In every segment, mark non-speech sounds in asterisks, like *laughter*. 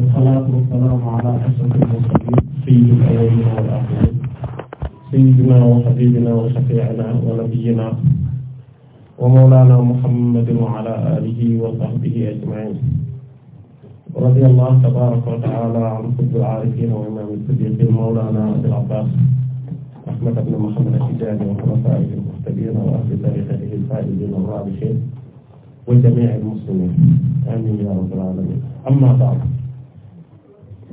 والصلاة والسلام على أشرف المرسلين سيد الأولين والآخرين سيدنا وحبيبنا وشفيعنا ونبينا ومولانا محمد وعلى آله وصحبه أجمعين رضي الله تبارك وتعالى عن قطب العارفين وإمام الصديقين مولانا أبي العباس أحمد بن محمد الحجاني وخلفائه المهتدين وأهل طريقته الفائزين الرابحين وجميع المسلمين آمين يا رب العالمين أما بعد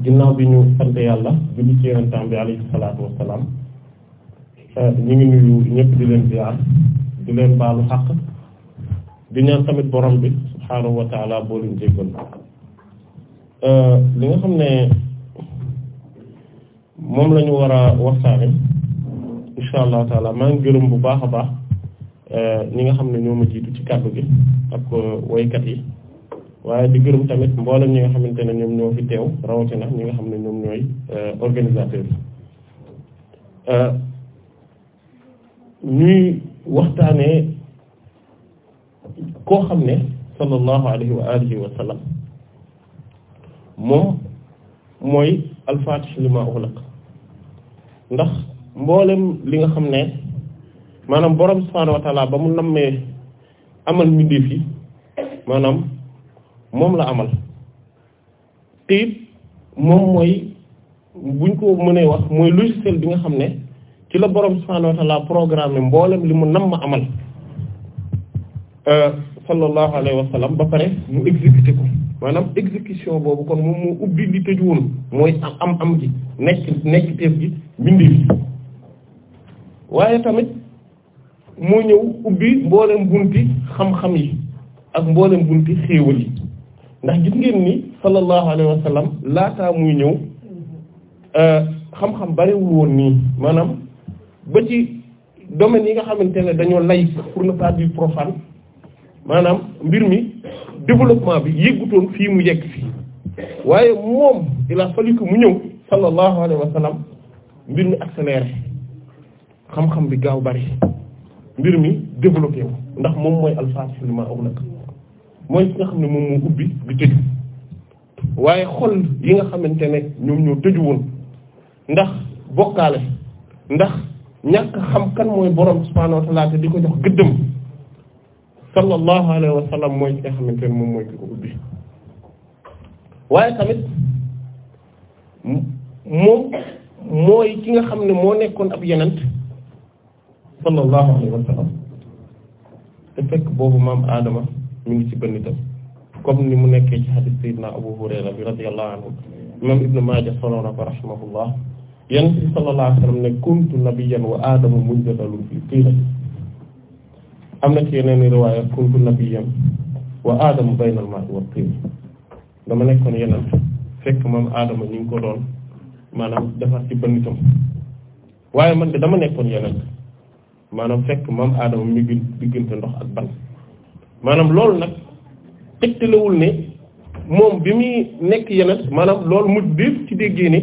ginnaaw bi ñu sant yàlla julli ci yonentam bi alayhi salaatu wassalaam euh, ñu ngi nuyu ñëpp di leen ziar di leen baalu xaq di ñaan tamit borom bi subhaanahu wa taala boo leen jéggal euh, li nga xam ne moom la ñu war a waxtaane insha allahu taala maa ngi gërëm bu baax a baax euh, ñi nga xam ne ñoo jiitu ci kàddu gi ak waykat yi waaye di gërëm tamit mboolem ñi nga xamante ne ñoom ñoo fi teew rawatina ñi nga xam ne ñoom ñooy euh, organisateur euh, ñuy waxtaanee koo xam ne sallallahu alayhi wa alihi wa moom mooy alfatih lima uxlaq ndax mboolem li nga xam ne maanaam borom subhaanahu wa ba mu nammee amal mbindeef yi maanaam moom la amal te moom mooy buñ ko mënee wax mooy logiciel bi nga xam ne ci la borom subhaanahu wa ta'ala programme mboolem li mu nam ma amal euh, sallallahu alayhi wa sallam ba pare mu exécuté ko maanaam exécution boobu kon moom moo ubbi li tëju woon mooy am am gi nekk nekk teef gi bindi bi waaye tamit moo ñëw ubbi mboolem bunti xam-xam yi ak mboolem bunti xéewal yi ndax gis ngeen nii sallallahu alayhi wa sallam laataa muy ñëw euh, xam-xam bariwul woon nii maanaam ba ci domaine yi nga xamante ne dañoo lay pour ne pas profane maanaam mbir mi développement bi yëggutoon fii mu yegg fii waaye moom il a fallu que mu ñëw sallallahu alayhi wa sallam mbir mi accéléré xam-xam bi gaaw bari mbir mi développé wu ndax moom mooy alpha li aw nag mooy ki nga xam ne moom moo ubbi di tëj waaye xol yi nga xamante ne ñoom ñoo tëju woon ndax bokkaale ndax ñàkk xam kan mooy borom subhaanahu wa ta'aala di ko jox gëddëm sallallahu alayhi wa sallam moom mooy ki ko ubbi tamit mooy ki nga xam ne moo nekkoon ab yenent sallallahu alayhi wa sallam te fekk boobu maam Adama mi ngi ci bënnitam comme ni mu nekkee ci hadith sayyidina Abu Hurayra bi radiyallahu anhu imam Ibn Maaja solo na ko rahimahullah yan bi sallallahu alayhi wa sallam ne kuntu nabiyyan wa aadamu munjadalun fi tiilati am na ci yeneen riwaaya kuntu nabiyyan wa aadamu bayna al-maa'i wa at-tiini dama nekkoon yonent fekk moom aadama ñu ngi ko doon maanaam defar ci bënnitam waaye man de dama nekkoon yonent maanaam fekk moom aadama mi ngi diggante ndox ak ban maanaam loolu nag tegtalewul ne moom bi muy nekk yeneen maanaam loolu mu def ci déggee ni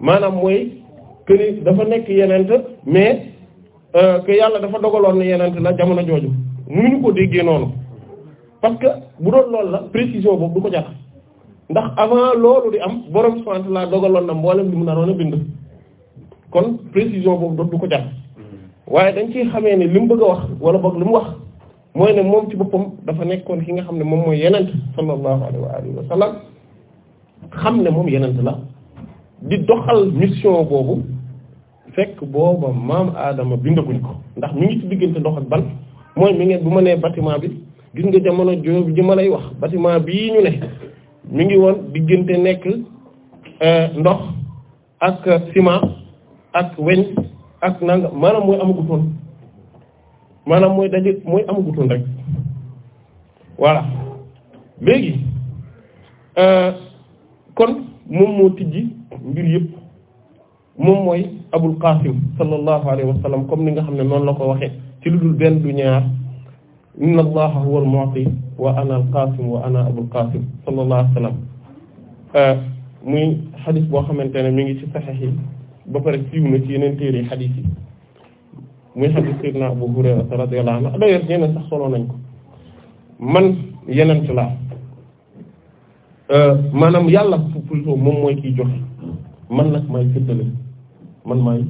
maanaam mooy que dafa nekk yenent mais euh, que yàlla dafa dogaloon ne yenent la jamono jooju mënuñu ko déggee noonu parce que bu doon loolu la précision boobu du ko jar ndax avant loolu di am borom subhanahu wa laa dogaloon na mboolem li mu naroon a bind kon précision boobu du ko jar hmm. waaye dañ ciy xamee ne li mu bëgg a wax wala boog li mu wax mooy ne moom ci boppam dafa nekkoon ki nga xam ne moom mooy yenent sallallahu alayhi wa alihi wa xam ne moom yenent la di doxal mission boobu fekk booba maam aadama bindaguñ ko ndax mi ngi ban mooy mi ngeen bu ma nee bi gis nga jamono jooju ji ma lay wax bâtiment bii ñu ngi woon diggante nekk euh, ndox ak ciment ak weñ ak nanga maanaam mooy amagutoon maanaam mooy daje mooy amagutoon rek waa léegi euh, kon moom moo tijji mbir yëpp moom mooy abul qasim sallallahu alayhi wa sallam comme ni nga xam ne noonu la ko waxee ci lu dul benn du ñaar inna allaha huwa al mu'ti wa ana al wa ana abul qasim sallallahu alayhi euh, muy xadis boo xamante ne mi ngi ci saxex yi ba pare siiw na ci yeneen téere xadis yi muy xadis sayyidina Abu Hurayra radiyallahu anhu d'ailleurs ñeneen sax solo nañ ko man yenent laa euh, maanaam yàlla plutôt moom mooy kiy joxe man nag maay séddale man maay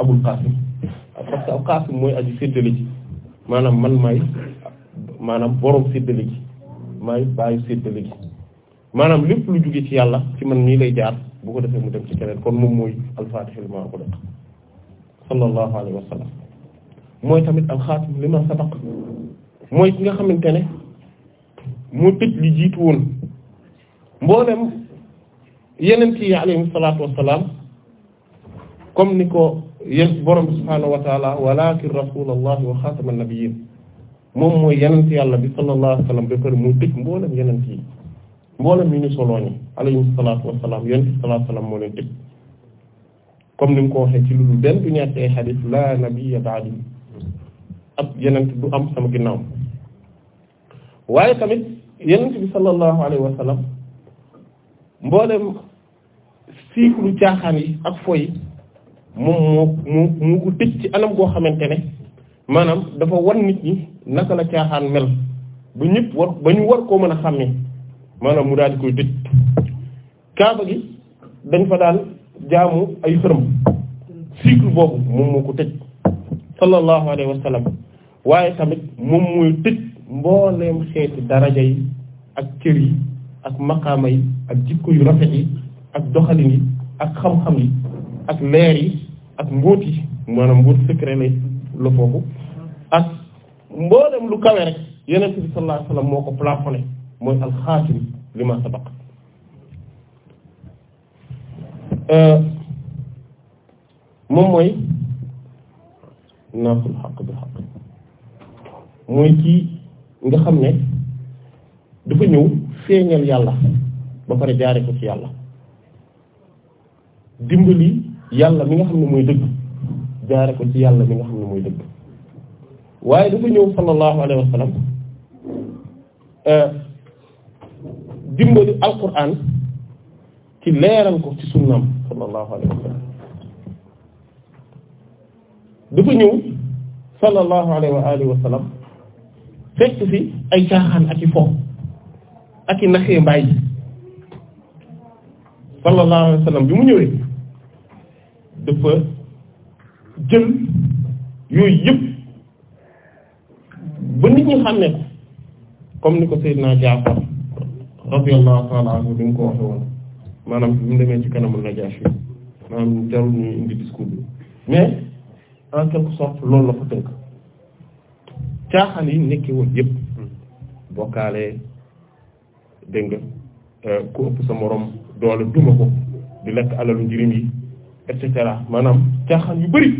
Abul Qasim parce que Abul mooy aji séddale ji maanaam man maay maanaam borom séddale ji maay bàyyi séddale ji maanaam lépp lu jóge ci yàlla ci man nii lay jaar bu ko defee mu dem ci keneen kon moom mooy alfatihil maa ko def sallallahu alayhi mooy tamit alxaatim li ma sabaq mooy ki nga xamante ne moo tëj li jiitu woon mboolem yenent yi alayhim salaatu wassalaam comme ni ko yéen borom bi subhaanahu wa taala walakin rasulallahi wa xaatama nabiyin moom mooy yenent yàlla bi sallallahu alayhi wa sallam ba pare moo tëj mboolem yenent yi mboolem yi ñu soloo ñi alayhim salaatu moo leen tëj comme ni mu ko waxee ci lu dul benn du ñaar ay xadis la ab yenent du am sama ginnaaw waaye tamit yenent bi sallallahu alayhi wa mboolem cycle caaxaan yi ak fo yi moom moo moo ko tëj ci anam goo xamante ne maanaam dafa war nit ñi naka la caaxaan mel ba ñëpp ba ñu war koo mën a xàmmee maanaam mu daal di koy tëj kaaba gi dañ fa daal jaamu ay xërëm cycle boobu moom moo ko tëj sallallahu alayhi wa waaye tamit moom mooy tëj mbooleem xeeti daraja yi ak cër yi ak maqaama yi ak jikko yu rafet yi ak doxalin yi ak xam-xam yi ak leer yi ak mbóot yi maanaam mbóot secret lay la foofu ak mboolem lu kawe rek yeneen bi sallallahu moo ko plafonné mooy alxaatim li sabaq euh, moom mooy naaful xaq bi xaq mooy kii nga xam ne dafa ñëw feeñal yàlla ba pare jaare ko ci yàlla dimbali yàlla mi nga xam ne mooy dëgg jaare ko ci yàlla mi nga xam ne mooy dëgg waaye dafa ñëw sallallahu alayhi wa sallam euh, dimbali alquran ci leeral ko ci sunnaam sallallahu alayhi wa sallam dafa ñëw sallallahu alayhi wa alihi wa sallam fekk fi ay caaxaan ak i fo ak i naxee mbaay yi sallallahu alayhi wa bi mu ñëwee dafa jël yooyu yëpp ba nit ñi xam ne ko comme ni ko Seydina Jaafar radiyallahu ta'ala anhu bi mu ko waxee maanaam bi mu demee ci kanamul Najaashi maanaam jarul ñu indi discours bi mais en quelque sorte loolu la fa tënk caaxaan yi nekkee woon yëpp bokkaale dégg nga euh, ku ëpp sa morom doole duma ko di lekk alalu njirim yi et cetera maanaam caaxaan yu bari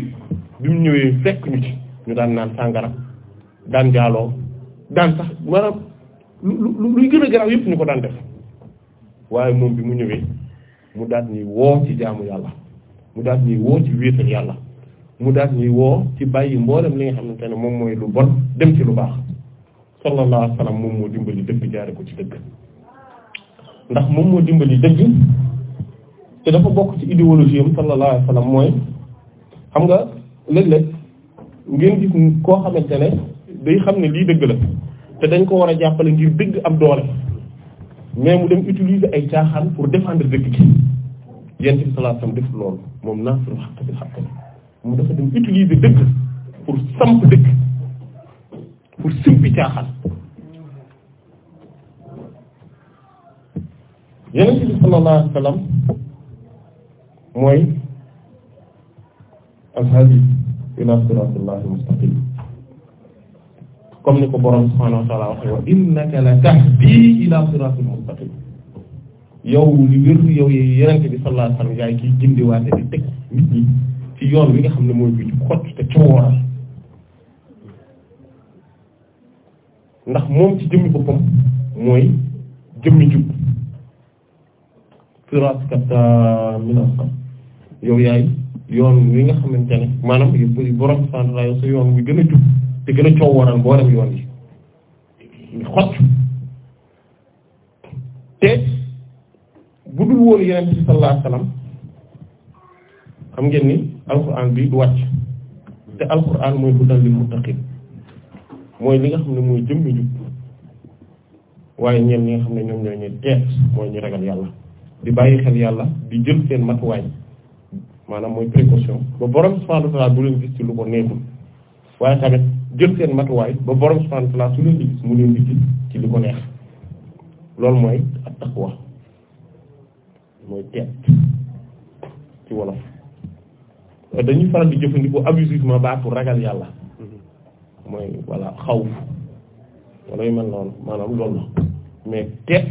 bi mu ñëwee fekk ñu ci ñu daan naan sàngara daan jaaloo daan sax maanaam lu luy gën a garaaw yëpp ñu ko daan def waaye moom bi mu ñëwee mu daat ñuy woo ci jaamu yàlla mu daat ñuy woo ci wéetal yàlla mu daal ñuy woo ci bàyyi mboolem li nga xamante ne moom mooy lu bon dem ci lu baax sallallahu alayhi wa moom moo dimbali dëgg jaare ko ci dëgg ndax moom moo dimbali dëgg te dafa bokk ci idéologie am sallallahu alayhi wa mooy xam nga léeg-léeg ngeen gis koo xamante ne day xam ne lii dëgg la te dañ ko war a jàppale ngir dëgg am doole mais mu dem utiliser ay caaxaan pour défendre dëgg gi yent bi sallallahu alayhi wa sallam def loolu moom naasirul xaq bil xaq la mu dafa dem utiliser dëgg pour samp dëgg pour simpi caaxaan yeneen bi sallallahu alayhi wa sallam mooy alhaadi ila siratillahi mustaqim comme ni ko borom subhanahu wa taala waxee wa innaka la tahdi ila siratil yow li yow yoy bi sallallahu alayhi wa sallam yaay kiy di teg nit ci yoon wi nga xam ne mooy bi jub xocc te ci wooral ndax moom ci jëmmi boppam mooy jëmmi jub siraatika mina yow yaay yoon wi nga xam ne maanaam yu borom santla yow sa yoon wi gën a jub te gën a coow waral mboolem yoon yi xocc te bu dul woon yeneen bi xam ngeen ni alquran bi du wàcc te alquran mooy hudan lil muttaqin mooy li nga xam ne mooy jëmmi jub waaye ñeen ñi nga xam ne ñoom ñoo ñu teet mooy ñu ragal yàlla di bàyyi xel yàlla di jël seen matuwaay maanaam mooy précaution ba borom subhanahu wa ta'ala du leen gis ci lu ko neexul waaye tamit jël seen matuwaay ba borom subhanahu wa ta'ala su leen gis mu leen di gis ci li ko neex loolu mooy at taqwa mooy teet ci wolof dañuy faral di jëfandikoo abusivement baatu ragal yàlla mm-hmm. mooy voilà xawf wala yu mel noonu maanaam loolu mais teet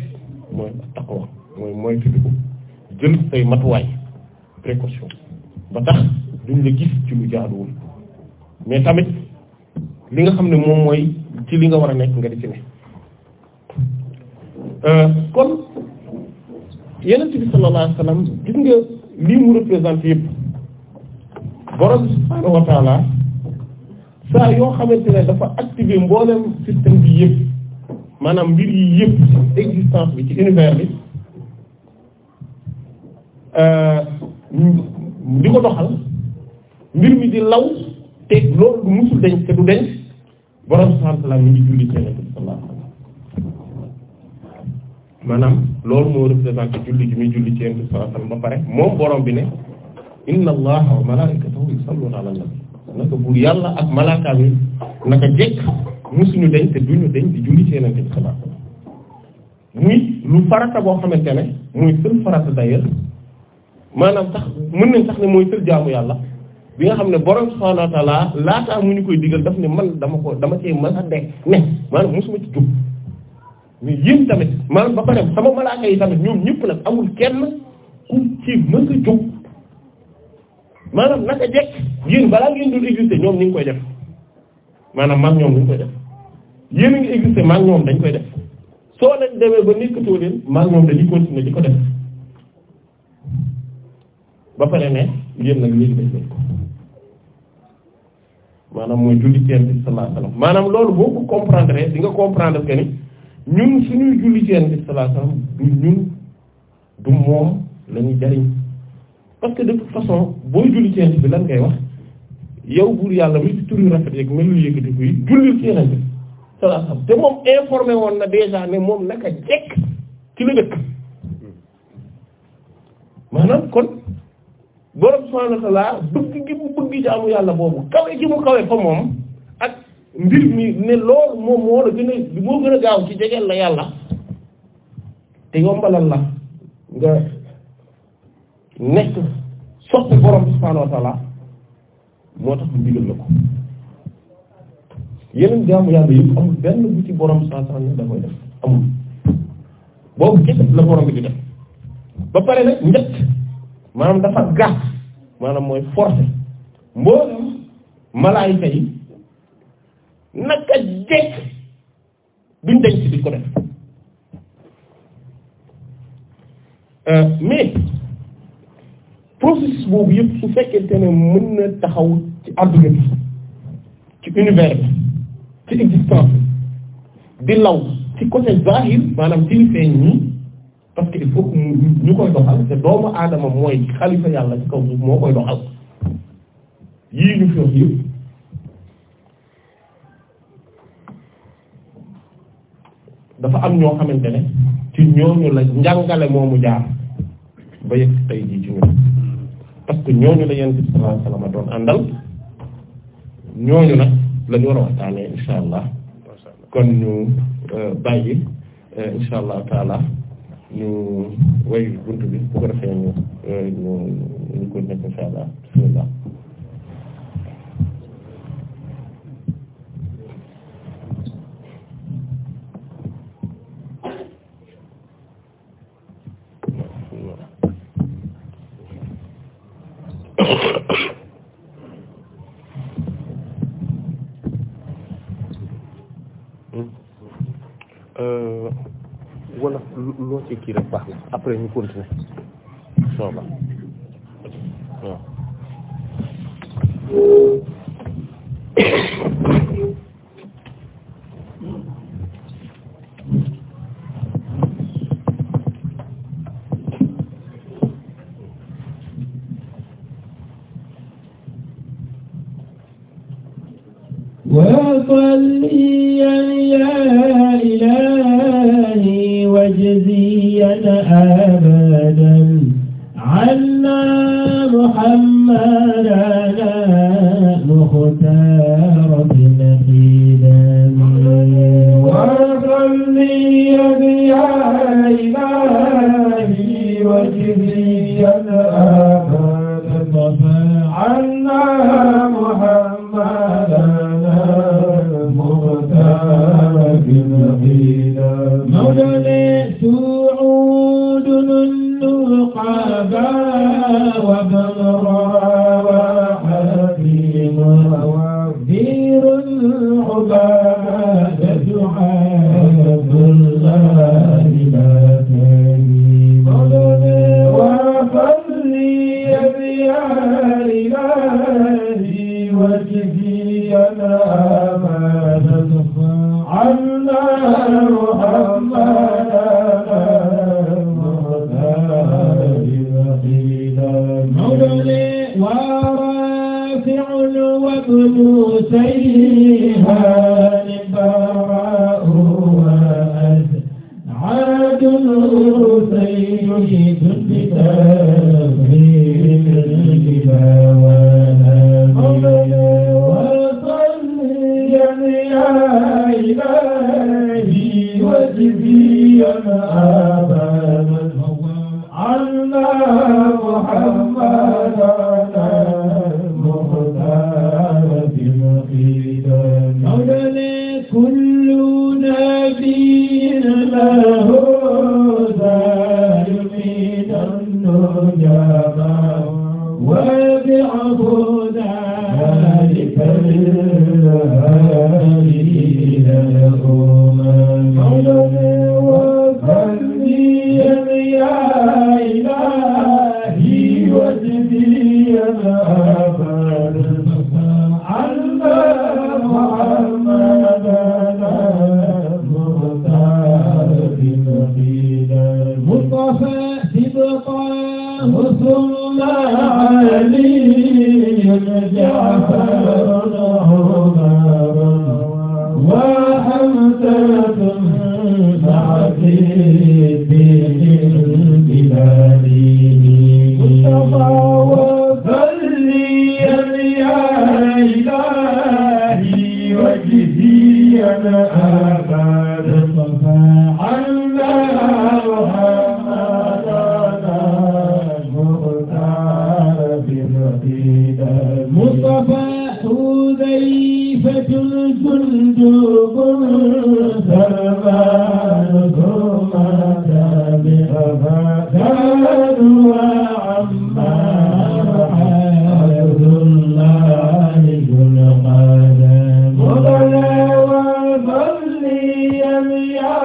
mooy taqwa mooy mooy tuddiku jël say matuwaay précaution ba tax duñ la gis ci lu jaaduwul mais tamit li nga xam ne moom mooy ci li nga war a nekk nga di ci ne euh, kon yenent bi sallallahu alayhi wasallam nga lii mu représenté yëpp borom subhaanahu saa yoo xamante ne dafa activer mboolem système bi yëpp maanaam mbir yi yëpp ci existence bi ci univers bi euh, di ko doxal mbir mi di law te loolu du musul denc du denc borom subhaanahu mi ngi julli ci nabi maanaam loolu moo représenté julli ji muy julli ci nabi ba pare moom borom bi ne inna allaha wa malaikatahu yusalluna ala nabi naka yàlla ak malaakaam yi naka jekk musuñu dañ te duñu dañ di julli ci yeneen bi sallallahu alayhi muy lu farata boo xamante ne muy sël farata d'ailleurs maanaam sax mën nañ sax ne mooy sël jaamu yàlla bi nga xam ne borom subhaanahu laata ta'ala mu ñu koy digal daf ne man dama ko dama cee mën a de ne maanaam mosuma ci jub mais tamit maanaam ba pare sama malaaka yi tamit ñoom ñëpp nag amul kenn ku ci mën a jub maanaam naka jekk yéen balaa ngeen dul exister ñoom ñu ngi koy def maanaam man ñoom dañ koy def yéen a ngi exister man ñoom dañ koy def soo leen demee ba nekkatoo leen man ñoom ni continuer di ko def ba pare ne yéen nag léegi dañ ko mooy julli teen bi sallallahu alayhi maanaam loolu boo ko comprendre di nga comprendre que ni ñun suñuy julli teen du ñun du moom la ñuy jariñ parce que de toute façon booy julli ci yonent bi lan ngay wax yow buur yàlla mi ci tur rafet yeeg mel ni yëkkati kuy julli ci bi sallallahu alayhi wasallam te moom informé woon na déjà ne moom naka jekk ci la dëkk maanaam kon borom subhanahu wa ta'ala bëgg gi mu bëgg jaamu yàlla boobu kawe gi mu kawe fa moom ak mbir mi ne loolu moom moo la gën a moo gën a gaaw ci jegeel la yàlla te yombalal la nga. nekk sopp borom bi subhaanahu moo tax mu digal la ko yeneen jaamu yàlla yëpp amul benn bu ci borom subhaanahu wa taala da def amul boobu gis la borom bi di def ba pare nag njëkk maanaam dafa gàtt maanaam mooy forcé mboolem malaayika yi naka jekk duñ denc di ko def euh, mais processus boobu yëpp su fekkente ne mën na taxaw ci adduna bi ci univers ci existence bi di law ci côté zahir maanaam ci feeñ ñii parce que il faut ñu koy doxal te doomu aadama mooy xalifa yàlla ci kaw moo koy doxal yii ñu fi yëpp dafa am ñoo xamante ne ci ñooñu la njàngale moomu jaar ba yëg tey jii ci ñun parce que ñooñu la yonent bi sallallahu alayhi wa sallam doon àndal ñooñu nag la ñu war a waxtaanee incha allah kon ñu euh, bàyyi euh, incha allah taala ñu way buntu bi bu ko defee ñu euh, ñu ñu ko nekk incha allah bismillah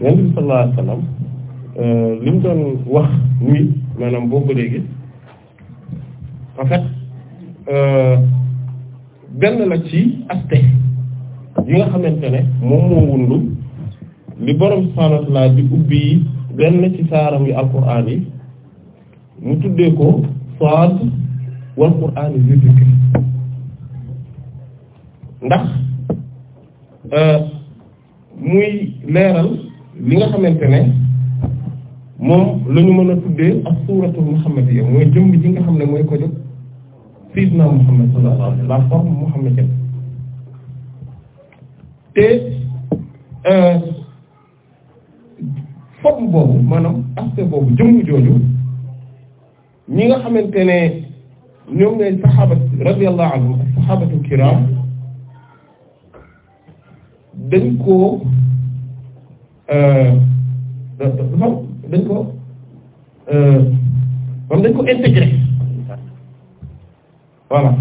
yonent bi sallallahu alayhi wa sallam euh, li doon wax nii maanaam boobu léegi en fait euh, benn la ci aspect yi nga xamante ne moom moo wundu li borom subhaanahu wa di ubbi benn ci saaram yi alquraan yi mu tuddee ko Saad wal quraan yi di dikk ndax euh, muy leeral. li nga xamante ne moom lañu mën a tuddee ak suuratul muhammadiyya mooy jëmm ji nga xam ne mooy ko jóg sayyidina muhammad sallallahu alayhi wa sallam la forme muhammadienne te euh, forme boobu maanaam aspect boobu jëmm jooju ñi nga xamante ne ñoom ngay saxaabat radiyallahu anhum ak kiram dañ koo dafa euh, euh, dañ ko euh, moom dañ ko intégré voilà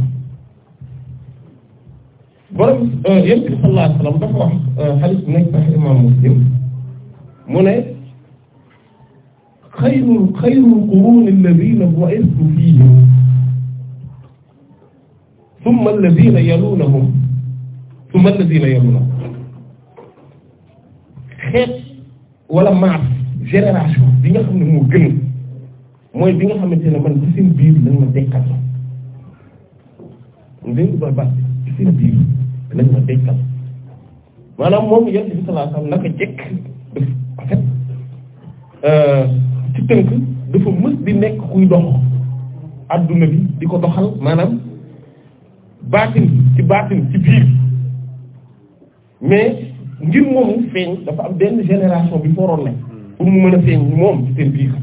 borom yonent bi sallallahu alayhi wa sallam dafa wax xadis bu nekk sax imam muslim mu ne xayrul xayrul quruuni alladina bu'istu fiihim summa alladina yalunahum summa alladina yalunahum xeet wala maas génération bi nga xam ne moo gën mooy bi nga xam ne man ci seen biir lañ ma dekkal ndéngu ba baat ci seen biir lañ ma dekkal maanaam moom yonent bi sallallahu alayhi wasallam jekk euh, ci tënk dafa mës di nekk kuy dox adduna bi di ko doxal maanaam baatin ci baatin ci biir mais ngir moomu feeñ dafa am benn génération bi fooroon nañ pour mu mën a feeñ moom ci seen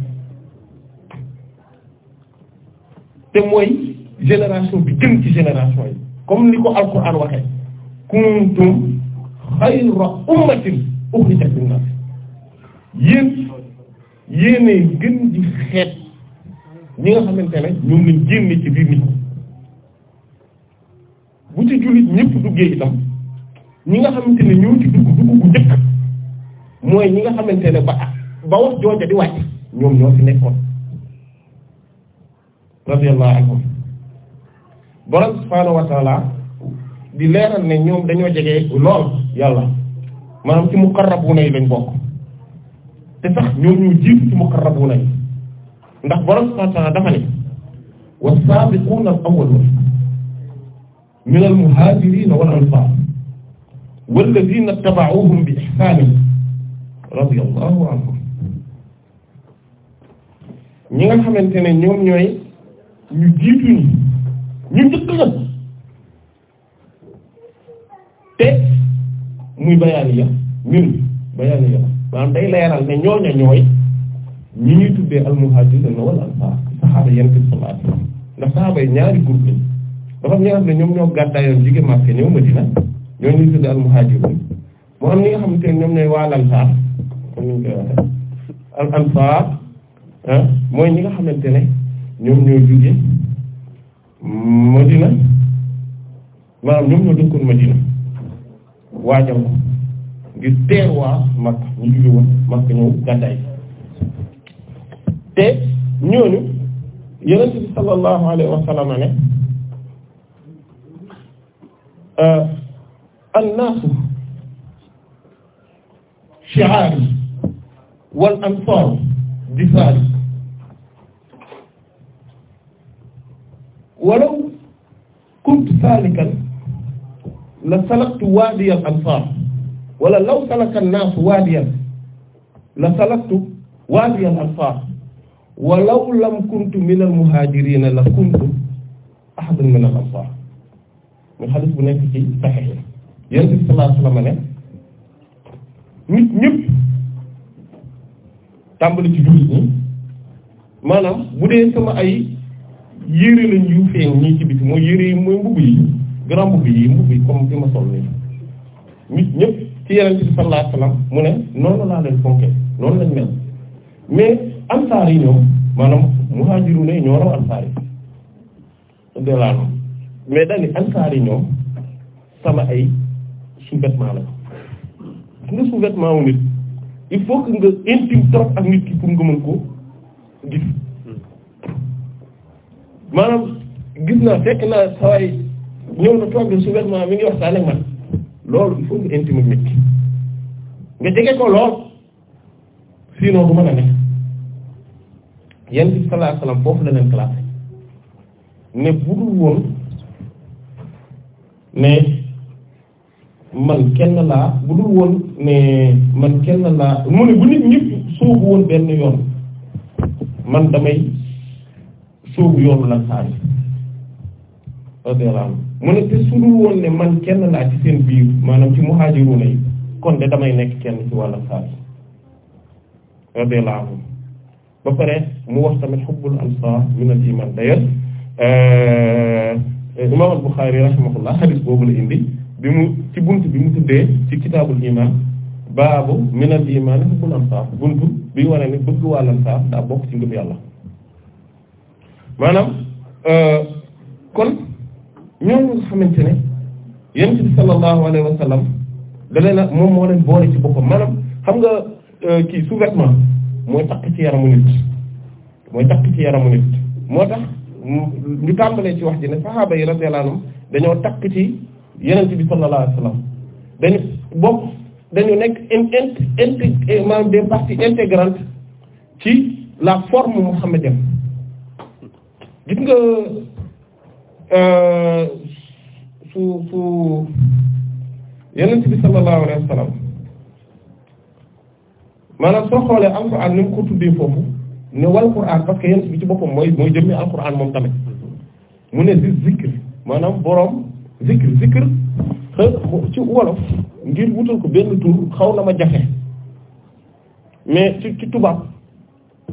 te mooy génération bi gën ci génération yi comme ni ko alquran waxee kuntum xayra ummatin uxrijat linnaas yéen yéenee gën di xeet ñi nga xamante ne ñoom lañ génne ci biir nit bu ci jullit ñëpp duggee itam ñi nga xamante ne ñoo ci dugg dugg mooy ñi nga xamante ne ba ba wax jooja di wàcc ñoom ñoo fi nekkoon radiyallahu anhum borom subhaanahu wa taala di leeral ne ñoom dañoo jege lool yàlla maanaam ci muqarrabuna yi lañ bokk te sax ñoom ñu jiitu ci muqarrabuna yi ndax borom subhaanahu wa taala dafa ne wa saabiquuna al awwaluun min al muhaajiriina walladina tabauhum bi ihsaanin radiyallahu anhum ñi nga xamante ne ñoom ñooy ñu jiitu ñi ñu njëkk la te muy bayaani ya ñun bayaani ya day leeral ne ñooña ñooy ñi ñuy tuddee almuhaajiriin wal ansaar saxaaba yonent bi sallallahu alayhi wa sallam ndax saxaaba yi ñaari groupe lañ dafa ñaar ne ñoom ñoo gàddaayoon jóge Makka ñëw Madina ñoo ñu tudd al mu am ñi nga xamante ñoom ñooy wal ansaar ni ñu koy waxee al ah, mooy ñi nga xamante ne ñoom ñoo jóge Madina maanaam ñoom ñoo dëkkoon Madina waajal ko teer waa Makka ñu jóge woon Makka ñëw gàddaay te ñooñu yonent bi sallallahu alayhi ne ah, annaasu shi'aari wal ansaaru disaari walaw kuntu saalikan la salaktu waadiyal ansaar wala law salaka annaasu waadiyan la salaktu waadiyal ansaar walaw lam kuntu minal muhaajiriina la kuntu ahadan minal ansaar muy xadis bu nekk ci saxiix yéen bi sallallahu alayhi wasallam ne nit ñëpp tàmbali ci jullit ñi maanaam bu dee sama ay yére lañ yu feeñ ñii mooy yére yi mooy mbubb yi grand mbubb yi mbubb yi comme bi ma sol nii nit ñëpp ci yeneen bi sallallahu alayhi mu ne noonu laa leen fonke noonu lañ mel mais ansaar ñoom maanaam muhaajiru ne ñoo raw ansaar yi de mais dañu ansaar yi ñoom sama ay sous-vêtement la gis nga sous-vêtement nit il faut que nga intime trop ak nit ki pour nga mën ko maanaam gis naa fekk naa sawaay ñëw na toog sous-vêtement mi ngi wax saa man loolu il faut nga intime ak nit ki nga jege ko lool sinon du mën a nekk yéen bi sallallahu alayhi foofu la leen classé ne budul woon ne man kenn laa bu dul woon ne man kenn laa mu ne bu nit ñëpp soobu woon benn yoon man damay soobu yoonu la saa yi radiyallahu anhu mu ne su dul woon ne man kenn laa ci seen biir maanaam ci muhaajiruuna yi kon de damay nekk kenn ci wàllu saa yi radiyallahu anhu ba pare mu wax tamit xubbul ansaar min al iman d'ailleurs euh, imam al Bukhari rahimahullah boobu la indi. bi mu ci bunt bi mu tuddee ci kitaabul iman baabu minal iman hubbul ansaar bunt bi wane ne bëgg waa ansaar daa bokk ci ngëm yàlla maanaam euh, kon ñooñu nga xamante ne yonent bi sallallahu alayhi wa sallam da moom moo leen boole ci boppam maanaam xam nga euh, kii sous-vêtement mooy takk ci yaramu nit moo tax ñu tàmbalee ci wax ji ne saxaaba yi radiyallahu anhum dañoo takk ci yenent bi sallallahu alayhi wa sallam dañu bokk dañu nekk in in maanaam des parties intégrantes ci la forme muhammadienne gis nga euh, su su yenent bi sallallahu wa sallam maanaam soo xoolee alquran ni mu ko tuddee foofu ne wal quran parce yenent bi ci boppam mooy mooy jëmmi alquran moom tamit mu ne si zikr maanaam boroom zikr zikr ci wolof ngir wutal ko benn tur xaw na ma jafe mais ci ci tubaab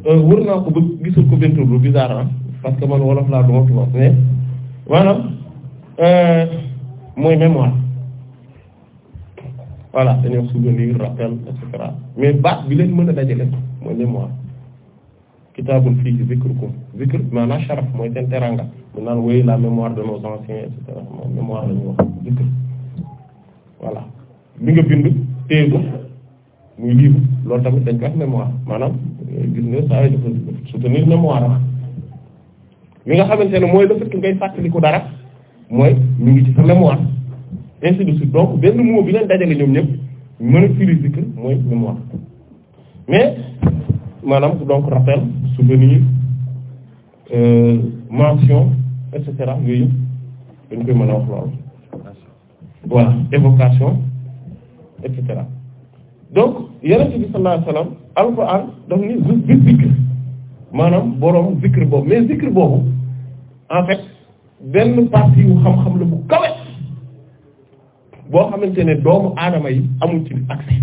euh, wër naa ko ba gisul ko benn tur lu bizarre parce que man wolof laa duma tubaab mais maanaam euh, mooy mémoire voilà dañuy wax souvenir rappel et cetera mais ba bi leen mën a dajale mooy mémoire kitaabul fii ci zikrukum zikr maanaam sharaf mooy seen teranga ñu naan wéy la mémoire de nos anciens et cetera moom mémoire la wax dëkk voilà li nga bind téye ko muy livre loolu tamit dañ ko wax mémoire maanaam euh, gis nga saa yi dafa soutenir mémoire wax li nga xamante ne mooy le fait que ngay fàttaliku dara mooy mu ngi ci sa mémoire ainsi de suite donc benn mot bi leen dajale ñoom ñëpp mën a firi mooy mémoire mais maanaam donc rappel souvenir Euh, mention et cetera yooyu dañ koy mën a wax loolu voilà évocation et cetera donc yonent bi sallallahu alayhi wa sallam daf ni zu bi zikr maanaam boroom zikr boobu mais zikr boobu en fait benn partie yu xam-xam la bu kawe boo xamante ne doomu aadama yi amuñ ci accès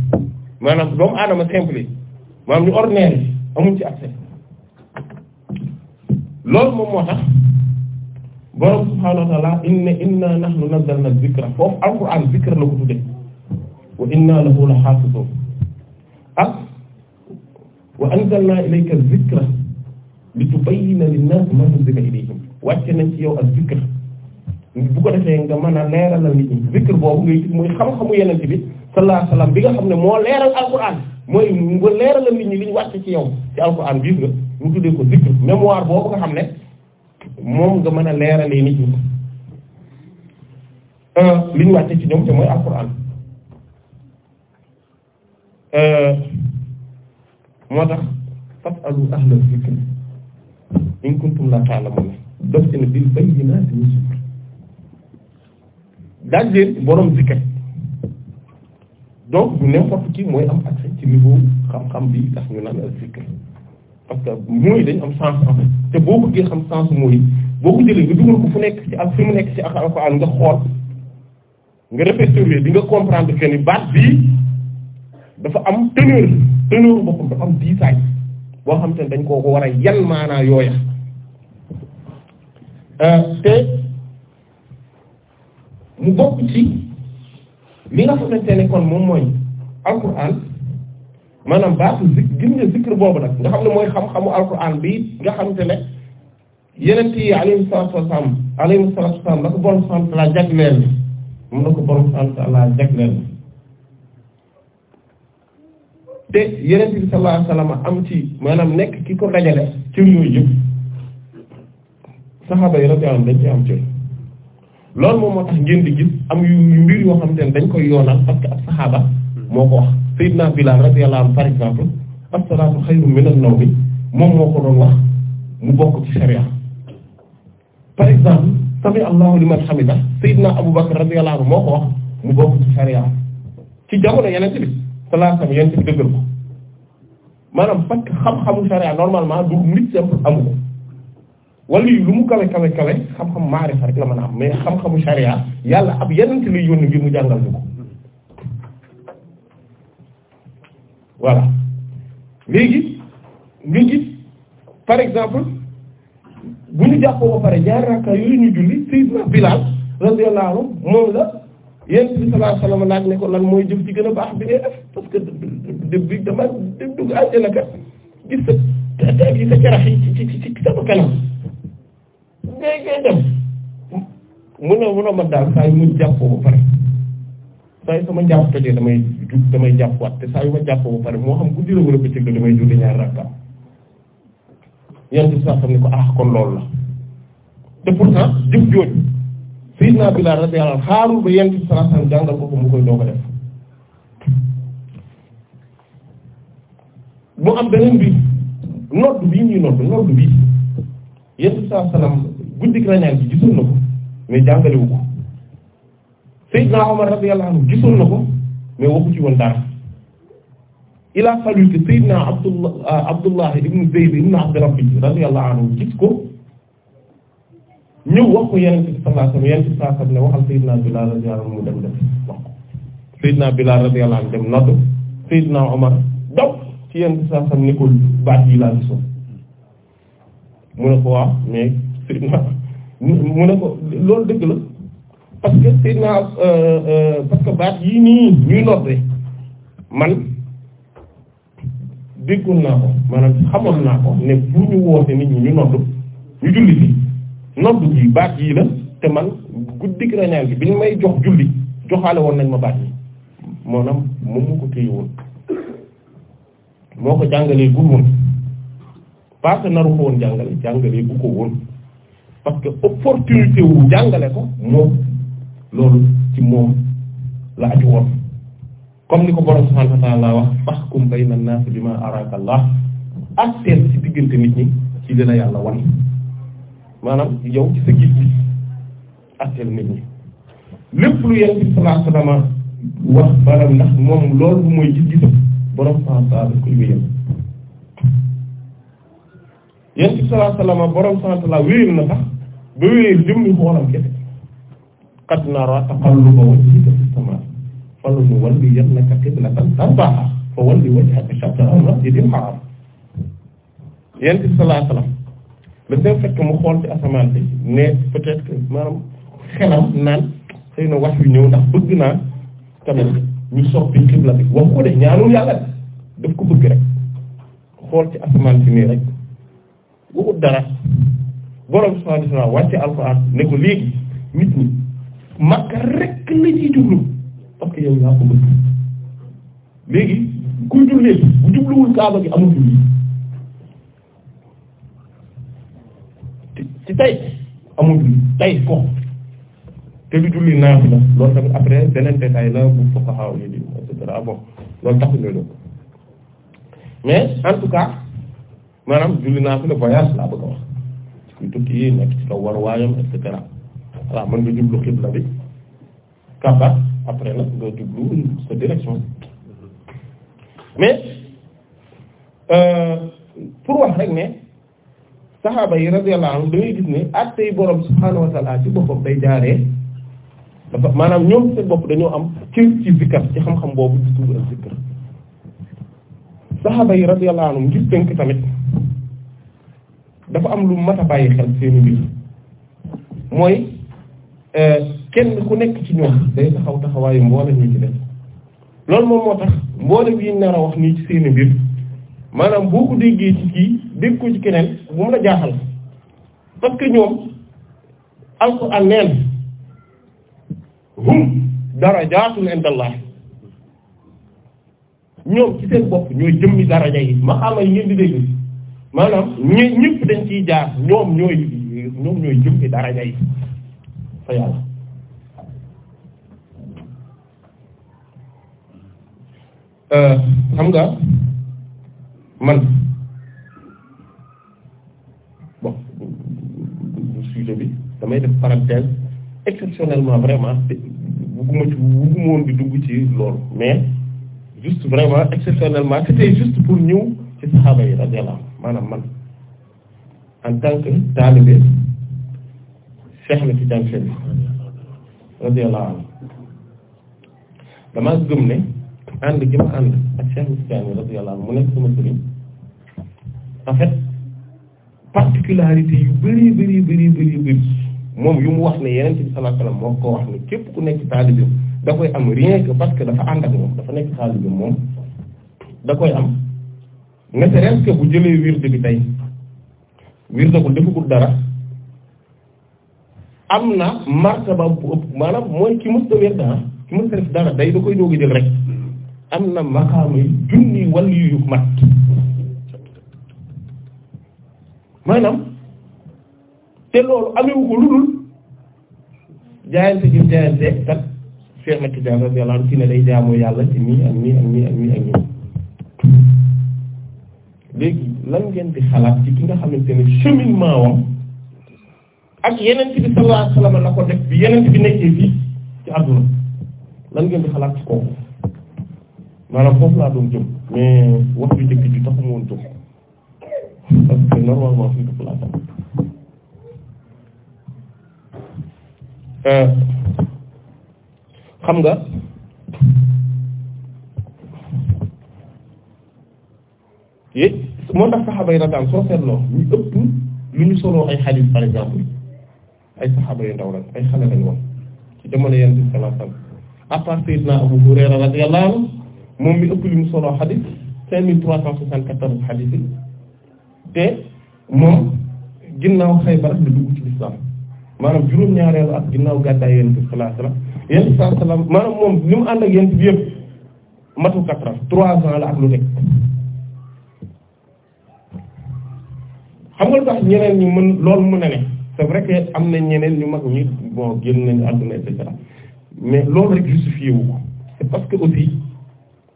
maanaam doomu aadama simple yi maanaam ñu ordinaire yi amul ci accès loolu moom moo tax borom subhaanahu wa ta'ala inna inna nahnu nazzalna dhikra foofu alquran dhikra la ko tudde wa inna lahu la hafizun ak wa anzalna ilayka dhikra litubayyina lin-naasi ma nuzzila ilayhim wàcce nañ yow ak dhikra bu ko defee nga mën a leeralal nit ñi dhikr boobu ngay gis muy xamu yenente bi sallallahu alayhi wa bi nga xam ne moo leeral alquran mooy nga leeralal nit ñi li ñu wàcce ci yow ci alquran gis mu tuddee ko zikr mémoire boobu nga xam ne moom nga mën a leeralee nit ñi euh, li ñu wàcce ci ñoom te mooy alquran euh, moo tax fasalu ahla zikr in kuntum la ta'lamun daf ci ne bil bayyinati wa zikr daal leen borom zikr donc du n'importe qui mooy am accès ci niveau xam bi tax ñu naan al zikr parce que mooy dañ am sens en te boo ko gis am sens mooy boo ko jëlee nga dugal ko fu nekk ci am fi mu nekk ci ak alxuraan nga xool nga répertorier di nga comprendre que ni baat bii am teneur boo xam te ne dañ koo ko war a yan maanaa yooya euh, te mu bokk ci li nga xamante ne kon moom mooy alxuraan maanaam baatu zik gis nga zikr boobu nag nga xam ne mooy xam-xamu alquran bi nga xam te ne yeneen yi alayhi salaatu wasalaam alayhi salaatu wasalaam yeneen bi sallallahu alayhi am ci maanaam nekk ki ko dajale ci saxaaba yi radiyallahu anhum dañ ci am ci loolu moom moo tax ngeen di gis am yu mbir yoo xam te dañ koy yoonal parce ab saxaaba moo ko wax Seydina Bilaal radiyallahu anhu par exemple as-salaatu xayrun moom moo ko doon wax mu bokk ci sharia par exemple sami allahu liman hamida Seydina Abubakar radiyallahu anhu moo ko wax mu bokk ci sharia ci jamono yeneen bi salaatam yeneen bi dëggal ko maanaam parce xam-xamu sharia normalement du nit simple amu ko wala yu lu mu kawe kawe kawe xam-xam maarifa rek la mën a am mais xam-xamu sharia yàlla ab yeneen ci lay yónni ngir mu jàngal ko. voilà léegi nga gis par exemple bu ñu jàppoo ba pare ñaari rakka yooyu ñu julli sayyidna Bilaal radiyallahu anhu moom la yéen bi sallallahu alayhi wasallam ne ko lan mooy jëf ci gën a baax bi ngay def parce que dëgg bi dama dugg àjjana kat gis sa teg yi sa carax yi ci ci ci sama kanam ngay ngay dem mun mun a ma daal saa yu mu jàppoo ba pare saa yu sama njàpp tojee damay jug damay jàppwaat te saa yu ma jàpp ba pare moo xam guddi la wala bëccëg la damay julli ñaari rakka yan bi saa xam ne ko ah kon loolu la te pourtant jëf jooju Sayyidina Bilaal radiyallahu anhu xaarul ba yan bi saa jàngal ko ko mu koy doog a mu am beneen bi nodd bii ñuy nodd nodd bii yan bi saa salaam guddi rañaan bi gisoon na ko mais jàngalewu Seydina Omar radiyallahu anhu gisoon na ko mais waxu ci woon dara il a fallu que Seydina Abdullah euh, Abdullah ibn Zayd ibn Abd Rabbi radiyallahu anhu gis ko ñëw wax ko Yonent bi sallallahu alayhi wa sallam Yonent bi sallallahu alayhi wa sallam ne mu dem def wax ko Seydina Bilal radiyallahu anhu dem nodd Seydina Omar daw ci Yonent bi sallallahu alayhi ko baat yi laa gisoon mu ne ko waaw mais Seydina mu ne ko loolu dëgg la. parce que Seydina euh, euh, parce baat yi nii ñuy nodde man déggoon naa ko maanaam xamoon naa ko ne bu ñu woote nit ñi ñu nodd ñu julli fi nodd gi baat yii la te man guddi rañaan bi ñu may jox julli joxaale woon nañ ma baat yi maanaam moom moo ko téye woon moo ko jàngalee gul woon parce naru ko woon jàngale jàngalee gu ko woon parce que jàngale ko moo loolu ci moom la aju woon comme ni ko borom subhanahu wa ta'ala wax fahkum bayna an-nas bima araka Allah ak ci diggante nit ñi ci dina yàlla wan maanaam yow ci sa gis bi atteel nit ñi lépp lu yent bi sallallahu alayhi wax baram ndax moom loolu bu mooy gis-gisam borom subhanahu wa ta'ala daf koy wéyal yent bi sallallahu alayhi wasallam borom subhanahu wa ta'ala wéyal na sax ba wéyal jëmmi xoolam kese qad nara taqalluba wajhika fi samaa falanuwalliyannaka qiblatan tardaahaa fa walli wajhaka shatrahul masjidil haraam yonent bi sallallahu alayhi wa sallam mu xool ci asamaan bi ne peut-être que xelam naan xëy na wax yu ñëw ndax bëgg naa tamit ñu soppi xibla bi wax ko de ñaanul yàlla daf ko bëgg rek xool ci asamaan si nii rek waxut dara borom subhaanahu wa ta'aala wàcce alxuraan ne ko léegi nit ñi. makka rek la ciy jublu parce yow yaa ko bëgg léegi kuy jullee bu jubluwul kaaba gi amul julli ci tey amul julli tey ko te du julli naafi la loolu tamit après beneen détail la bu fuqaha yi di et cetera bon loolu taxul ñu doon mais en tout cas maanaam julli naafi la voyage laa bëgg a kuy tukki nekk ci kaw war waayam et cetera waaw mën nga jublu xibla bi kàbbar après nag nga jublu sa direction mais euh, pour wax rek ne saxaaba yi radiyallahu anhum da ngay gis ne àtte yi borom subhaanahu ci boppam day jaaree dafa maanaam ñoom seen bopp dañoo am cër ci zikkar ci xam-xam boobu di tudd ak zikkar saxaaba yi radiyallahu anhum ngir tënk tamit dafa am lu mat a bàyyi xel seeni mbir mooy Euh, kenn ku nekk ci ñoom day taxaw taxawaayu mboole ñu ci loolu moom moo tax mboole bi ñu nar a wax nii ci seeni mbir maanaam boo ko déggee ci kii dégg ko ci keneen bu mu la jaaxal parce que ñoom alquran neen hum darajaatun indallah ñoom ci seen bopp ñooy jëmmi daraja yi ma xamal yi dégg maanaam ñi ñëpp dañ ciy jaar ñoom ñooy ñoom ñooy jëmmi daraja yi fa yàlla euh, xam nga man bon sujet bi damay def parenthèse exceptionnellement vraiment bugguma ci bugguma woon dugg ci loolu mais juste vraiment exceptionnellement c'était juste pour ñëw ci saxaaba yi maanaam man en tant que talibé feex na ci jànk bi radiyallahu anhu damaa gëm ne ànd gi ànd ak Cheikh Tidiane radiyallahu anhu mu nekk sama sëriñ en fait particularité yu bëri bëri bëri bëri bëri moom yu mu wax ne yeneen bi sallallahu alayhi wasallam moo ko wax ne képp ku nekk taalibe da koy am rien que parce que dafa ànd ak moom dafa nekk taalibe moom da koy am ne serait-ce que bu jëlee wirde bi ko defagul dara am na martaba bu ëpp maanaam mooy ki mësta wér dara ah, ki mësta def dara day da koy doog a jël rek am na maqaama yi junni wàllu yu mat maanaam te loolu amewu ko lu dul jaayante gi jaayante kat Cheikh Ahmed Tidiane radiyallahu anhu day jaamu yàlla ci nii ak nii ak nii ak nii ak nii léegi lan ngeen di xalaat ci ki nga xamante ne cheminement wam ak yeneen bi sallallahu alayhi la ko def bi yeneen bi nekkee fii ci àdduna lan ngeen di xalaat ci kooku maanaam foofu laa doon jëm mais wax bi dëkk ji taxuma woon jëm parce euh, xam nga yé moo tax saxaaba yi radiyallahu anhum soo seetloo ñu ëpp lu ñu soloo ay xadiis par exemple ay saxaaba yu ndaw lañ ay xale lañ woon ci jamono yonent bi sallallahu alayhi wasallam à part Seydina Abu Hurayra radiyallahu anhu moom mi ëpp li mu solo xadis cinq mille trois cent soixante-quatorze xadis yi te moom ginnaaw Xaybar la dugg ci lislaam maanaam juróom-ñaareelu ak ginnaaw gàddaay yonent bi sallallahu maanaam moom li mu ànd ak yonent bi yëpp matu quatre trois ans la ak lu nekk xam nga lu tax ñeneen ñi mën loolu mu na ne c'est vrai que am na ñeneen ñu mag ñi bon génn nañu àdduna et cetera mais loolu rek justifié ko c'est parce que aussi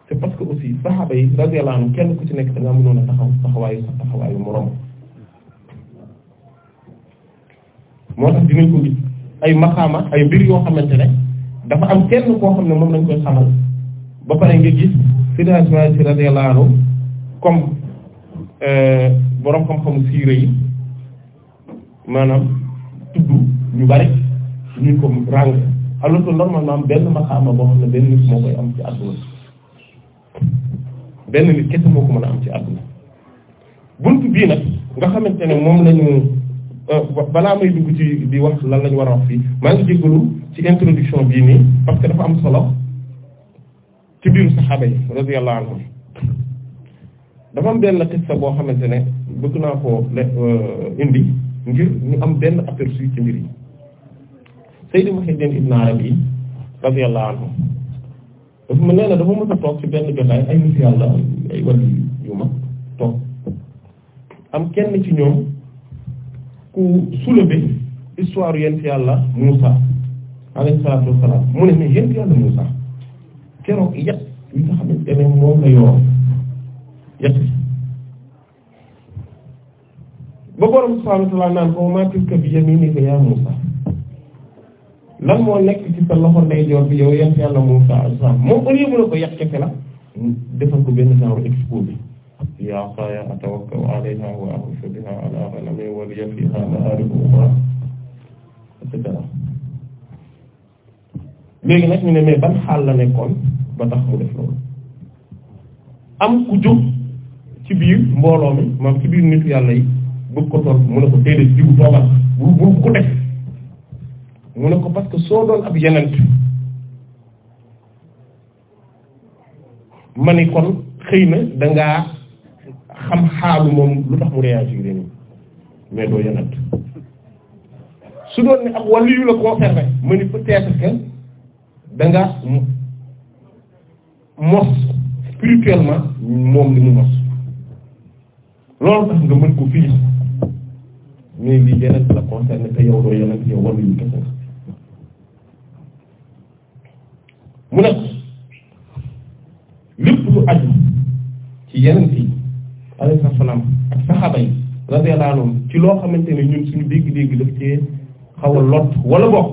c'est parce que aussi saxaaba yi radiyallahu anhu kenn ku ci nekk da nga mënoon a taxaw taxawaayu sa taxawaayu moroom moo tax dinañ ko gis ay maxaama ay mbir yoo xamante ne dafa am kenn koo xam ne moom lañ koy xamal ba pare nga gis sidagement si radiyallahu anhu comme euh, borom xam-xamu siire yi maanaam tudd ñu bari ñu ko ràng alors que normalement benn maqaama boo xam ne benn nit moo koy am ci àdduna benn nit kese moo ko mën a am ci àdduna bunt bii nag nga xamante ne moom lañu euh, balaa may dugg ci di wax lan lañu war a wax fii maa ngi jéggalu ci introduction bii nii parce que dafa am solo ci biiru saxaaba yi radiyallahu anhum dafa am benn xissa boo xamante ne bëgg naa ko euh, indi ngir ñu am benn aperçu ci mbir yi Seydi Muhiddin Ibn Arabi radiyallahu anhu dafa mu nee na dafa mës a toog ci benn jotaay ay nit yàlla ay wàll yu mag toog am kenn ci ñoom ku soulever histoire yent yàlla Muusa alayhi salaatu wassalaam mu ne ne yent yàlla Muusa keroog yat yi nga xamante ne moom la yor yat ba borom subhaanahu wa ta'aala naan ko maa tilka bi yamiinika yaa Muusaa lan moo nekk ci sa loxo ndeyjoor bi yow yent yàlla Muusaa alayhi moom ko benn genre expo bi yaa léegi nag ñu ne mais ban xaal la nekkoon ba tax mu def loolu am ku jóg ci biir mbooloo mi maam ci biir nitu yàlla yi bëgg ko tool mu ne ko déedéet jiwu toogal bul bul ko def mu ne ko parce que soo doon ab yenent ma ni kon xëy na danga xam xaalu moom lu tax mu réagir nii mais doo yenent su doon ne ab wàllu yu la concerné ma ni peut-être que danga mos spirituellement moom li mu mos loolu tax nga mën ko firi mais lii yeneen la concerné te yow doo yeneen yow war nañu kese mu nekk lépp lu aju ci yeneen yi alayhi salaam ak saxaaba yi radiyallahu anhum ci loo xamante ne ñun suñu dégg-dégg daf cee xaw a lot wala bokk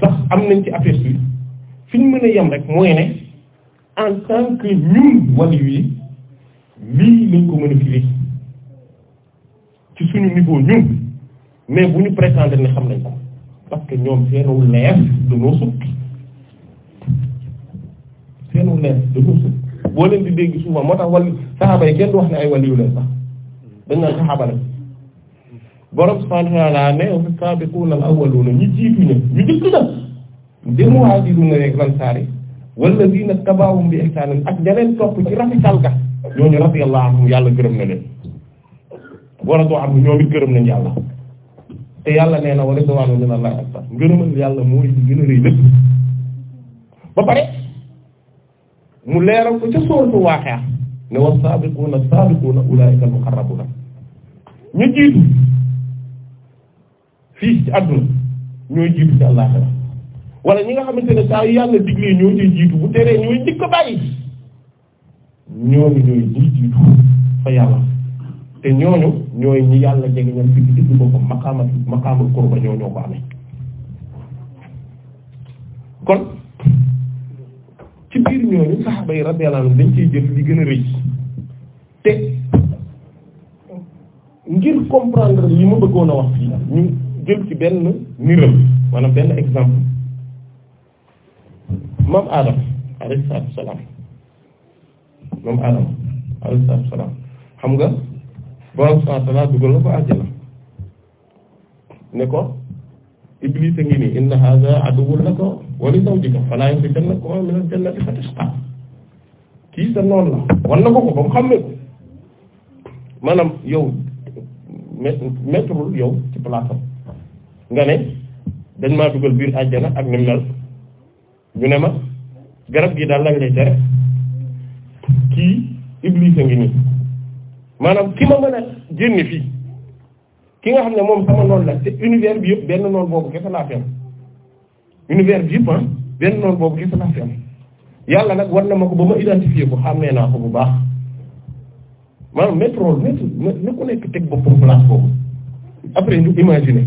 sax am nañ ci aperçu fi ñu mën a yem rek mooy ne en tant que ñun wàllu yi lii lañ ko mën a firi. ci suñu niveau ñun mais bu ñu prétendre ne xam nañ ko parce que ñoom seenu leer dañoo sukk seenu leer dañoo sukk boo leen di dégg souvent moo tax wàllu saxaaba yi kenn du wax ne ay waliyu leen sax dañ naan saxaaba lañ borom subhanahu wa ta'ala ne as-sabiquna al-awwaluna ñi jiitu ña ñu jëkk na dil muhajiruna rek lan saari walladina tabaawum bi ihsanin ak ña leen topp ci rafetal ga ñooñu radiyallahu anhum yàlla gërëm na leen wa radu anhu ñoom it gërëm nañ yàlla te yàlla nee na wala ridwaanu minallaahi akbar ngërëmal yàlla mooy li gën a rëy lépp ba pare mu leeral ko ca sooratu waaqi'a ne was-saabiquuna as-saabiquuna ulaa'ika al-muqarrabuuna ñu jiitu fii ci àdduna ñooy jiitu ci àllaaxira wala ñi nga xamante ne saa yàlla diglee ñoo ciy jiitu bu teree ñooy njëkk bàyyi ñooñu ñooy jiitu fa yàlla. te ñooñu ñooy ñi yàlla jege ñoom ci digg boppam maqaamat maqaamul qurba ñoo ñoo ko kon ci biir ñooñu saxaaba yi radiyallahu dañ ciy jël li gën a rëy te ngir comprendre li ma bëggoon wax fii ñu jël ci benn niram maanaam benn exemple moom Adam alayhi salaatu salaam moom Adam alayhi salaatu salaam xam nga. borom subhaanahu wa ta'aala dugal na ko àjjana ne ko Iblis a ngi nii inna haazaa aduwwun laka wa li zawjika falaa yuxrijannakamaa mina al-jannati fatashqaa kii na ko ko ba xam ne ko maanaam yow mettrul yow ci place nga ne dañ maa dugal biir àjjana ak ni mel ñu ne ma garab gii daal lañ lay tere kii Iblis a ngi nii maanaam ki ma mën a génne fii ki nga xam ne moom sama noonu la te univers bi yëpp benn noon boobu kese laa fi univers bi yëpp am ah, benn noon boobu kese laa fi yàlla nag war na ma ko ba ma identifié ko xàmmee naa ko bu baax maanaam métro métro na ku nekk teg boppam place boobu après ñu imaginer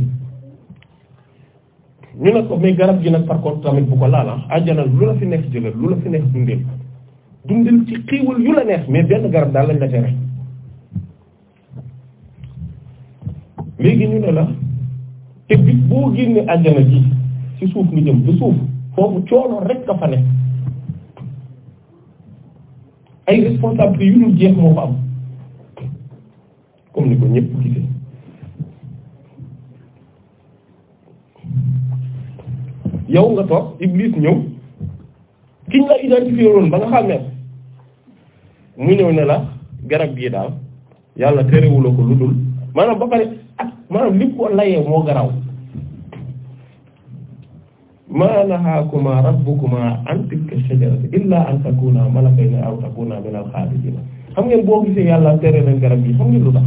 ñu ne ko mais garab gi nag par contre tamit bu ko laala ah, àjjana lu la fi neex jëlal lu la fi neex dundeel dundeel ci xiiwal yu la neex mais benn garab daal lañ la léegi ñu ne la te bis boo génnee àjjana ji ci suuf lu jëm ci suuf foofu coono rek ka fa ay responsabilité yu dul jeex moo fa am comme ni ko ñëpp gisee yow nga toog Iblis ñëw kiñ la identifié woon ba nga xam mu ñëw ne la garab gii daal yàlla terewula ko lu dul maanaam ba pare maanaam li ko layee moo garaw ma nahaakumaa rabbukumaa an tilka shajarati illaa an takuunaa malakayni aw takuunaa minal xaalidiina xam ngeen boo gisee yàlla tere leen garab yi xam ngeen lu tax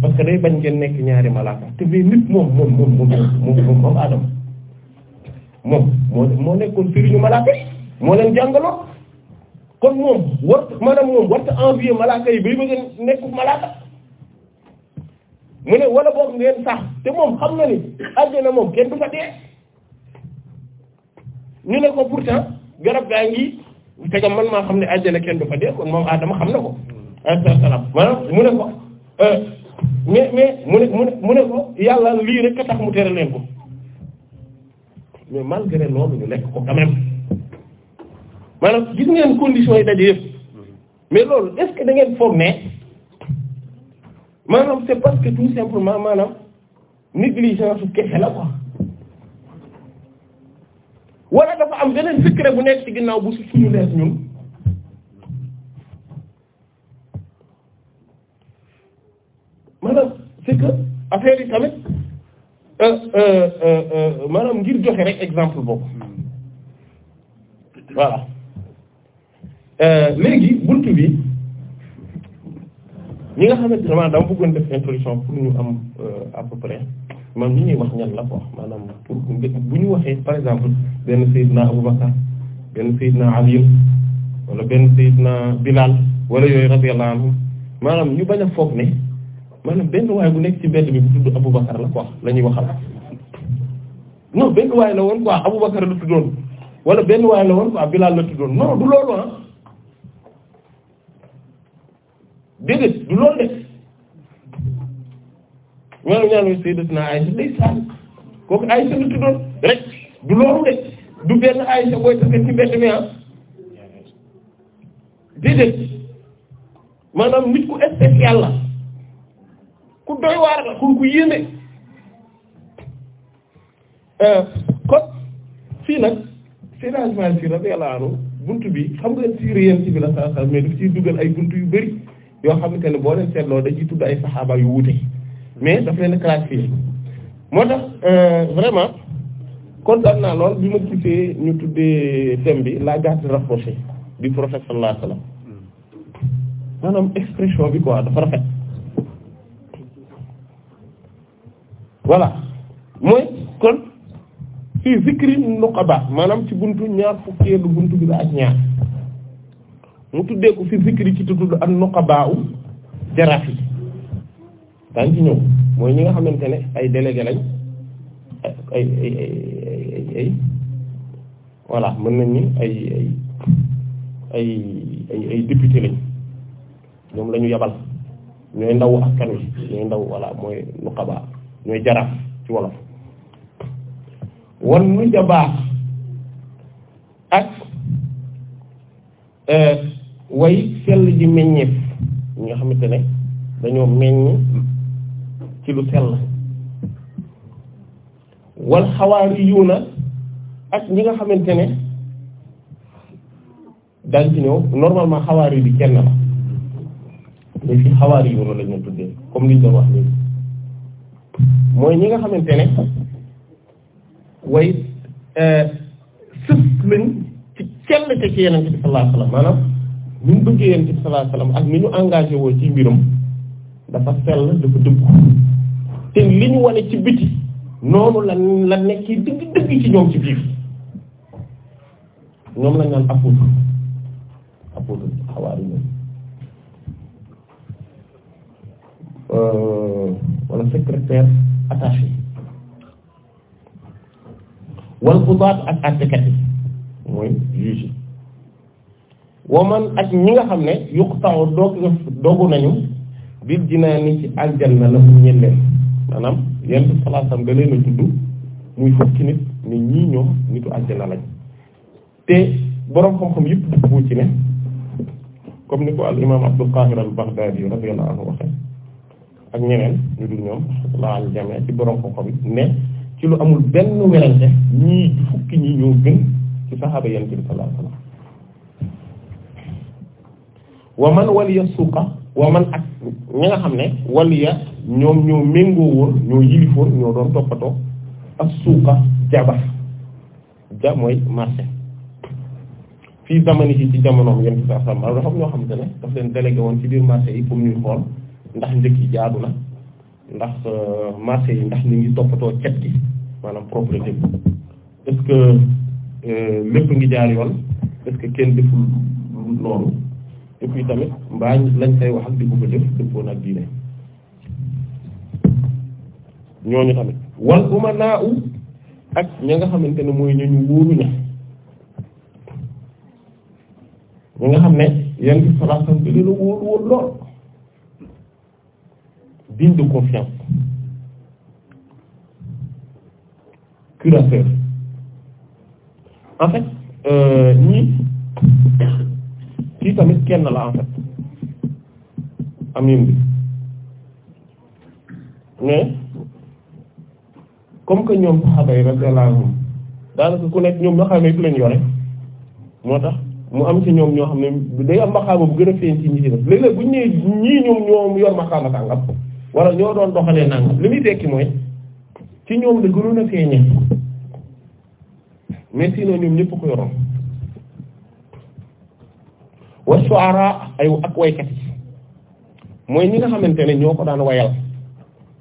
parce day bañ ngeen nekk ñaari malaaka te bii nit moom moom moom moom moom moom moom nekkoon sëriñu malaaka moo leen jàngaloo kon moom war maanaam moom warta envier malaaka yi bay bëgg a nekk mu ne wala boog ngeen sax te moom xam na ni àjjana moom kenn du ne ko pourtant garab gaa ngi tegam man maa xam ne àjjana kenn du kon moom Adama xam na ko alayhi salaam maanaam mu ne ko euh, mais mais mu ne mu ne mu ne ko yàlla lii rek a tax mu tere leen ko mais malgré loolu ñu lekk ko quand même maanaam gis ngeen conditions yi daje yëpp mais loolu est-ce que da ngeen foog ne maanaam c'est parce que tout simplement maanaam négligence su kese la quoi wala dafa am beneen secret bu nekk ci ginnaaw bu suñu lees ñun maanaam c'est que tamit euh, euh, euh, maanaam ngir joxe rek exemple boobu voilà léegi buntu bi. ñi nga xamante ne maanaam dama bëggoon def introduction pour ñu am euh, à peu près man ñi ñuy wax ñan la ko wax maanaam pour bu ñu waxee par exemple benn Seydina Aboubacar benn Seydina Ali wala benn Seydina Bilal wala yooyu radiyallahu anhum maanaam ñu bañ a foog ne maanaam benn waay bu nekk ci mbedd bi bu tudd Aboubacar la ko wax la ñuy waxal non benn waay la woon quoi Aboubacar la tuddoon wala benn waay la woon quoi Bilal la tuddoon non du loolu ah. déedéet du loolu de ñooñu ñaanu Sayyidatuna Aysa day saan kooku Aysa lu tuddoon rek du loolu de du benn Aysa booy tase ci mbedd mi ah déedéet maanaam nit ku spécial la ku doy waar la ku ku yéeme euh, kon fii nag Seydina Ismaïl si radiyallahu anhu buntu bi xam nga ci réen ci bi la saa saa mais daf ciy dugal ay buntu yu bari yoo xamante ne boo leen seetloo dañuy tudd ay saxaaba yu wuute mais daf leen a classifié moo tax euh, vraiment kontaan naa lool bi ma gisee ñu tuddee thème bi laa garde rapprochée du prophète sallallahu alayhi maanaam expression bi quoi dafa rafet voilà mooy kon fii zikri baax maanaam ci buntu ñaar fukkeelu bunt bi la ak ñaar. mu tuddee ko fi zikri ci tudd an nuqabaa u jaraaf yi daañ ci ñëw mooy ñi nga xamante ne ay délégué lañ ay ay ay ay mën nañ ni ay ay ay député lañ ñoom la ñu yabal ñooy ndaw askan wi ñooy ndaw voilà mooy nuqabaa ñooy jaraaf ci wolof wan nu jabaa ak euh, way sell ji meññeef ñi nga xamante ne dañoo meññ ci lu sell wal xawaari yuuna ak ñi nga xamante ne daal ci ñëw normalement xawaari bi kenn la mais fi xawaari yuuna la tuddee comme liñ doon wax léegi mooy ñi nga xamante ne way euh, sëf lañ ci kenn te ci yeneen bi sallallahu alayhi wa maanaam bi mu bëggee yonent bi sallallahu alayhi ak ni ñu engagé woo ci mbiram dafa sell dafa dëgg te li ñu wane ci biti noonu la nekk dëgg dëgg ci ñoom ci biir ñoom lañ naan apôtre apôtre xawaari ñoom euh, wala secrétaire attaché wala xubaat ak àttekat mooy juge wa man ak ñi nga xam ne yuqta'u doog dogu nañu bil jinaani ci aljanna la mu ñeen leen maanaam yent salaasam da leen a tudd muy fukki nit ni ñii ñoom nitu aljanna lañ te boroom xam-xam yëpp dëppoo ci ne comme ñu dul ñoom ci boroom ci lu amul benn werante ñii fukki ñi ñoo gën ci saxaaba yent bi sallallahu wa man waliya suuqa wa man ak ñi nga xam ne waliya ñoom ñoo méngoo woon ñoo yilifoon ñoo doon toppatoo ak suuqa jabar ja mooy marché fii zamani yi ci jamonoom yéen ci dafa am ñoo xamante ne daf leen délégué woon ci biir marché yi pour ñuy xool ndax njëkk yi na ndax euh, marché yi ndax ñu ngi toppatoo cet gi maanaam propriété bi que euh, lépp ngi jaar yoon est que kenn deful loolu et puis tamit mbaañ lañ say wax ak di ko ko jëf dëppoon ak diine ñooñu tamit wal uma naa u ak ña nga xamante ne mooy ñu wóoru ña ñi nga xam ne yan bi salaasan bi leen a wóoru woon lool digne confiance curateur en fait euh, tamit kenn la en fait amiin bi mais comme que ñoom saxaaba yi radiyallahu anhum daanaka ku nekk ñoom maxaamee ku leen yore moo tax mu am ci ñoom ñoo xam ne day am maxaama bu gën a feeñ ci ñi ci def léeg-léeg bu ñu nee ñoom ñoom yor maxaama sàngam wala ñoo doon doxalee nangam li muy tekki mooy ci ñoom da gënoon a feeñee mais sinon ñoom ñëpp ko yoroon wa ak waykat mooy ñi nga xamante ne ñoo ko daan wayal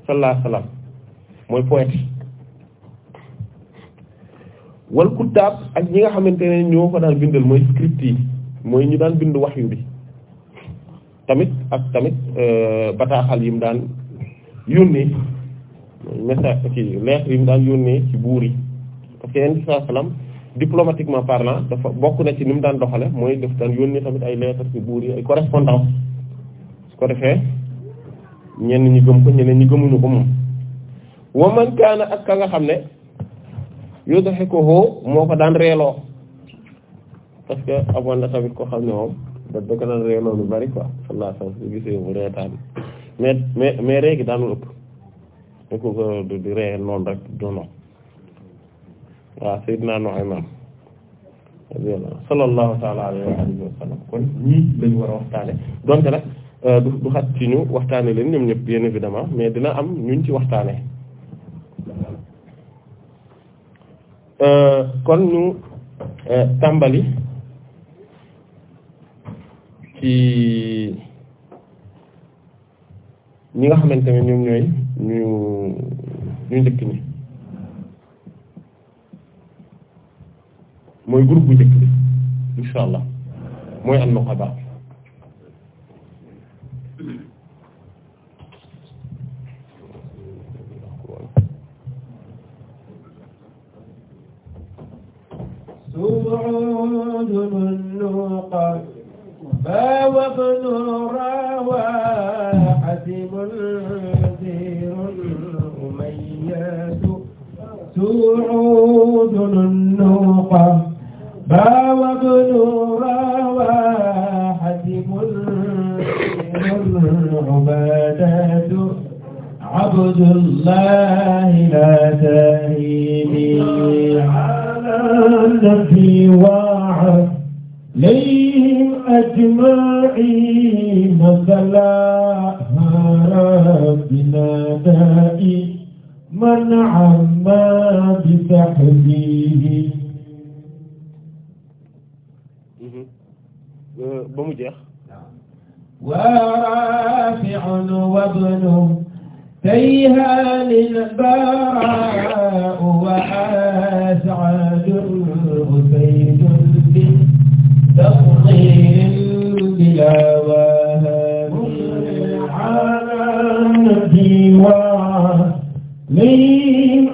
sallallahu alayhi wasallam mooy poète wal kuttab ak ñi nga xamante ne ñoo ko daan bindal mooy script yi mooy ñu daan bind wax yu bi tamit ak tamit euh, bataaxal yi mu daan yónnee message ci lettre yi mu daan yónnee ci buur yi parce que yenn diplomatiquement parlant dafa bokk na ci ni mu daan doxale mooy def daan yónnee tamit ay lettres ci buur yi ay correspondance su ko defee ñenn ñi gëm ko ñeneen ñi gëmuñu ko moom wa man kaana ak ka nga xam ne yudhikuhu moo ko daan reeloo parce que amoon na tamit ko xam ne moom da da ko daan reeloo lu bari quoi sallallahu alayhi gisee mu reetaan mais mais mais réegi daanul ëpp da ko di ree noonu rek donon waaw Seydina Nu'aymaan sallallahu taala alayhi wa alihi wa sallam kon ñii lañu war a waxtaane donte nag euh, du du xat ci ñu waxtaane leen ñoom ñëpp bi évidemment mais dina am ñuñ ci waxtaane euh, kon ñu euh, tàmbali ci ñi nga xamante ne ñu ñooy ñu ñu njëkk ñi mooy groupe bu njëkk bi insha allah mooy an nuqaba سبعود النوق با وفن راوى حسب ذير أمية سعود النوق باوى بن راوى حاتم عبادة عبد الله لا تهيني على النبي وعليهم أجمعين صلاة ربنا دائما عما بتحديه ba mu jeex ورافع وابن تيهان البراء وأسعد أسيد بتفضيل بلا وهاب على ديوان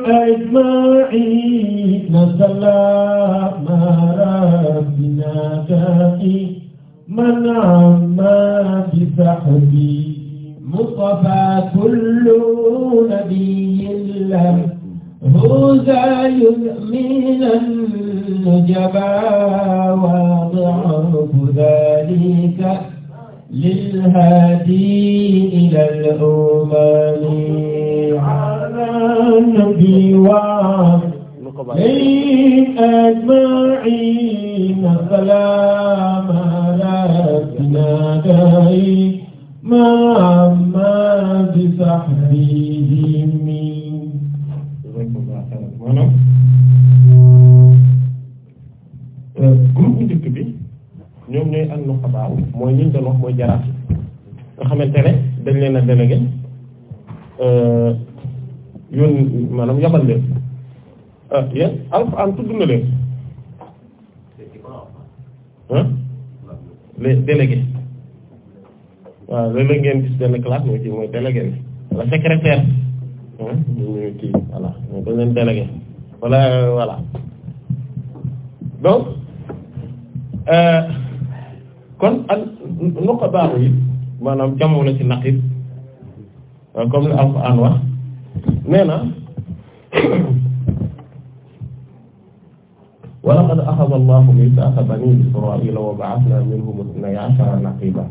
أجمعين سلام ربنا دائما من عما بسحب مصطفى كل نبي له هو زاي من النجبا وضعف ذلك للهادي إلى الأمان على النبي من أجمعين سلاما نادى ما ما بسحرهم maanaam groupe njëkk bi ñoom ñooy ànd na xabaar mooy liñ doon wax mooy jaraaf nga xamante ne dañ leen a délégué euh, yoon maanaam yabal leen euh, yan alxuraan tudd na les délégués waaw léeg-léeg ngeen gis benn classe mooy kii mooy délégué bi wala secrétaire ñu kii voilà ñoo ko leen délégué wala voilà donc euh, kon al nuqaba yi maanaam jamono la ci naqib comme li Alxuraan wax nee na *coughs* wa laqad axada allahu mithaqa bani israila wa ba'athna minhum ithnay ashara naqiba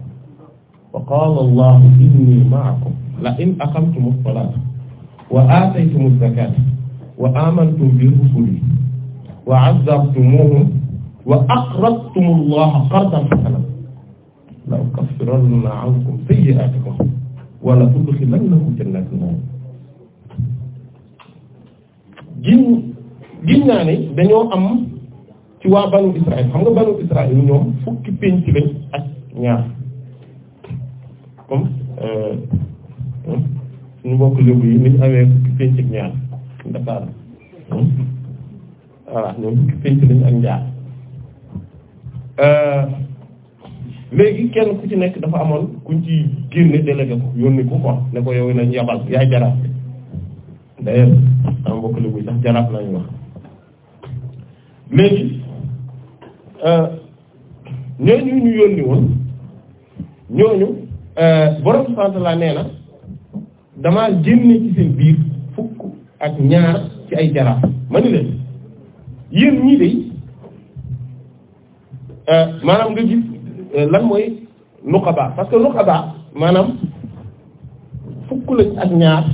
wa qaala allahu inni ma'akum la in aqamtumu as-salata wa aataytumu az-zakata wa amantum bi rusuli wa 'azzartumuhum wa aqradtumu allaha qardan hasanan la ukaffiranna 'ankum sayyi'atikum wa la udkhilannakum jannatin gin gin naa ne dañoo am ci waa banu Israël xam nga banu Israël ñoom fukki pénc lañ ak ñaar comme euh, hmm, suñu mbokk lébu yi niñ amee fukki pénc ak ñaar Dakar hmm. voilà ñoom fukki pénc lañ ak ñaar euh, léegi kenn ku ci nekk dafa amoon kuñ ci génne délégué ko yónni ku quoi ne ko yow nañ yabal yaay jaraaf d'ailleurs sama mbokk lébu yi sax jaraaf lañ Euh, ñooñu ñu yónni woon ñooñu euh, borom sant la nee na dama génne ci seen biir fukk ak ñaar ci ay jaraaf ma ni leen yéen ñii de euh, maanaam nga gis lan mooy nuqaba parce que nuqaba maanaam fukk lañ ak ñaar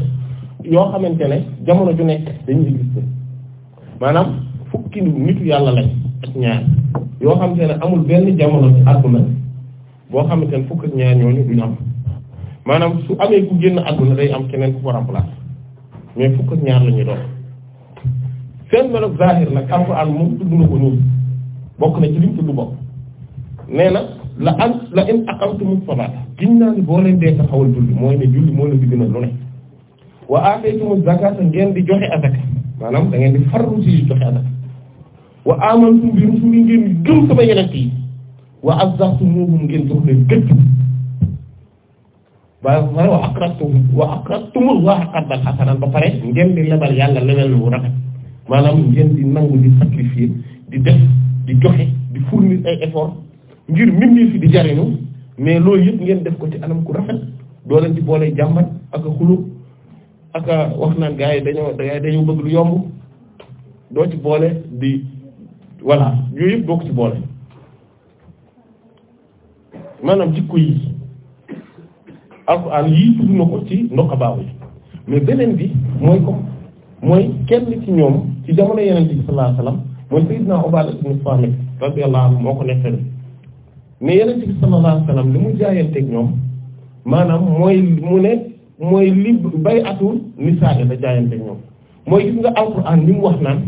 yoo xamante ne jamono ju nekk dañuy gis maanaam fukki nitu yàlla lañ. ak ñaar yoo xam ne amul benn jamono ci àdduna boo xamante ne fukk ak ñaar ñooñu duñu am maanaam su amee ku génn àdduna rey am keneen ko remplacer mais fukk ak ñaar la ñuy doon seen melo zahir nag am moom tudd na ko nii bokk na ci liñ tudd bokk nee nag la ak la in aqamtumu salaata giñ naa ni boo leen dee taxawal julli mooy ne julli moo leen di gën lu ne wa aataytumu zakata ngeen di joxe azaka maanaam dangeen ngeen di farlu ci joxe azaka wa amantu bi rusuli ngeen gëm sama yeneen yi wa azzartumuhum ngeen jox leen gëdd ba pare wa aqradtum wa aqradtumullaha qardan hasanan ba pare ngeen di lebal yàlla lebal lu rafet maanaam ngeen di nangu di sacrifier di def di joxe di fournir ay effort ngir mbindeef fi di jariñu mais loolu yëpp ngeen def ko ci anam ku rafet doo leen ci boole jàmbat ak a xulub ak a wax naan gars yi dañoo gars yi dañoo bëgg lu yomb doo ci boole di. voilà yooyu yëpp bokk ci boole maanaam jikko yi alxuraan yii tudd na ko ci ndox baaw yi mais beneen bi mooy comme mooy kenn ci ñoom ci jamono yeneen bi sallallahu alayhi wasallam mooy sayyidna Ubaada ibn Saamit radiyallahu anhu moo ko nettali mais yeneen bi sallallahu alayhi wasallam li mu jaayanteeg ñoom maanaam mooy mu ne mooy li bay atul nisaade la jaayanteeg ñoom mooy gis nga alxuraan li wax naan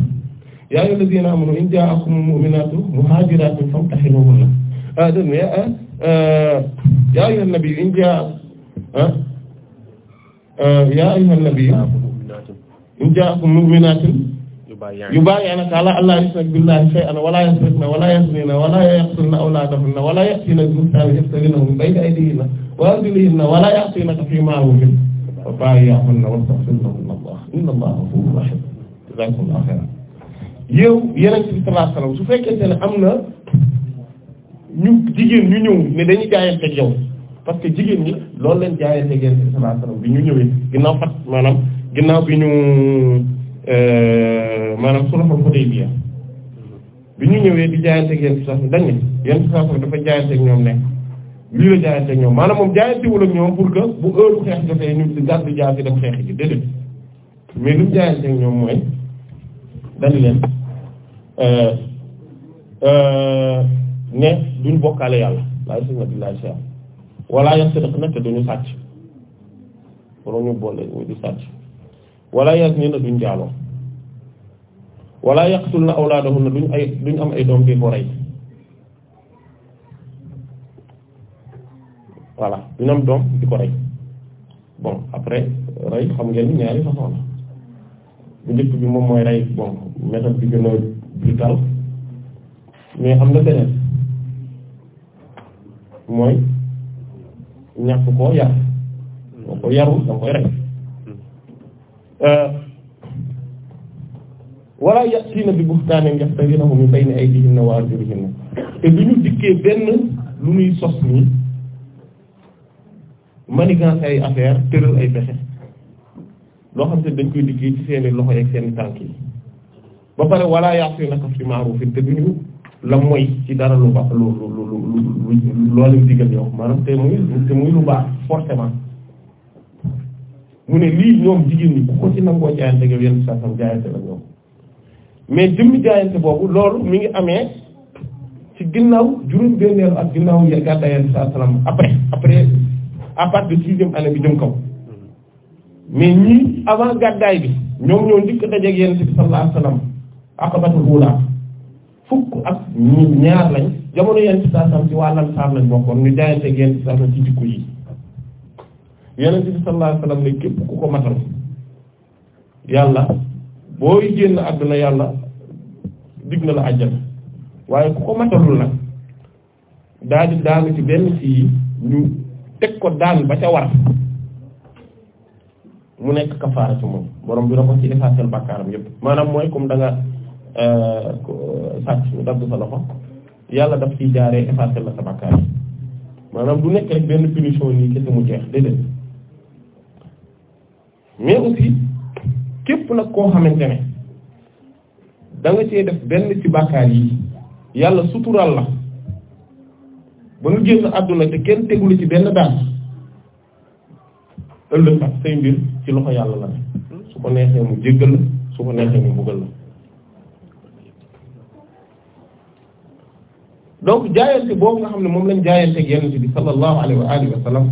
yaa ayyuha allazina amanu in ja'akum mu'minatu muhajiratin famtahinuhunna ah dégg nga ah, ah, yaa ayyuha nabi in jaa ah, ah yaa ayyuha nabi in ja'akum mu'minatun yubayyi'naka ala an la yushrika billahi shay'an wa la yusrikna wa la yaznina wa la yaqtulna awladahunna wa la ya'tina bi buhtanin yaftarinahu min bayni aydihinna wa arjulihinna wa la ya'tinaka fi ma'rufin fabayyi'hunna wastaghfir lahunna Allah inna Allaha ghafurur rahim jazakumullahu khairan yow yeneen bi sallallahu alayhi su fekkente ne am na ñu jigéen ñu ñëw ne dañuy jaayanteeg yow parce que jigéen ñi loolu leen jaayanteeg yeneen bi sallallahu alayhi wasallam bi ñu ñëwee ginnaaw fat maanaam ginnaaw bi ñu euh, maanaam sulhul Hudaybiya bi ñu ñëwee di jaayanteeg yeneen bi sallallahu dañ ne yeneen bi sallallahu alayhi dafa jaayanteeg ñoom nekk lii la jaayanteeg ñoom maanaam moom jaayantewul ak ñoom pour que bu heure xeex jotee ñu si gàddu jaasi dem xeex ji déedéet mais li mu ñoom mooy dañ leen Euh, euh, ne duñ bokkaale yàlla laa si ma di laa si wala yasriqna te duñu sàcc wala ñu boole ñu di sàcc wala yaznina duñ jaaloo wala yaqtulna awlaadahunna duñ ay duñ am ay doom di ko rey voilà duñ am doom di ko rey bon après rey xam ngeen ñaari façon la bu njëkk bi moom mooy rey bon méthode bi gën a di am na beneen mooy ñàkk koo yar boo ko yarul da nga koy rek euh, wala ya'tiina bi buhtaanin yaftarinahu min bayni aydihinna wa arjulihinna te du ñu dikkee benn lu ñuy sos nii manigance ay affaire tëral ay pexe loo xam te dañ koy dikkee ci seeni loxo yeeg seeni tànk yi ba pare wala yaatu naka fi ma'rufin te duñu la mooy ci dara lu baax lu lu lu lu looleen digal yow maanaam te muy te muy lu baax forcément mu ne lii ñoom jigéen ñi ku ko ci nangoo jaayante ak yenn saa sam jaayante la ñoom mais jëmmi jaayante boobu loolu mi ngi amee ci ginnaaw juróom-benneelu ak ginnaaw gàddaay yenn saa salaam après après à partir de sixième année bi jëm kaw mais ñii avant gàddaay bi ñoom ñoo njëkk dajeeg yenn bi sallallahu alayhi wasallam aqabatu ula fukk ak ñaar lañ jamono yenn ci saasam ci wàllan saar lañ bokkoon ñu jaayante yenn ci saasam ci jikko yi yeneen ci sallallahu ne képp ku ko matal yàlla booy génn àdduna yàlla digg na la àjjana waaye ku ko matalul nag daal di daanu ci benn ci ñu teg ko daan ba ca war mu nekk kafaara ci moom borom bi na ko ci effacer bàkkaaram yépp maanaam mooy comme da Euh, sàcc dagg sa loxo yàlla daf ciy jaaree effacer la sa bàkkaar yi maanaam du nekk rek benn punition nii kese mu jeex déedéet mais aussi képp nag koo xamante ne da nga cee def benn ci bàkkaar yi yàlla suturaal la ba nga génn àdduna te kenn tegul ci benn daan ëllëg ak say mbir ci loxo yàlla la ne su ko neexee mu jéggal la su ko neexee mu mbugal la donc jaayante boobu nga xam ne moom lañ jaayante ak yenente bi sallallahu alayhi wa alihi wa sallam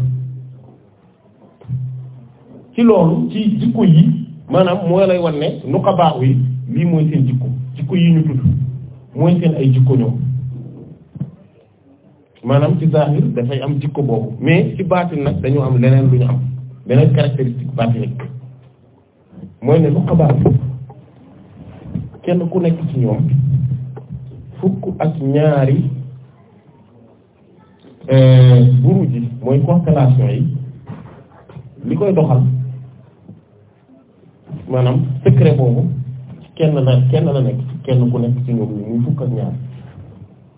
ci loolu ci jikko yi maanaam mooy lay wan ne nu xabaaw yi lii mooy seen jikko jikko yi ñu tudd mooy seen ay jikko ñoom maanaam ci zahir dafay am jikko boobu mais ci baatin nag dañoo am leneen lu ñu am beneen caractéristique batinique mooy ne nu xabaaw yi kenn ku nekk ci ñoom fukk ak ñaari euh, buruj yi mooy constellation yi li koy doxal maanaam secret boobu kenn na kenn la nekk kenn ku nekk ci ñoom ñi muy fukk ak ñaar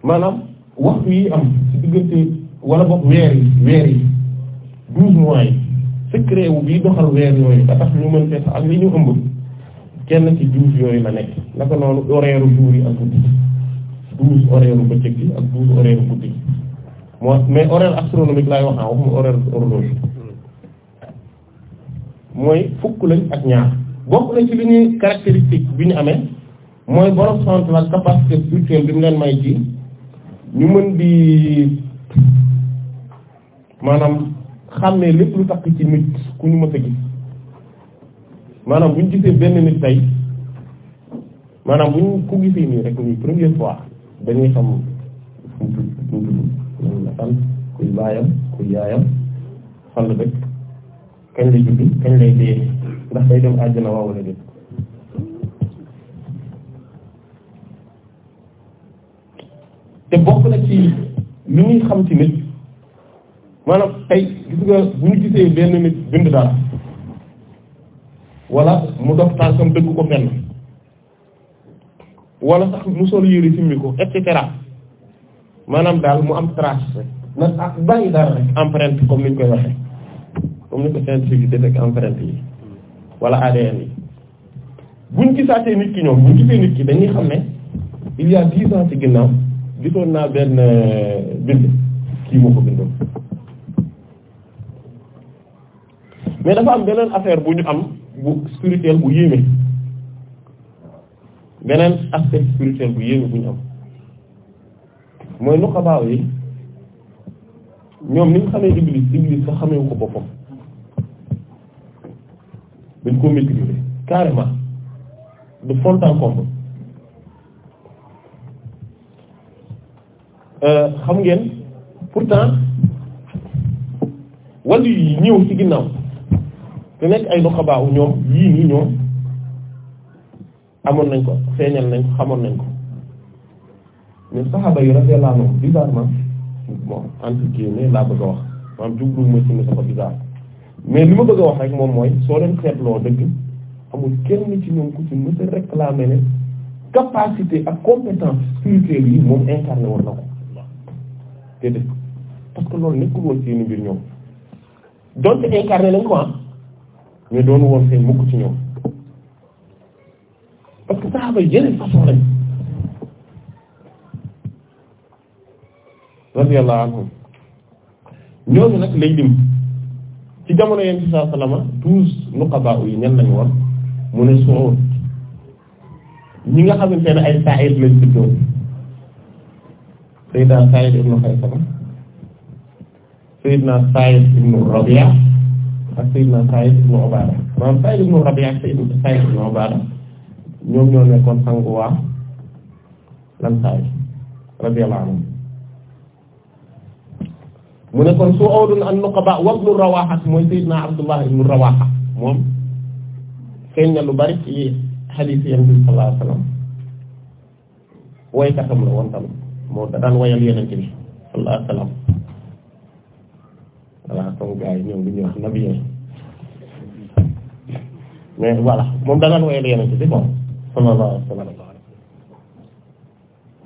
maanaam waxtu yi am ci diggante wala boog weer yi weer yi douze mois yi secret wu bii doxal weer yooyu da ñu mën fee ak li ñu ëmb kenn ci douze yooyu la nekk naka noonu horaire jour yi ak guddi douze horaires bëccëg bi ak douze horaires guddi gi moo mais horaire astronomique laay wax ah waxuma horaire horloge mooy fukk lañ ak ñaar bokk lañ ci li ñuy caractéristique bi ñu amee mooy borom sant la capacité spirituelle bi mu leen may ci ñu mën di maanaam xam ne lépp lu takk ci nit ku ñu mës a gis maanaam bu ñu gisee benn nit tey maanaam bu ñu ko gisee nii rek nii première fois dañuy xam fu mu tudd fu mu tudd lan la fan kuy baayam kuy yaayam fan la dëkk kañ lay juddu kañ lay dee ndax day dem àjjana waaw wala déet te bokk na ci li ñuy xam ci nit maanaam tey gis nga bu ñu gisee benn nit bind dara wala mu dox tànkam dëgg ko fenn wala sax mu sol yëre simmi ko et cetera maanaam daal mu am trace rek na ak bàyyi dara rek empreinte comme ni ñu koy waxee comme ni ko scientifique yi defek empreinte yi wala ADN yi buñ gisaatee nit ki ñoom buñ gisee nit ki dañuy xam ne il y a dix ans ci ginnaaw gisoon naa benn euh, bind kii moo ko bindoon mais dafa am beneen affaire bu ñu am bu spirituel bu yéeme beneen aspect spirituel bu yéeme bu ñu am mooy nuqabaaw yi ñoom ni ñu xamee iblis iblis sax xamewu ko boppam dañ koo maîtriser carrément de fond en comble euh, xam ngeen pourtant wàllu yi ñëw ci ginnaaw te nekk ay nuqabaaw ñoom yii nii ñoom amoon nañ ko feeñal nañ ko xamoon nañ ko mais saxaaba yi radiyallahu anhum bizarrement bon entre guillemets laa bëgg a wax maanaam jubluwuma ci ne dafa bizarre mais li ma bëgg a wax rek moom mooy soo leen seetloo dëgg amul kenn ci ñoom ku ci mës a réclamer ne capacité ak compétence spirituelle yi moom incarné woon na ko te dëgg parce que loolu nekkul ñoom donte incarné lañ ko ah mais doonu woon seen mukk ci ñoom parce que saxaaba yi yeneen façon lañ radiyallahu anhum ñooñu nag lay lim ci jamono yeen ci saa salama douze nuqaba yi ñan lañ woon mu ne soo ñi nga xamante ne ay Sa'id lañ tuddoon Sayyidina Sa'id ibnu Xaysama Sayyidina Sa'id ibnu Rabi'a ak Sayyidina Sa'id ibnu Ubaada maanaam Sa'id ibnu Rabi'a ak Sayyidina Sa'id ibnu Ubaada ñoom ñoo nekkoon sangu waa lansaay radiyallahu anhum mu nekkoon su awdun an nuqaba wa ibnu rawaha mooy sayyidina abdullah ibnu rawaha moom feeñ na lu bari ci xadiis yonent bi sallallahu alayhi la woon tam moo da daan wayal yonent yi ñoom li ñuy moom da daan wayal yonent bi bon sallallahu alayhi wa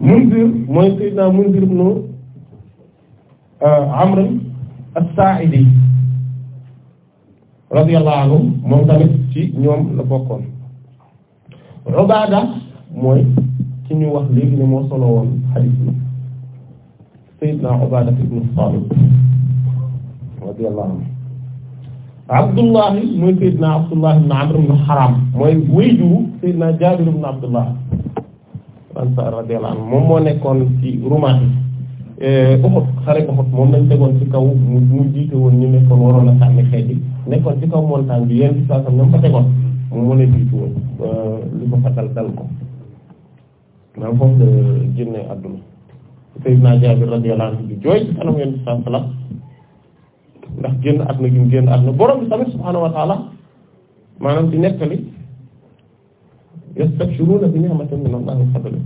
mooy Seydina Munzir ibnu uh, Amr as-Saaidi radiyallahu anhu moom tamit ci ñoom la bokkoon Ubaada mooy ci ñu wax léegi ne moo solo woon xadiis bi Seydina Ubaada ibnu Saamit radiyallahu anhu Abdullahi mooy Seydina Abdullah ibn Amr ibn Haram mooy wéyjuru Seydina moom moo nekkoon ci Rumaat yi eh, Uhud xare Uhud moom lañ tegoon ci kaw mu jiite woon ñu nekkoon waroon ci kaw moo leen jiite woon li ko fatal dal ko maa àdduna ndax génn àdduna gi mu génn àdduna borom bi tamit subhaanahu wa taala maanaam di nettali yastabshiruuna bi ni'matin min allahi wa fadlin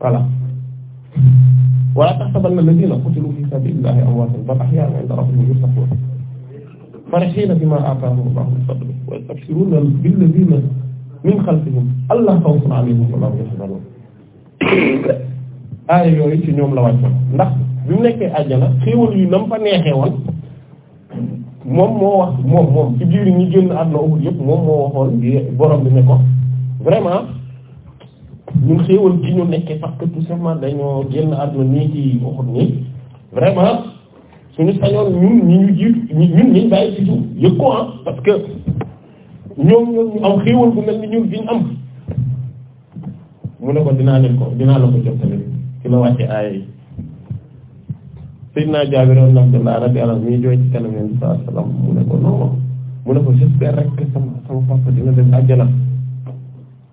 voilà wala tahsabanna alladhina qutilu fi sabilillahi amwaatan bal ahyaa'un 'inda rabbihim yarzuquun farihiina bimaa aataahum allahu min fadlihi wa yastabshiruuna billadhina min khalfihim allaa khawfun 'alayhim wa laa hum yahzanuun *coughs* aaya yooyu ci ñoom la wàccoon ndax bi mu nekkee àjjana xéewal yu nam fa neexee woon moom moo wax moom moom ci biir ñi génn àdduna Uhud yëpp moom moo waxoon bi borom bi ne ko vraiment ñun xéewal gi ñu nekkee parce que tout simplement dañoo génn àdduna nii ci Uhud nii vraiment suñu sañoon ñun ñi ñu jiitu ñun ñi bàyyi ci suuf yëg ko ah parce que ñoom ñoom ñu am xéewal bu mel ni ñun bi ñu am mu ne ko dinaa leen ko dinaa la ko jottali ci la wàcce aaya yi Seydina Jaabir Abdullah radiyallahu anhu mi jooy ci kanam Yonent bi sallallahu alayhi wasallam mu ne ko non mu ne ko j'espère rek sama sama papa dina dem àjjana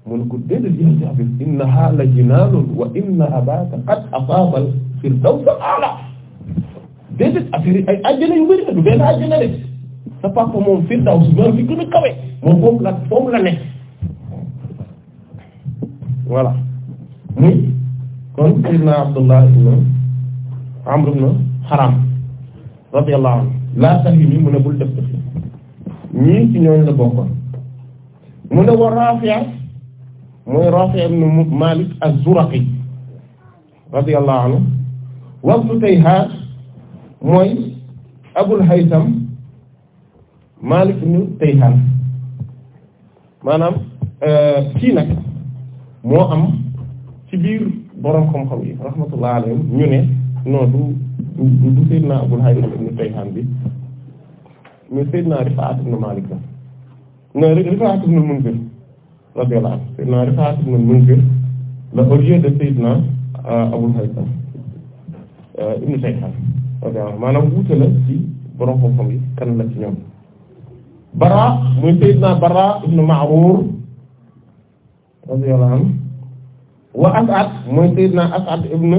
mu ne ko déedéet yaa Jaabir innahaa la jinaanun wa inna abaaka qad ataaba al-firdaws al-a'la déedéet affaire ay àjjana yu du benn àjjana rek sa papa moom firdaws moom fi gën kawe moom foofu la foofu la nekk voilà muy kon Seydina Abdullah ibn Amr ibn xaraam radiyallahu anhu laa sax yi mu ne bul def def ñii ci ñooñ la bokkoon mu ne wa Rafi' mooy Rafi' ibn Malik az-Zuraqi radiyallahu anhu wa Ibn mooy Abul Haytham Malik ibn Tayhan maanaam euh, kii nag moo am ci biir boroom xam-xam yi rahmatullah ñu ne non du Seydina Abul Haytham ibn Tayhan bi mais Seydina Rifa'at ibn Malik la non Rifa'at ibn Munzir radiyallahu anhu Seydina Rifa'at ibn Munzir la au lieu de Seydina euh, Abul Haytham euh, ibn Tayhan radiyallahu maanaam wuute la ci borom xam-xam yi kan la ci ñoom Bara muy Seydina Bara ibn Ma'rur radiyallahu anhu wa As'ad mooy Seydina As'ad ibn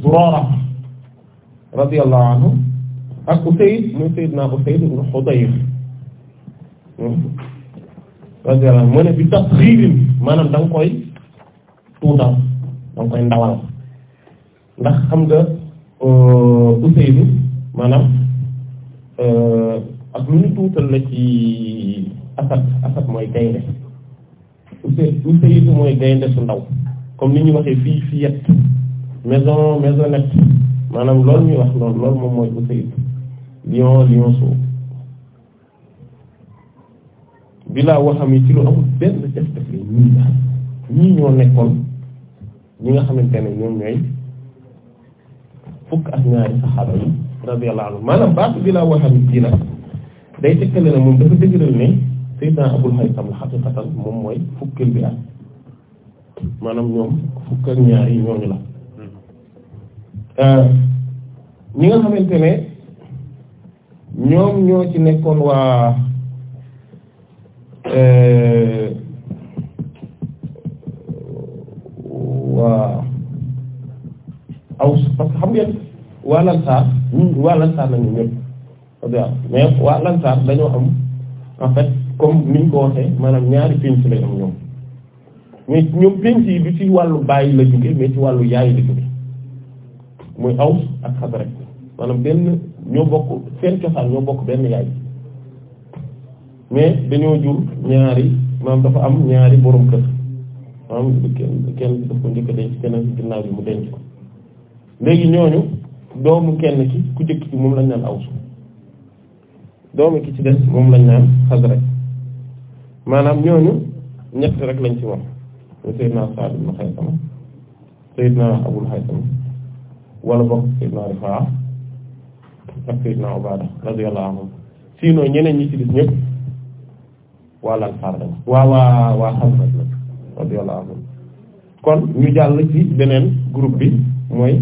Zurara radiyallahu anhu ak Usayd muy Sayyidna Usayd ibn Hudayr radiyallahu anhu mu ne bi tasxiirin maanaam da nga koy tuutal da koy ndawal ndax xam nga euh, Usayd maanaam euh, ak lu ñu tuutal la asad asad mooy gaynde Usayd Usayd mooy gaynde su ndaw comme ni ñu waxee fii maanaam loolu ñuy wax loolu loolu moom mooy Usayd lion lion soow bilaa waxam yi ci lu amul benn def def la ñii ñoo nekkoon ñi nga xamante ne ñoom ñooy fukk ak ñaari saxaaba yi radiyallahu anhu maanaam baatu bilaa waxam yi ci nag day tekkale na moom dafa dëgëral ne Seydina Abul Haytham la xaqiqatan moom mooy fukkil bi ak maanaam ñoom fukk ak ñaari ñooñu la Euh, ñi nga xamante ne ñoom ñoo ci nekkoon waa euh, waa aws parce que xam ngeen waa lansaar waa lansaar la ñu ñëpp waa lansaar dañoo am en fait comme niñ ko waxee maanaam ñaari pénc lay am ñoom mais ñoom pénc yi du ci wàllu baay la jóge mais ci wàllu yaay la jóge muy aws ak xasraj maanaam benn ñoo bokk seen cosaan ñoo bokk benn yaay mais dañoo jur ñaari maanaam dafa am ñaari borom kër maanaam kenn kenn daf ko njëkk a keneen ginnaaw bi mu denc ko léegi ñooñu doomu kenn ki ku jëkk ci moom lañ naan aws doomu ki ci des moom lañ naan xasraj maanaam ñooñu ñett rek lañ ci wax Seydina Saad ibn Xaysama Seydina Abul Xaysama wala bokk Seydina Rifaa ak Seydina Ubaada radiyallahu anhum sinon ñeneen ñi ci dis ñëpp waa Ansaar lañ waa waa waa Xasraj lañ radiyallahu anhum kon ñu jàll ci beneen groupe bi mooy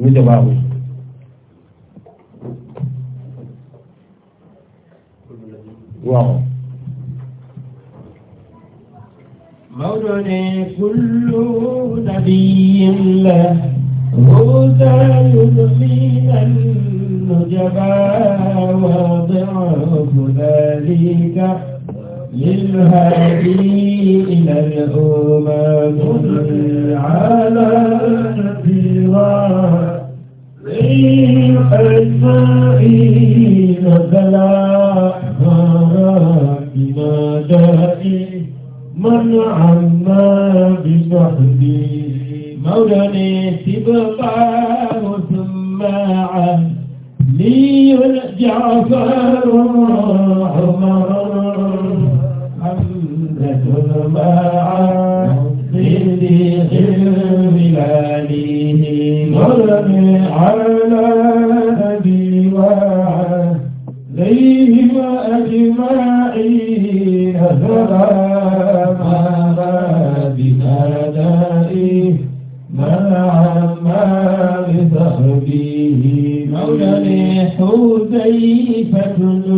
ñu jabaabu waaw مولى كل نبي له موسى يدخل النجباء وضعف ذلك للهادي إلى الأمم على نبيرا للحسائي نزلا بما دائم من عما بصحبي مولاني تبقى ثم علي جعفر عمر حمزة مع صديق بلاله مرمي على أبي وعليه وأجمعين ثلاثة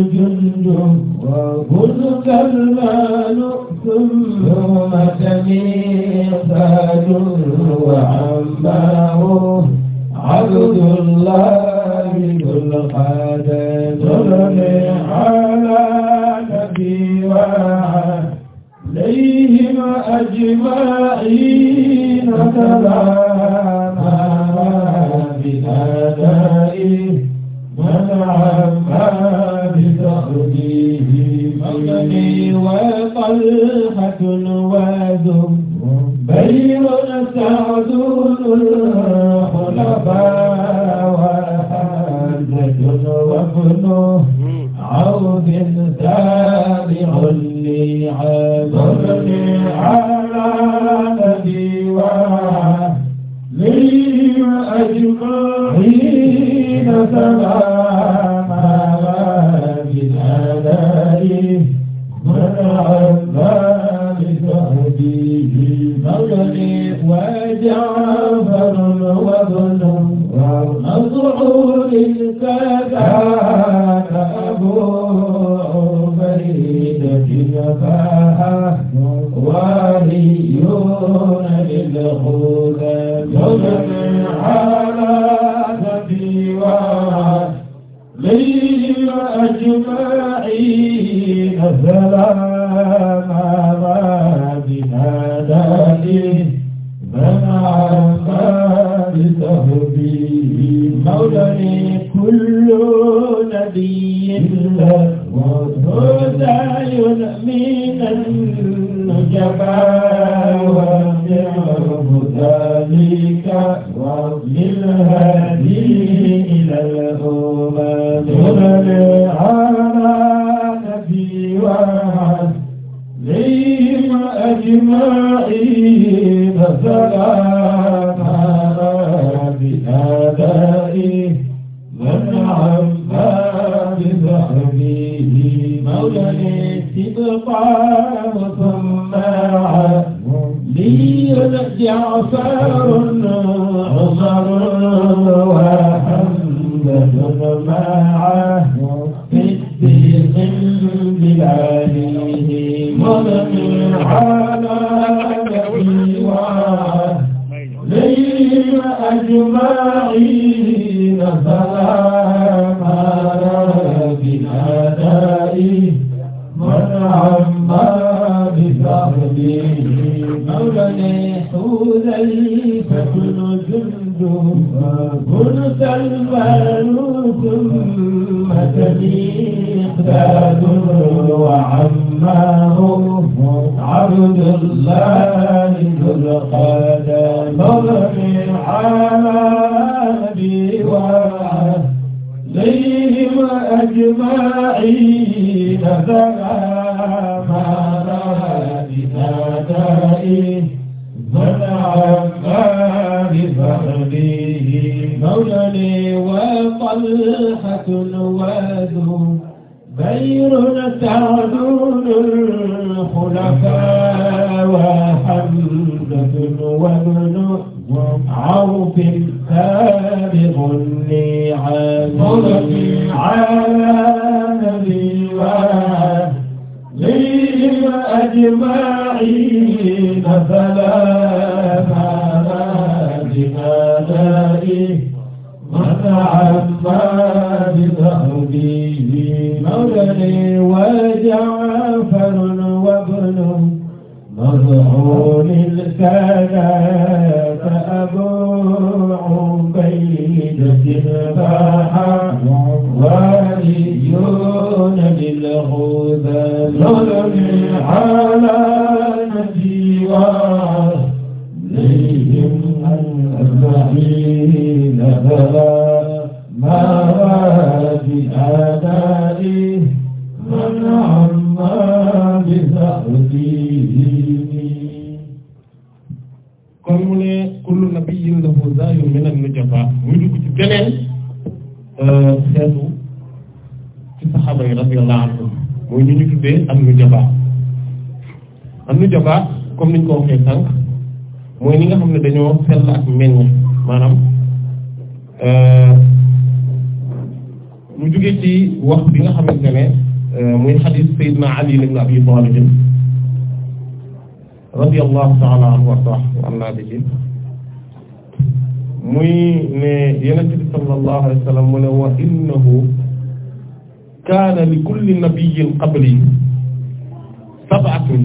جنده وكلك المال ثم تميقات وعماه عبد الله ذو القادة صلي على نبي وعليهم أجمعين سلام طلحة مولد تبقى صماعة ليرجع عصار عمر وحمد معه في الدين بالعلي ومن على نبيوه ليل أجمعين صلاة allahu taala anhu wardah wa am naa bihi muy ne yenent bi sallallahu alayhi wa sallam mu ne wa innahu kaana li kulli nabiyyin qabli sab'atun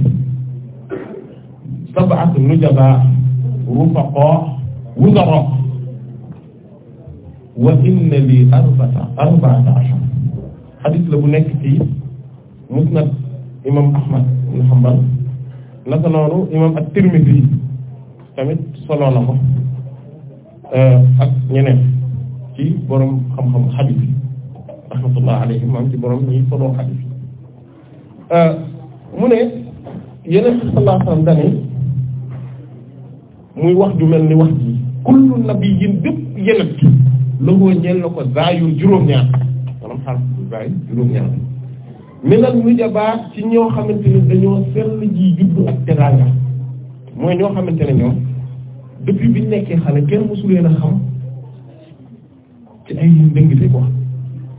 sab'atu nujaba rufaqa wuzara wa inna li arbata arbata ashar hadis la bu nekk ci musnad imam ahmad ibn hanbal naka noonu imam at-Tirmidhi tamit solo na ko euh, ak ñeneen ci borom xam-xam xadis yi rahmatullah alayhi maam ci borom ñi solo xadis euh, mu ne yeneen sallallahu alayhi wasallam muy wax ju mel ni wax ji kullu nabiyyin bépp yeneen loxoo ñeel na ko zaayul juróom-ñaar maanaam xarfu zaay juróom-ñaar minal nujabaa ci ñoo xamante ne dañoo sell ji juddu ak teraanga mooy ñoo xamante ne ñoom depuis biñ nekkee xale kenn mësu leen a xam ci ay ndëngte quoi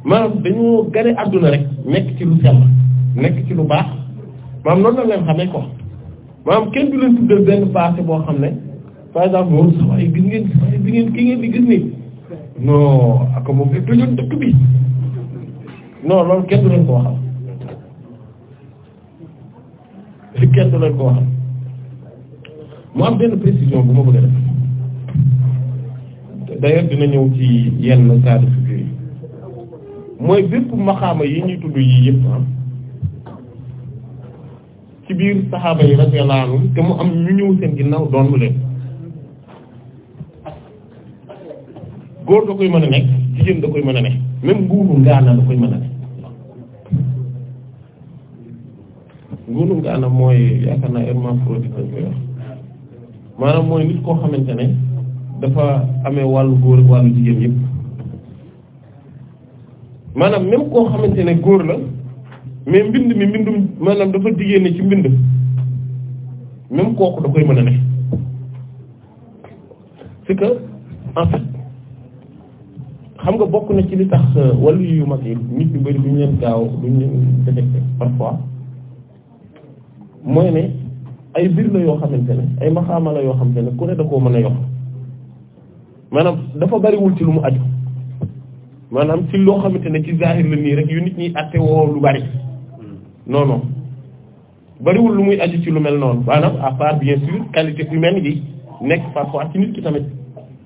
maanaam dañoo gane àdduna rek nekk ci lu sell nekk ci lu baax maanaam noonu la leen xamee quoi maanaam kenn du leen tuddal benn passé boo xam ne par exemple sax ay gis ngeen bi ngeen ki ngeen di gis nii non ak moom dañoo dëkk bi non loolu kenn du leen ko waxal. kenn du leen ko mu am benn précision bu ma bëgg def d'ailleurs dina ñëw ci yenn cas de figure yi mooy bépp maxaama yi ñuy tudd yii yëpp ah ci biir saxaaba yi radiyallahu anhum te mu am ñu ñëw seen naw doon leen góor da koy mën a nekk jigéen da koy mën a nekk même nguuru ngaana da koy mën a nekk ngóolu nga anam mooy yaakaar naa hermaphrodite lañ maanaam mooy nit koo xamante ne dafa amee wàllu góor ak wàllu jigéen yëpp maanaam même koo xamante ne góor la mais mbind mi mbindum maanaam dafa jigéen ne ci mbind même kooku da koy mën a ne c'est que xam nga bokk na ci li tax euh, wàllu yu mag yi nit ñu bari duñu leen gaaw duñu leen détecté parfois mooy ne ay mbir la yoo xamante ne ay maxaama la yoo xamante ne ku ne da koo mën a yokk maanaam dafa bariwul ci lu mu aju maanaam ci loo xamante ne ci zahir la nii rek yu nit ñi àtte woo lu bari non non bariwul lu muy aju ci lu mel noonu maanaam à part bien sûr qualité humaine bi nekk parfois ci nit ki tamit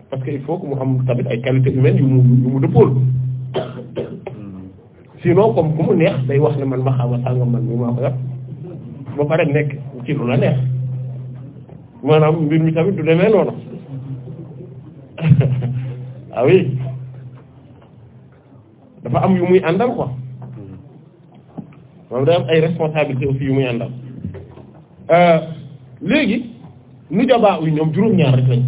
parce que il faut que mu am tamit ay qualité humaine yu mu yu mu dëppool sinon comme ku mu neex day wax ne man maxaama sàngam man mi maa ko yàpp ba pare nekk ci lu la neex maanaam mbir mi tamit du demee noonu *laughs* ah dafa am yu muy àndal quoi moom day am ay responsabilité aussi yu muy àndal euh, léegi nu jabaa uy ñoom juróom-ñaar rek lañ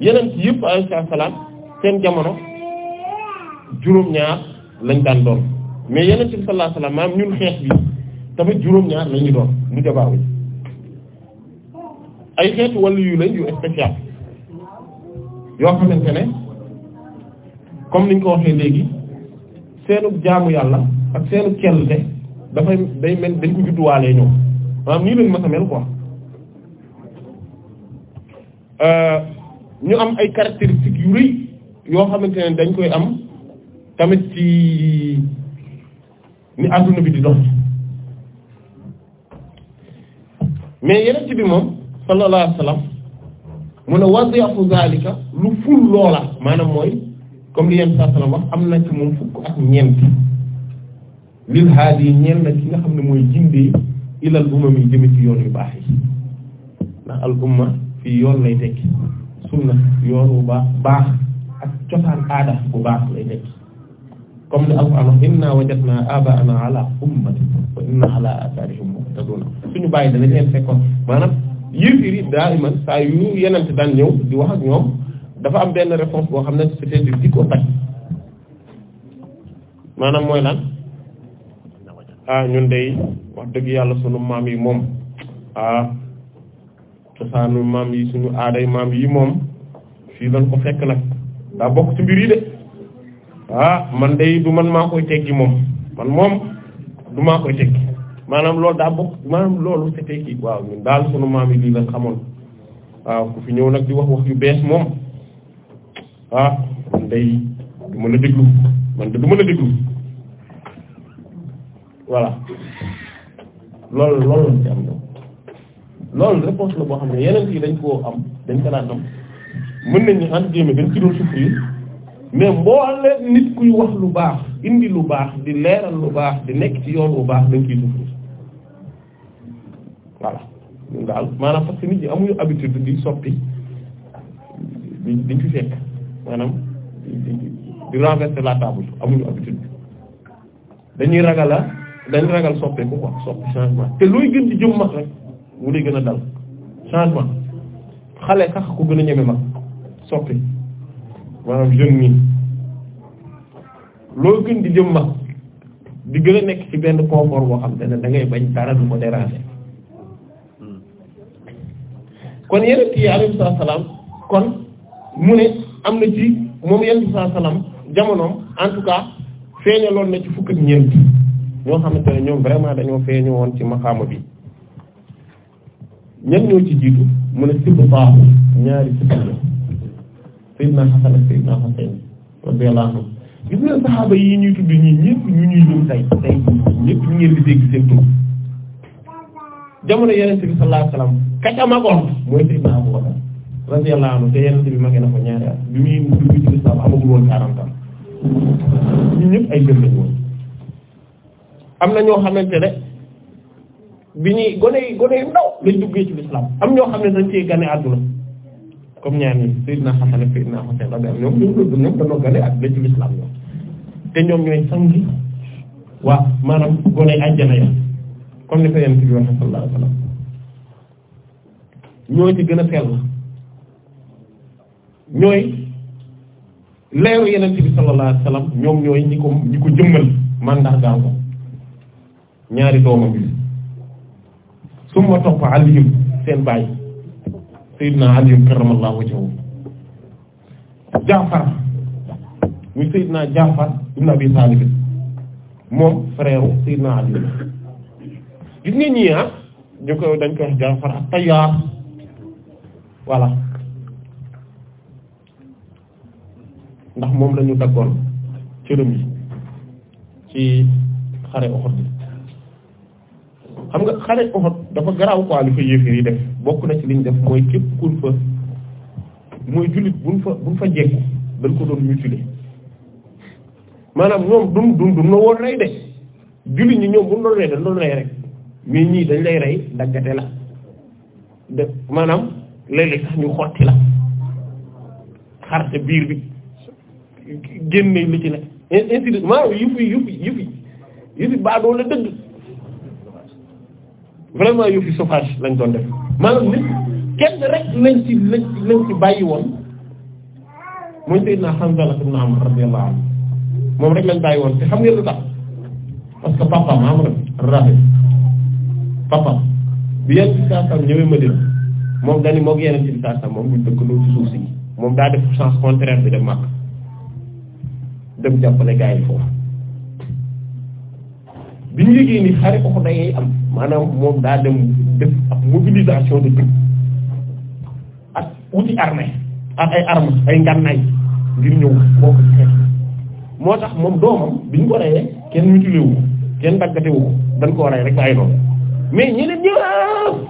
yeneen ci yëpp alayhi salaam seen jamono juróom-ñaar lañ daan doon mais yeneen ci sallallahu alayhi maam ñun xeex bi tamit juróom-ñaar la doon bu jabaaw yi ay xeetu wàllu yu lañ yu yoo xamante ne comme niñ ko waxee léegi seenu jaamu yàlla ak seenu kellte dafay day mel dañ ko judduwaalee ñoom maanaam nii lañ mës a euh, ñu am ay caractéristiques yu rëy yoo xamante ne dañ koy am tamit ci ni adduna bi di dox mais yeneen ci bi moom sallallahu alayhi wa sallam mu ne wadiafu zalika lu ful loola maanaam mooy comme li yenn saa sallam wax am na ci moom fukk ak ñeent lil haadi yi ñeel na ki nga xam ne mooy jindee ilal umam yi jëme ci yoon yu baax yi ndax al umma fi yoon lay tekki sunna yoon wu baax baax ak cosaan aada bu baax lay tekki comme ne alquran wax inna wajadna abaana ala ummatin wa inna ala atharihim muqtaduna suñu bàyyi danañ leen fekkoon maanaam yéefir yi daa iman saa yu yenente daan ñëw di wax ak ñoom dafa am benn réponse boo xam ne c'était de dik au taj maanaam mooy lan ah ñun day wax dëgg yàlla sunu maam yi moom ah cosaanu maam yi suñu aaday maam yi moom fii lañ ko fekk nag daa bokk ci mbir yi de ah man day du man maa koy teggi moom man moom du maa koy teggi maanaam loolu daa bokk maanaam loolu c'était kii waaw ñun daal sunu maam yi lii la xamoon waaw ku fi ñëw nag di wax wax yu bees moom ah man day du mën a déglu de du mën a déglu voilà loolu loolu lañ ci am ñoom loolu la boo xam ne yeneen yi dañ koo am dañ ko am mën nañ ne entre guillemets dañ ci doon souffrir mais mboole nit kuy wax lu baax indi lu baax di leeral lu baax di nekk ci yoon bu baax dañ ciy souffrir voilà ñun daal maanaam parce nit ñi amuñu habitude di soppi di di fi fekk maanaam di di renverser la table amuñu habitude dañuy ragal a dañuy ragal soppeeku quoi soppi changement te looy gën di jëm mag rek mu lay gën a dal changement xale sax ku gën a ñeme mag soppi maanaam jeune nii loo gën di jëm mag di gën a nekk ci benn confort boo xam te ne bañ dara du ko déranger. kon yeneen yi alayhi salaam kon mu ne am na ci moom yeneen salaam jamonoom en tout cas feeñaloon na ci fukk ak ñeent ñoo xamante ne ñoom vraiment dañoo feeñu woon ci maqaama bi ñan ñoo ci jiitu mu ne sibta ñaari sibta sayyidina Hasan ak sayyidina Husayn radiyallahu anhu gis nga saxaaba yi ñuy tudd ñii ñëpp ñu ñuy lim tay tay ñëpp ñu ngeen di dégg seen tur jamono yenente bi sallallahu alayhi wasallam ka ca magoon mooy Seydina Abu Bakar radiyallahu anhu te yenente bi magee na ko ñaari at bi muy dugg ci ay am na ñoo xamante ne bi ñuy gone yi gone yu ndaw lañ duggee ci lislaam am ñoo xam ne dañ cee gane àdduna comme ñaar ñi Seydina Hasan ak Seydina Husayn rabi am ñoom ñoom ñoom dañoo gane àdduna ci lislaam te ñoom ñooy sangi waa maanaam gone àjjana ya comme ni ko yonent bi waxee sallallahu alayhi wa sallam gën a sell ñooy leeru yenn bi sallallahu alayhi ñoom ñooy ñi ko ñi ko jëmmal mandargaal ko ñaari doomam bi summa topp Aliyum seen baay Seydina Aliyum karramallahu wajhahu Jaafar muy Seydina Jaafar ibn Abi Talib moom frère Seydina Aliyum gis nga ñii ah ñu ko dañ koy wax Jaafar at ndax moom lañu daggoon cërëm yi ci xare Uhud bi xam nga xare Uhud dafa garaaw quoi li fa yi def bokk na ci liñ def mooy képp kuñ fa mooy jullit buñ fa buñ fa jekku dañ ko doon mutiler maanaam ñoom dum dum dum na woon rey de jullit ñi ñoom buñ doon rey dañ doon rey rek mais ñii dañ lay rey daggate la de maanaam léeg sax ñu xotti la xar ca biir bi génne li ci ne ainsi de maanaam yëf yi yëf yi yëf yi yëf la dëgg vraiment yëf yi sauvage lañ doon def maanaam nit kenn rek lañ ci lañ lañ ci bàyyi woon mooy Seydina Hamza ibn Amr radiyallahu anhu moom rek lañ bàyyi woon te xam ngeen lu tax parce que papa Amr rafet papa bi yenn ci saa sam ñëwee Madina moom dani moog yeneen ci saa moom buñ daa def sens contraire bi dem màkk dem jàppale gars yi foofu bi ñu yëgee ni xare ko dayay am maanaam moom daa dem def ak mobilisation de tout ak outil armé ay armes ay ngànnaay ngir ñëw boo ko xeex moo tax moom doomam bi ñu ko kenn mutilé kenn daggatewu ko dañ ko rey rek bàyyi noonu mais ñeneen ñëpp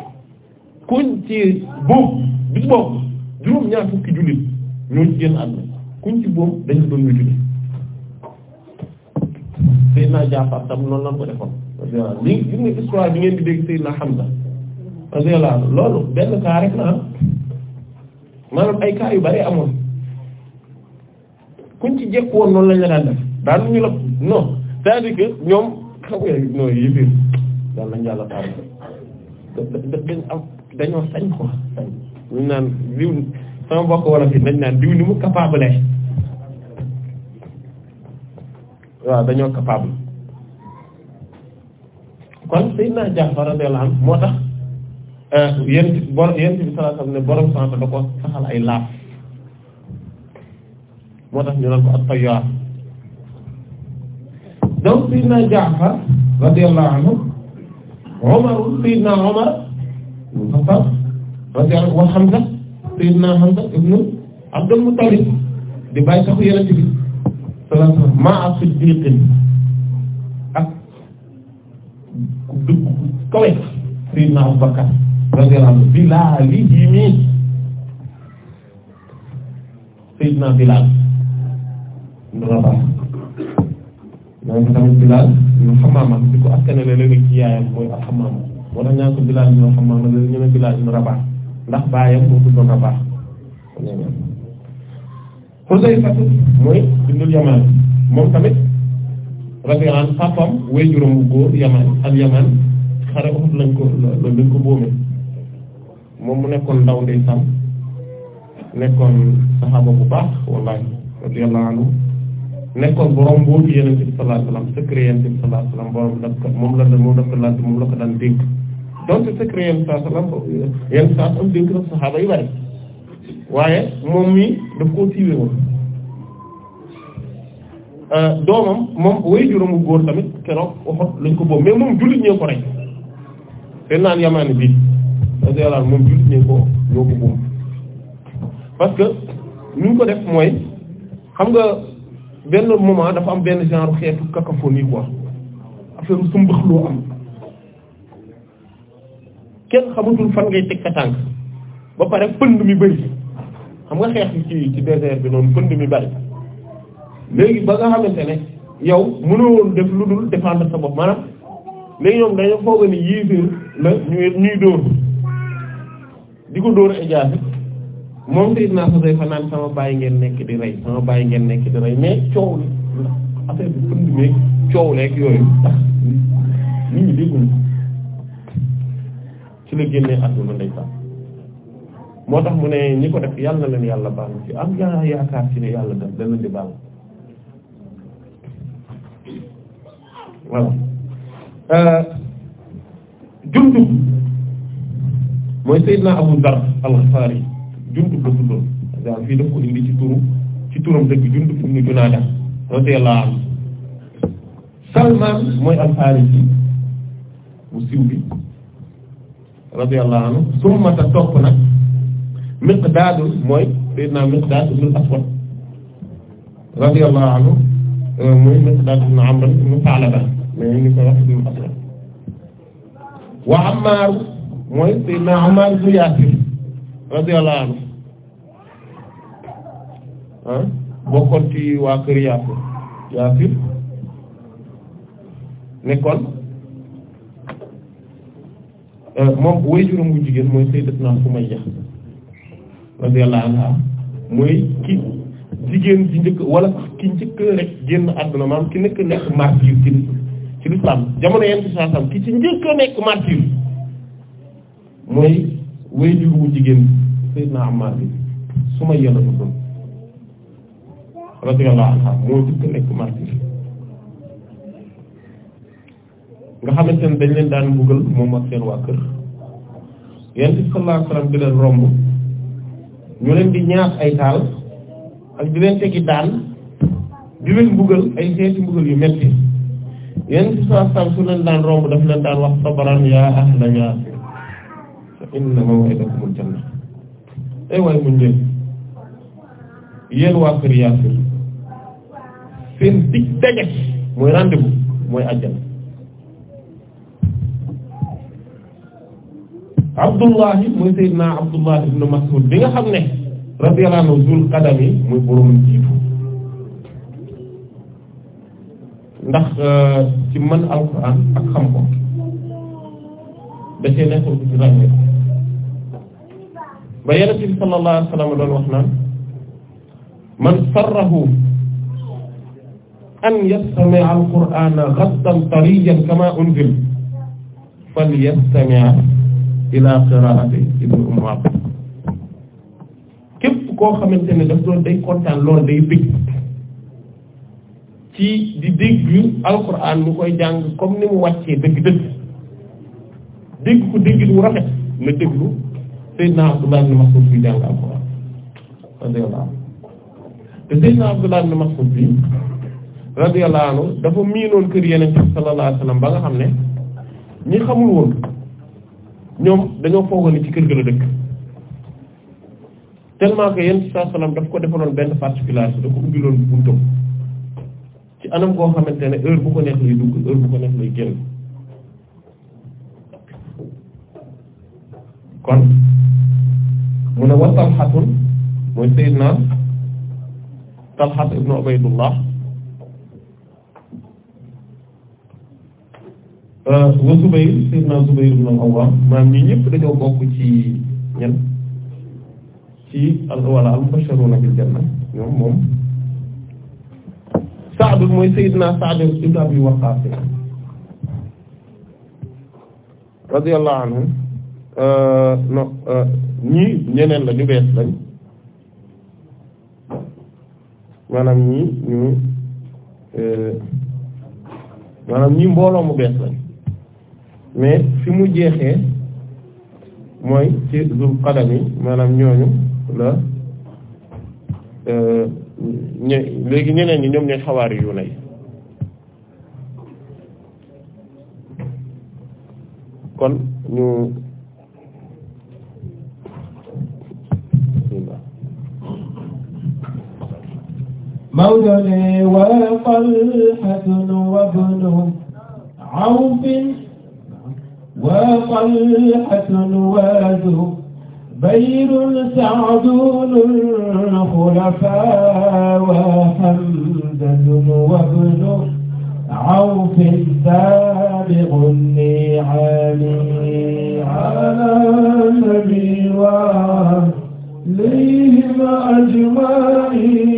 kuñ ci boobu bis boobu juróom ñaar fukki jullit ñoo ci génn àdduna kuñ ci boobu dañu doon wétuli Seydina Jaafar tam noonu lañ ko defoon li nga histoire bi ngeen di dégg Seydina Hamza xam anhu loolu benn cas rek la am ah. maanaam ay cas yu bari amoon kuñ ci jekk woon noonu lañ la daan def daan ñu la non cest à ñoom xam nga non yëpp dañoo sañ ko sañ naan diw wala fi dañ naan diw ni mu capable waaw dañoo capable kon Seydina Jaafar radiyallahu anhu moo tax euh, yent bor yent bi sallallahu alayhi wasallam borom sant da ko saxal ay laaf moo tax ñu naan ko at-Tayyaar donc Seydina Jaafar radiyallahu anhu Omar Seydina Omar ibn Khattab radiyallahu anhu wa Hamza Seydina Hamza ibn Abdul Muttalib di bàyyi taxu Yonent bi sallallahu alayhi wa sallam maa siddiqin ak dugg kawe Seydina Abubakar radiyallahu anhu Bilaal Seydina Bilaal ibn Rabaah moom tamit Bilaal ñu xamaama di ko askanale léeg-léeg ci yaayam mooy alxamaama moo tax ñaan Bilaal ñu xamaama léegi ñu Bilaal ñu Rabaax ndax baayam moo tuddoon Rabaax Xuzayfa mooy ibnul Yamaan moom tamit radiyallaahu anhu papam way juróom bu Yamaan al Yamaan xare Uhud lañ ko lañ ko boome moom mu nekkoon ndaw ndeysaan nekkoon saxaaba bu baax wallaahi radiyallaahu nekkoon borom boobu yenente bi sallallahu alayhi wasallam secret yenente bi sallallahu alayhi wasallam daf ko moom la moom daf ko laaj moom la ko daan dénk donc secret yenente sallallahu alayhi yenn saa am dénk na saxaaba bari waaye moom mii daf koo siiwee woon euh, doomam moom way juróomu góor tamit keroog waxoon lañ ko boobu mais moom jullit ñee ko rek te naan yamaani bi radiyallahu moom jullit ñee ko ñoo ko boobu parce que ñu ko def mooy xam nga benn moment dafa am benn genre xeetu cacophonie quoi affaire su mbëxloo am kenn xamatul fan ngay teg sa tànk ba pare pënd mi bëri xam nga xeex ci ci désert bi noonu pënd mi bëri léegi ba nga xamante ne yow mënoo woon def lu dul défendre sa bopp maanaam léegi ñoom dañoo foog ni yéeféer ñuy ñuy dóor di ko dóor ay jaasi moom Seydina Xudayfa naan sama bàyyi ngeen nekk di rey sama bàyyi ngeen nekk di rey mais coow la affaire bi pënd meeg coow leeg yooyu tax nit ñi dégguñu ci la génnee àdduna ndeysaan moo tax mu ne ñi ko def yàlla na leen yàlla baal ci am yaa yaakaar ci ne yàlla daf dana di baal voilà euh, Jundub mooy Seydina Abu Dar al-Ghifari jundub la tuddoon waaw fii daf ko indi ci turu ci turam dëgg jundub ibnu junaada radiyallahu anhu salman mooy alxaarisi bu siw bi radiyallahu anhu summata topp nag miqdaadu mooy sayyidna miqdaad ibnu aswad radiyallahu anhu euh, mooy miqdaad ibnu amr ibnu saalaba mais ni ko wax ibnu aswad wa amaar mooy sayyidna amaar ibnu radiyallahu anhu bokkoon ci waa kër Yaasir Yaasir nekkoon euh, moom waajuram bu jigéen mooy Sayyidatuna Sumayya radiyallahu anha mooy ki jigéen ji njëkk wala sax ki njëkk rek génn àdduna maam ki nekk nekk martyr ci ci l'islam yenn saa sam ki ci njëkk nekk martyr mooy wéyjur wu jigéen Seydina Ammaar bi Sumayya la tuddoon radiyallahu anha nga xamante ne dañ leen daan buggal moom ak seen waa kër yonent bi sallallahu alayhi di leen romb ñoo leen di ñaas ay taal ak di leen tegi daan di leen buggal ay xeeti mbugal yu metti yonent bi sallallahu alayhi wa sallam su leen daan romb daf leen daan wax sabaran yaa ahla yaas inna maw'idakumul janna ay waay muñ leen yéen waa kër Yaasir seen dig daje mooy rendez-vous mooy àjjana Abdullahi mooy Seydina Abdullahi ibn Mas'ud bi nga xam ne radiyallahu anhu zul muy borom jiitu ndax euh, ci mën alquran ak xam ko da cee nekkul ci ràññee ba yenente bi sallallahu alayhi wa sallam doon wax naan man sarrahu an yastami' al-qur'ana ghaddan tariyan kama unzil falyastami' ila qira'ati ibn umm képp koo xamante ne daf doon day kontaan loolu day bëgg ci di dégg alquran mu koy jàng comme ni mu wàccee dëgg-dëgg dégg ko dégg du rafet na déglu Seydina Abdullah ibn Mas'ud bi jàng alxuraan radiyallahu anhu te Seydina Abdullah ibn Mas'ud bi radiyallahu anhu dafa miinoon kër Yonent bi sallallahu alayhi wa sallam ba nga xam ne ñi xamul woon ñoom dañoo foogoon ni ci kër ga la dëkk tellement que Yonent bi sallallahu alayhi wa sallam daf ko defaloon benn particularité da ko ubbiloon buntam ci anam koo xamante ne heure bu ko neex lay dugg heure bu ko neex lay génn kon mu ne wa talxatun mooy sayyidna talxat ibnu ubaydullah euh, wa zubayr sayyidna zubayr ibnu al-awwam maanaam ñi ñëpp dañoo bokk ci ñen ci al wala al mubashiruna bil janna ñoom moom Saad mooy sayyidna Saad ibnu Abi Waqqas radiyallahu anhu Euh, non euh, ñii ñeneen la ñu bees lañ maanaam ñii ñu euh, maanaam ñii mbooloo mu bees lañ mais fi mu jeexee mooy ci zul qadam yi maanaam ñooñu la ñe léegi ñeneen ñi ñoom ñooy xawaari yu kon ñu مولى وطلحة وابن عوف وطلحة وزبير سعد الخلفاء وحمزة وابن عوف سابق النعم على النبي وعليهم أجمعين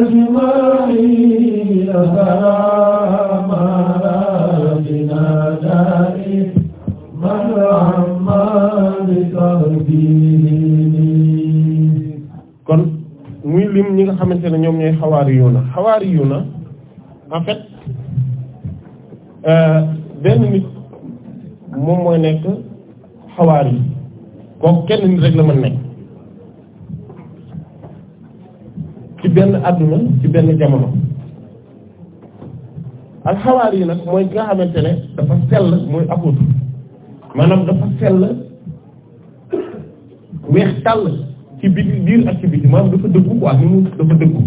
أجمعين سلام ربنا دائم من عما بتربيه kon muy lim ñi nga xamante ne ñoom ñooy xawaari yu na xawaari yu na en fait euh, benn nit moom mooy nekk xawaari kooku kenn nit rek la nekk ci benn àdduna ci benn jamono alxawaar yi nag mooy ki nga xamante ne dafa sell mooy apôtre maanaam dafa sell weex tàll ci biti biir ak ci biti maanaam dafa dëggu quoi ni mu dafa dëggu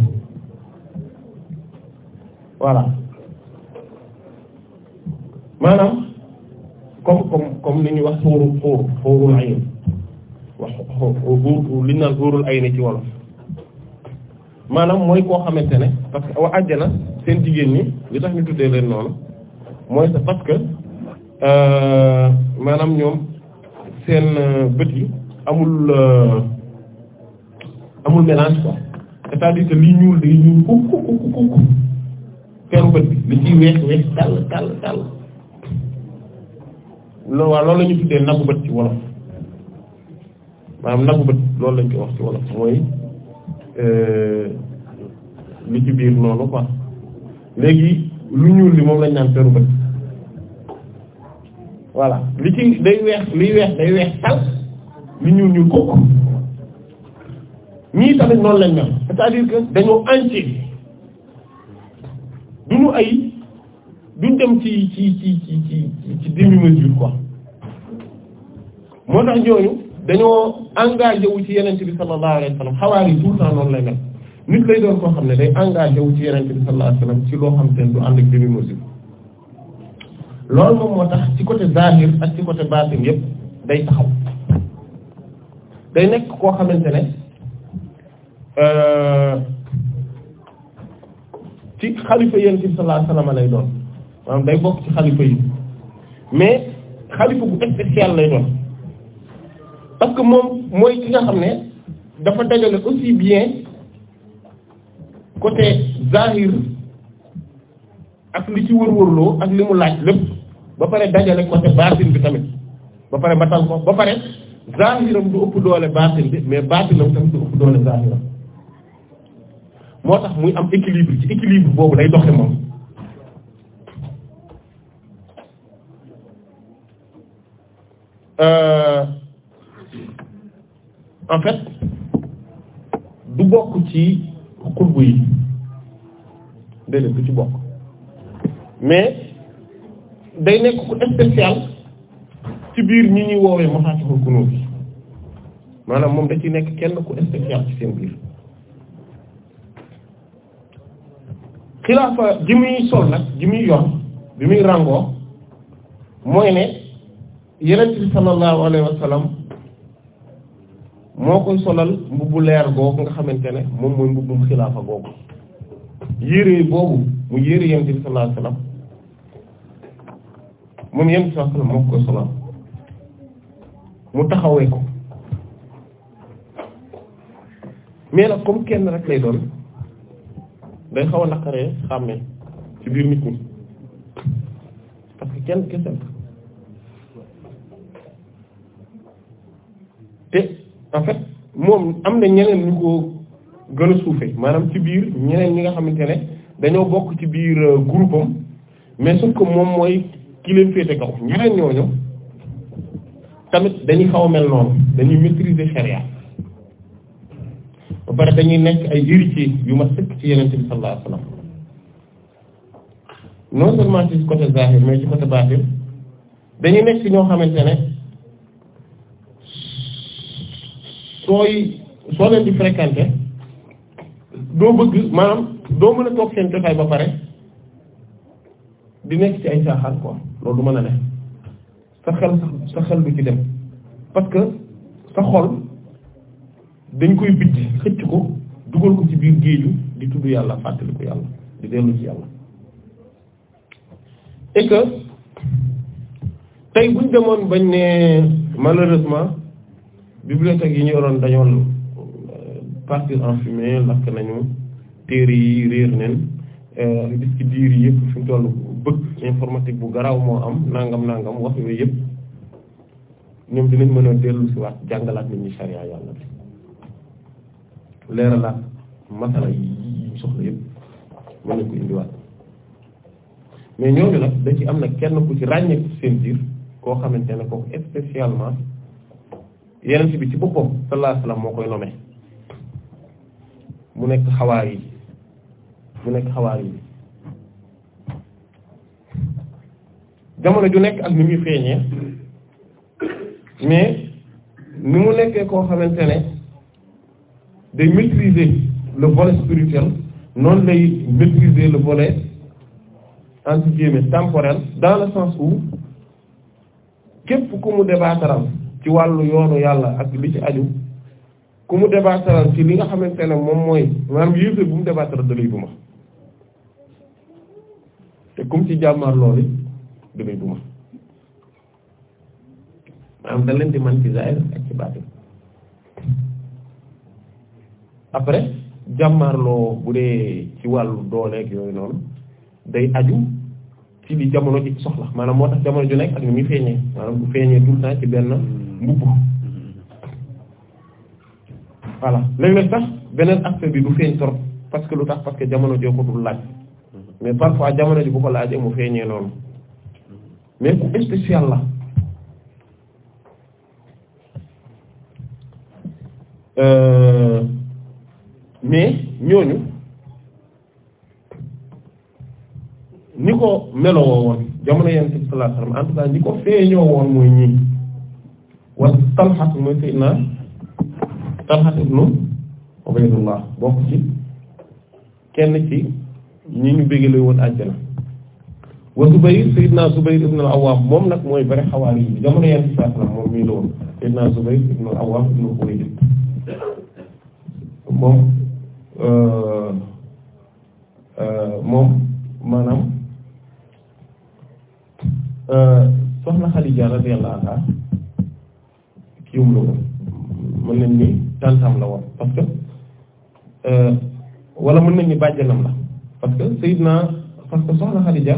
voilà maanaam comme comme comme ni ñuy wax xóoru xóor xóorul ayn wax xóor li ñu naan xóorul ayn ci wolof maanaam mooy koo xamante ne parce que wa àjjana seen jigéen ñi li tax ñu tuddee leen noonu mooy c'est parce que euh, maanaam ñoom seen euh, bët yi amul euh, amul mélange quoi c'est-à-dire que li ñuul day ñuul kuk kuk kuk teeru bët bi li ciy weex weex tàll tàll tàll loolu waaw loolu la ñu tuddee nagu bët ci wolof maanaam nagu bët loolu lañ koy wax ci wolof mooy li euh, ci biir noonu quoi léegi lu ñuul li moom lañ naan peru bët voilà li ci day weex liy weex day weex tal li ñuul ñuul kooku ñii tamit noonu lañ mel c'est-à-dire que dañoo entier duñu ay duñ dem ci ci ci ci ci ci dañoo engagé wu ci yenente bi sallallahu alayhi wa sallam xawaar yi tout le temps noonu lay nit lay doon koo xam ne day engagé wu ci yenente bi sallallahu alayhi loo xam te ne du ànd ak demi mesure moom moo tax ci côté zahir ak ci côté batin yëpp day taxaw day nekk koo xamante ne euh, ci xalifa yenente bi sallallahu lay doon maanaam day bokk ci xalifa yi mais xalifa bu spécial lay doon parce que moom mooy ki nga xam ne dafa dajale aussi bien côté zahir ak li ci wërwërloo ak li mu laaj lépp ba pare dajale côté baatin bi tamit ba pare matal ko ba pare zahiram du ëpp doole baatin bi mais baatinam tamit du ëpp doole zahiram moo tax muy am équilibre ci équilibre boobu lay doxe moom euh, en fait du bokk ci xutbu yi déedéet du ci bokk mais day nekk ku spécial ci biir ñi ñuy woowee mafatihul kunuut bi maanaam moom da ci nekk kenn ku spécial ci seen biir xilaafa ji muy sol nag ji muy yor bi muy ràngoo mooy ne yeneen bi sallallahu alayhi wa moo koy solal mbubbu leer googu nga xamante ne moom mooy mbubbum xilaafa googu yére boobu mu yére yonent bi sallallahu alayhi wasallam moom yonent bi sallallahu alayhi wasallam moo koy solal mu taxawee ko mais nag comme kenn rek lay doon day xaw a naqaree xàmme ci biir nit ñi parce kenn kese te en fait moom am na ñeneen ñu ko gën a suufee maanaam ci biir ñeneen ñi nga xamante ne dañoo bokk ci biir euh, groupe am mais sauf que moom mooy ki leen féete kaw ñeneen ñooñu tamit dañuy xaw a mel noonu dañuy maîtriser charia ba pare dañuy nekk ay héritiers yu ma sëkk ci yeneen bi sallallahu alayhi wasallam non seulement ci côté zahir mais ci côté baatin dañuy nekk ci ñoo xamante ne. sooy soo leen di fréquenter doo bëgg maanaam doo mën a toog seen jotaay ba pare di nekk ci ay caaxaan quoi loolu du mën a ne sa xel sa xel du ci dem parce que sa xol dañ koy bijj xëcc ko dugal ko ci biir géeju di tudd yàlla fàttali ko yàlla di dellu yàlla et tey buñ demoon bañ ne malheureusement bibliothèque yi ñu yoroon dañoo euh, partir en fumée lakk nañu téere yi réer neen euh, disque dur yi yëpp fi mu bëgg informatique bu garaaw moo am nangam nangam wax yooyu yëpp ñoom dinañ mën a dellu si jàngalaat nit ñi sariya yàlla bi leeralaat masala yi ñu soxla yëpp mën nañ ko indiwaat mais ñooñu nag da ci am na kenn ku ci ràññeeku seen biir koo xamante ne kooku spécialement yeneen bi ci boppam sallallahu alayhi wasallam moo koy nomee mu nekk xawaar yi mu nekk xawaar yi jamono ju nekk ak ni muy feeñee mais ni mu nekkee koo xamante ne day maîtriser le volet spirituel noonu lay maîtriser le volet entre guillemets temporel dans le sens où képp ku mu débattaral ci wàllu yoonu yàlla ak li ci aju ku mu débattaral ci li nga xamante ne moom mooy maanaam yéeféer bu mu débattaral bu duma te kum ci jàmmaar loolu dalay duma maanaam da leen di man ci zaahir ak ci baatin après jàmmaarloo bu dee ci wàllu dooleeg yooyu noonu day aju ci li jamono ji soxla maanaam moo tax jamono ju nekk ak ni muy feeñee maanaam bu feeñee tout le ci benn mbubb voilà léeg-léeg sax beneen aspect bi du feeñ trop parce que lu tax parce que jamono joo ko dul laaj mais parfois jamono ji bu ko laajee mu feeñee noonu mais ku spécial la euh, mais ñooñu ni ko melowoo woon jamono yonent bi sallallahu alayhi wasallam en ni ko feeñoo woon mooy ñii wala Talhat mooy Seydina Talhat ibnu Ubaydullah bokk ci kenn ci ñi ñu bégale woon àjjana wa Zubayr Seydina Zubayr ibnu al moom nag mooy vrai xawaari yi jamono yenn si saa moom mii la woon Seydina Zubayr ibnu al ibnu Xuwaylid moom maanaam euh, soxna Xadiija radiyallahu anha kiiwul ko mën nañ ni tantam la woon parce que euh, wala mën nañ ni bàjjanam la parce que Seydina parce que soxna Xadija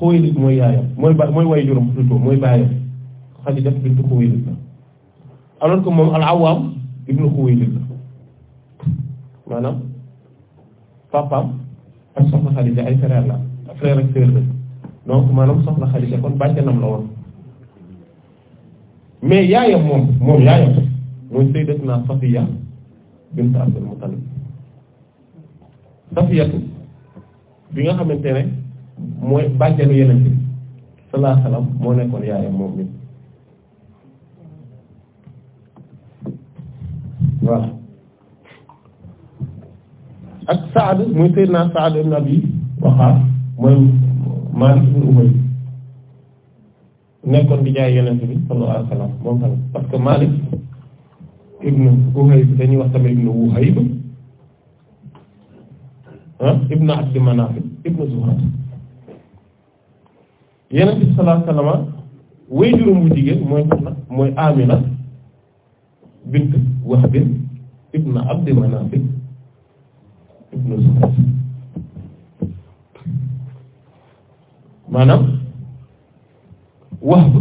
Xuwaylid mooy yaayam mooy ba mooy waajuram plutôt mooy baayam Xadija bintu Xuwaylid la alors que moom al-Awwaam ibnu Xuwaylid la maanaam papaam ak soxna Xadija ay frère la frère ak sœur la donc maanaam soxna Xadija kon bàjjanam la woon mais yaayam moom moom yaayam mooy sayyidatuna Safiya bint Abdul Muttalib Safiyatu bi nga xamante ne mooy bàjjanu yeneen bi sallallahu alayhi wasallam moo nekkoon yaayam moom mi voilà ak Saad mooy sayyidina Saad ibn Abi Waqqas mooy Maalik ibn Umayya nekkoon di jaay yonent bi sallallahu alayhi moom tamit parce que Malik ibnu Wuhayb dañuy wax tamit ibnu Wuhayb ah, ibnu Abdi Manaf ibnu Zuhra yonent bi sallallahu alayhi way juróom bu jigéen mooy soxna mooy Amina bint Wahb ibnu Abdi Manaf ibnu Zuhra maanaam Wahb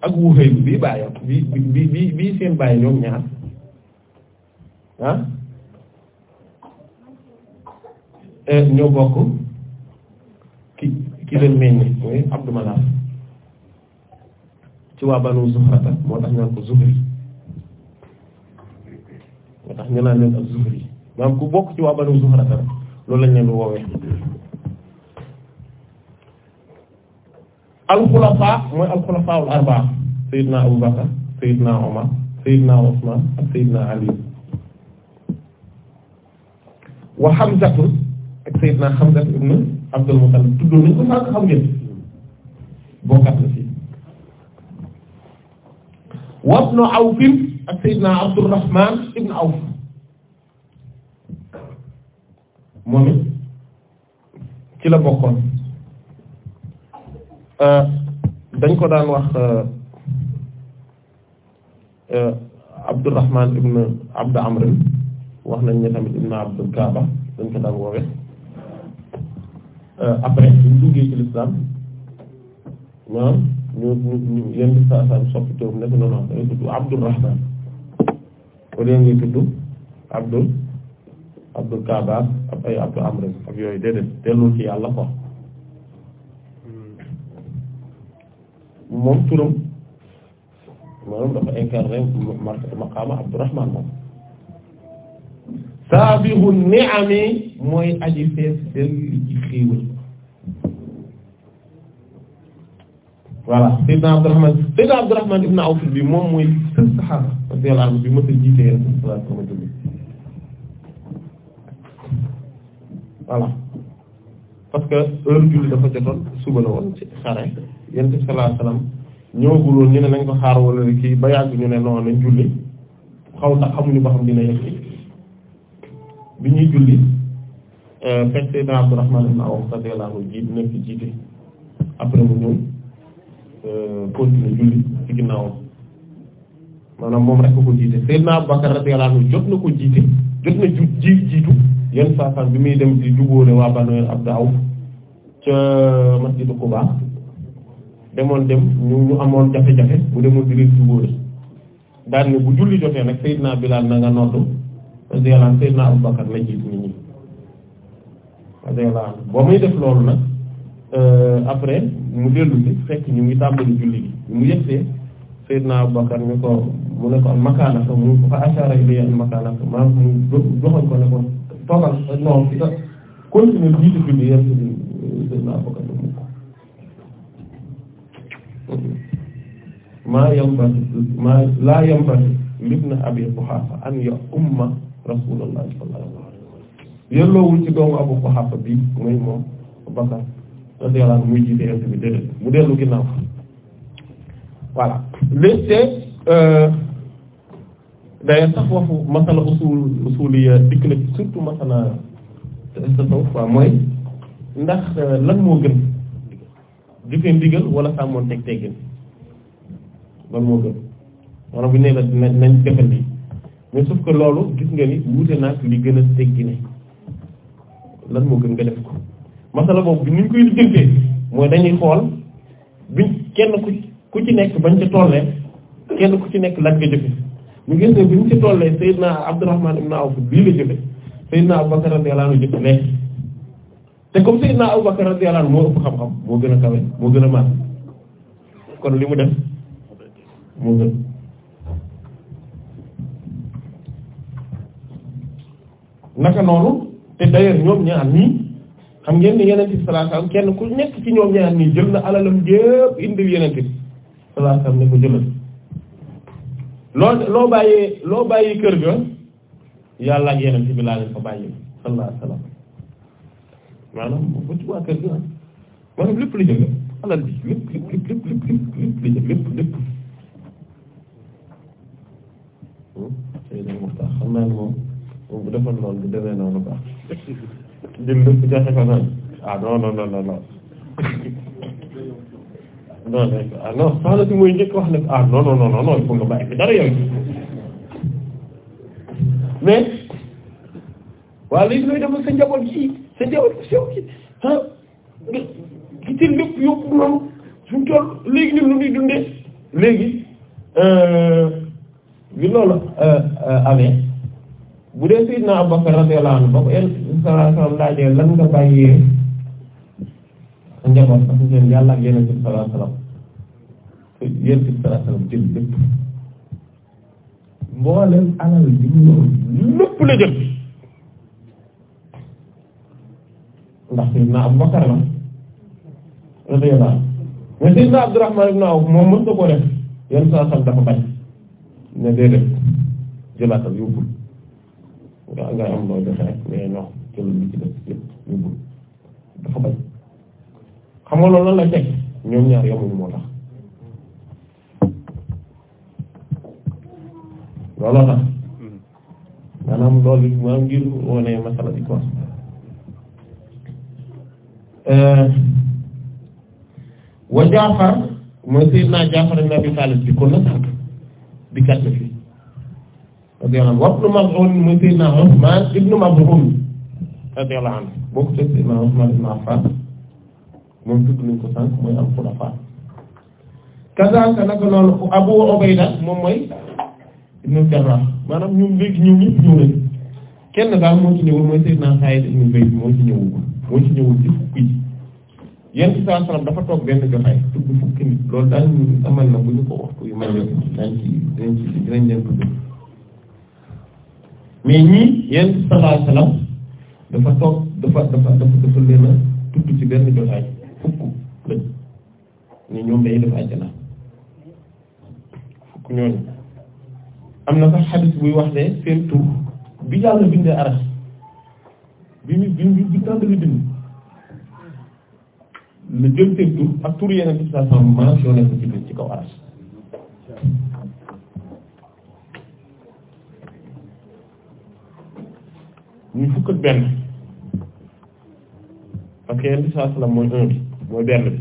ak Wuhayb bi bàyyam bi bi bi bi seen bàyyi ñoom ñaar ah e ñoo bokk ki ki leen meññ mooy Abdu Manaf ci waa Banu Zuhrata moo tax ñu naan ko Zuhri moo tax ñu naan leen ak Zuhri maanaam ku bokk ci waa Banu Zuhrata loolu lañ leen woowee alxulafaa mooy alxulafaawul arbaa Seydina Abubakar Seydina Omar Seydina Usman ak Seydina Ali wa Hamzatu ak Seydina Hamzatu ibn Abdul Muttalib tuddoon nañu ko sànq xam ngeen na ci wa ibnu Awf ak Seydina Abdurrahman ibn Awf moom it ci la bokkoon Euh, dañ ko daan wax euh, euh, Abdurrahman ibn Abd Amr wax nañ ne tamit ibn Abdul Kaaba dañ ko daan woowe après ñu duggee ci l'islam ah ñu ñu yenn di saa saa soppi toobu nekk non non da ngay tudd Abdurrahman au Abdul Abdul Kaaba Abdul Amr ak yooyu déedéet delloo ci yàlla quoi. moom turam maanaam dafa incarné maqaama Abdurahman moom saabihu ni'ami mooy aji fees dellu ci xéewal voilà Seydina Abdurahman Seydina Abdurahman ibn Awf bi moom mooy sën saxaaba radiyallahu anhu bi mos a jiite yéen a parce que heure julli dafa jotoon suba la woon ci xare. yonent bi sallallahu alayhi wasallam ñu ne nañ ko xaar wala kii ba yàgg ñu ne non nañ julli xaw tax xamuñu ba xam dina yegg bi ñuy julli euh, fekk Seydina Abdourahman ibn Awf radiyallahu jiit nekk euh, jot na ko jiite jot na jiitu yenn saa bi muy dem di jubóole waa Banu Abd Awf ca masjidu Quba demoon dem ñu ñu amoon jafe-jafe bu demoon di leen jubóo la daan ne bu julli jotee nag Seydina naa na nga noddu radiyallahu anhu Seydina Abubakar na jiit nit ñi radiyallahu anhu boo def loolu nag euh, après mu dellu si fekk ñu ngi tàmbali julli gi ñu mu yegsee Seydina Abubakar ni ko mu ko am mu fa ashara ilayhi an maa mu joxoñ ko ne ko toogal noonu fi ta continuer jiitu julli yéen maa yanbaghi maa laa yanbaghi libni an ya umma rasulullahi sallallahu alayhi ci doomu abu quhaafa bi mooy moom Bakar mu dellu ginnaaw voilà léegi te day sax waxu masala usul usuliya dikk na surtout masala tasawuf waaw mooy ndax euh, lan moo gën jëfee ndigal wala sàmmoon teg teggin ba moo gën maanaam bu ñu nee na nañ defandi mais sauf que loolu gis nga ni wuute naag li gën a teggi lan moo gën nga def ko masala boobu bi ñu koy jëntee mooy dañuy xool biñ kenn ku ku ci nekk bañ ca tollee kenn ku ci nekk lan nga jëfe ñu gis ne biñ ci tollee Seydina Abdourahman ibn Awf lii la jëfe Seydina Aboubacar radiyallahu anhu jëfe lee te comme naa Aboubacar radiyallahu anhu moo ëpp xam-xam moo gën a kawe moo gën a mat kon li mu def mu gën naka noonu te d'ailleurs ñoom ñaar nii xam ngeen ni yeneen bi sallallahu alayhi wasallam kenn ku nekk ci ñoom ñaar nii jël na alalam yëpp indil yeneen bi sallallahu ne ko jëlal loo loo bàyyee loo bàyyi kër ga yàlla ak yeneen bi laa leen fa bàyyi sallallahu maanaam bu ci waa kër ga maanaam lépp la alal bi lépp lépp lépp lépp lépp Seydi Muxtaar xam naa moom moom bu defoon loolu du demee noonu baax jël lépp joxe ko noonu ah non non non non non non ah non soxna si mooy njëkk wax ne ah non non non non non il faut nga bàyyi bi dara yow mais waaw léegi looy defal sa njaboot gi sa njaboot bu sew gi ah gi ci lépp yóbbu noonu suñu tool léegi ñun lu ñuy dundee léegi bi loolu euh, euh, amee bu dee Seydina Abubakar radiyallahu anhu ba ko yenn sallallahu alayhi wasallam laajee lan yàlla ak yeneen bi sallallahu yenn bi sallallahu alayhi wasallam alal bi ñu lépp la jël ndax Seydina Abubakar la radiyallahu anhu mais Seydina Abdurrahman ibn Awf moom mën ko def yenn sallallahu dafa bañ ne déedéet jëlaatal yóbbul nga nga am loo joxe rek mais non jëlal li ci def yëpp yóbbul dafa bañ xam nga loolu la teg ñoom ñaar yamuñu moo tax looloo tax maanaam loolu maanaam ngir wone masala bi quoi euh, wa Jaafar mooy Seydina Jaafar ibn Abi Taalib bi kon na sànq dikkat na fi radiyallahu anhu wabnu Maz'un muy Seydina Usman ibnu Maz'un radiyallahu anhu boo ko teg Seydina Usman ibnu Affan moom tudd nañ ko sànq mooy am xulafa kazaalika naka noonu Abu Ubayda moom mooy ibnu Jarrah maanaam ñun léegi ñun ñëpp ñëw nañu kenn daal moo ci ñëwul mooy Seydina Sa'id ibnu Zayd moo ci ñëwul moo ci ñëwul ci fukki yéen ci dafa toog benn jotaay tudd fukki nit loolu daal ñu amal na bu ñu ko waxtu yu mel nii leen tudd mais ñii yéen ci dafa toog dafa dafa dafa dafa leen a tudd ci benn jotaay fukk lañ ñoom day def àjjana fukk ñooñu am na sax xadis buy wax ne seen tur bi yàlla bindee aras bi ñu bi ñu bi tàmbali bind. la jël seen tur ak tur yeneen bi saa sam mentionné ko ci ci kaw aras ñu fukk ak benn parce que yeneen bi saa sallam mooy un bi mooy benn bi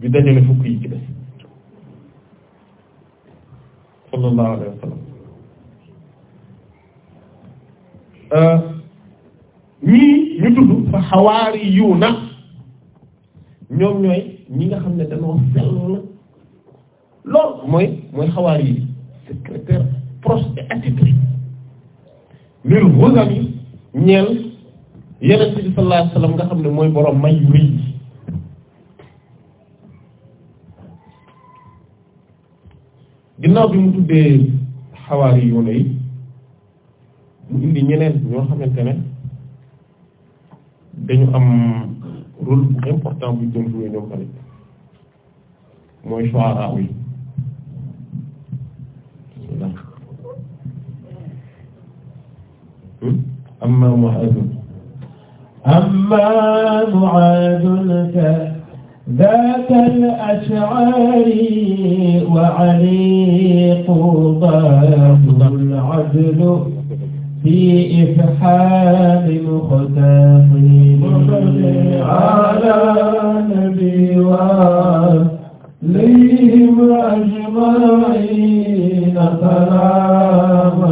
bi dajale fukk yi ci des sallallahu alayhi wa sallam euh, ñii ñu tudd ñoom ñooy ñi nga xam ne dañoo sell lool mooy mooy xawaar yi secrétaire proche et attitré lil wasam yi ñeel yeneen bi sallallahu nga xam ne mooy borom may yu rëy ginnaaw xawaar yi yoona yi mu indi ñeneen ñoo xamante ne dañu am rôle bu important bu doon joué ñoom tamit mooy soara yi amma Mu'aaz amma Mu'aaz ذاك الأشعري وعلي قضاه العدل بإفحام مختاقين على نبي وآلهم أجمعين سلام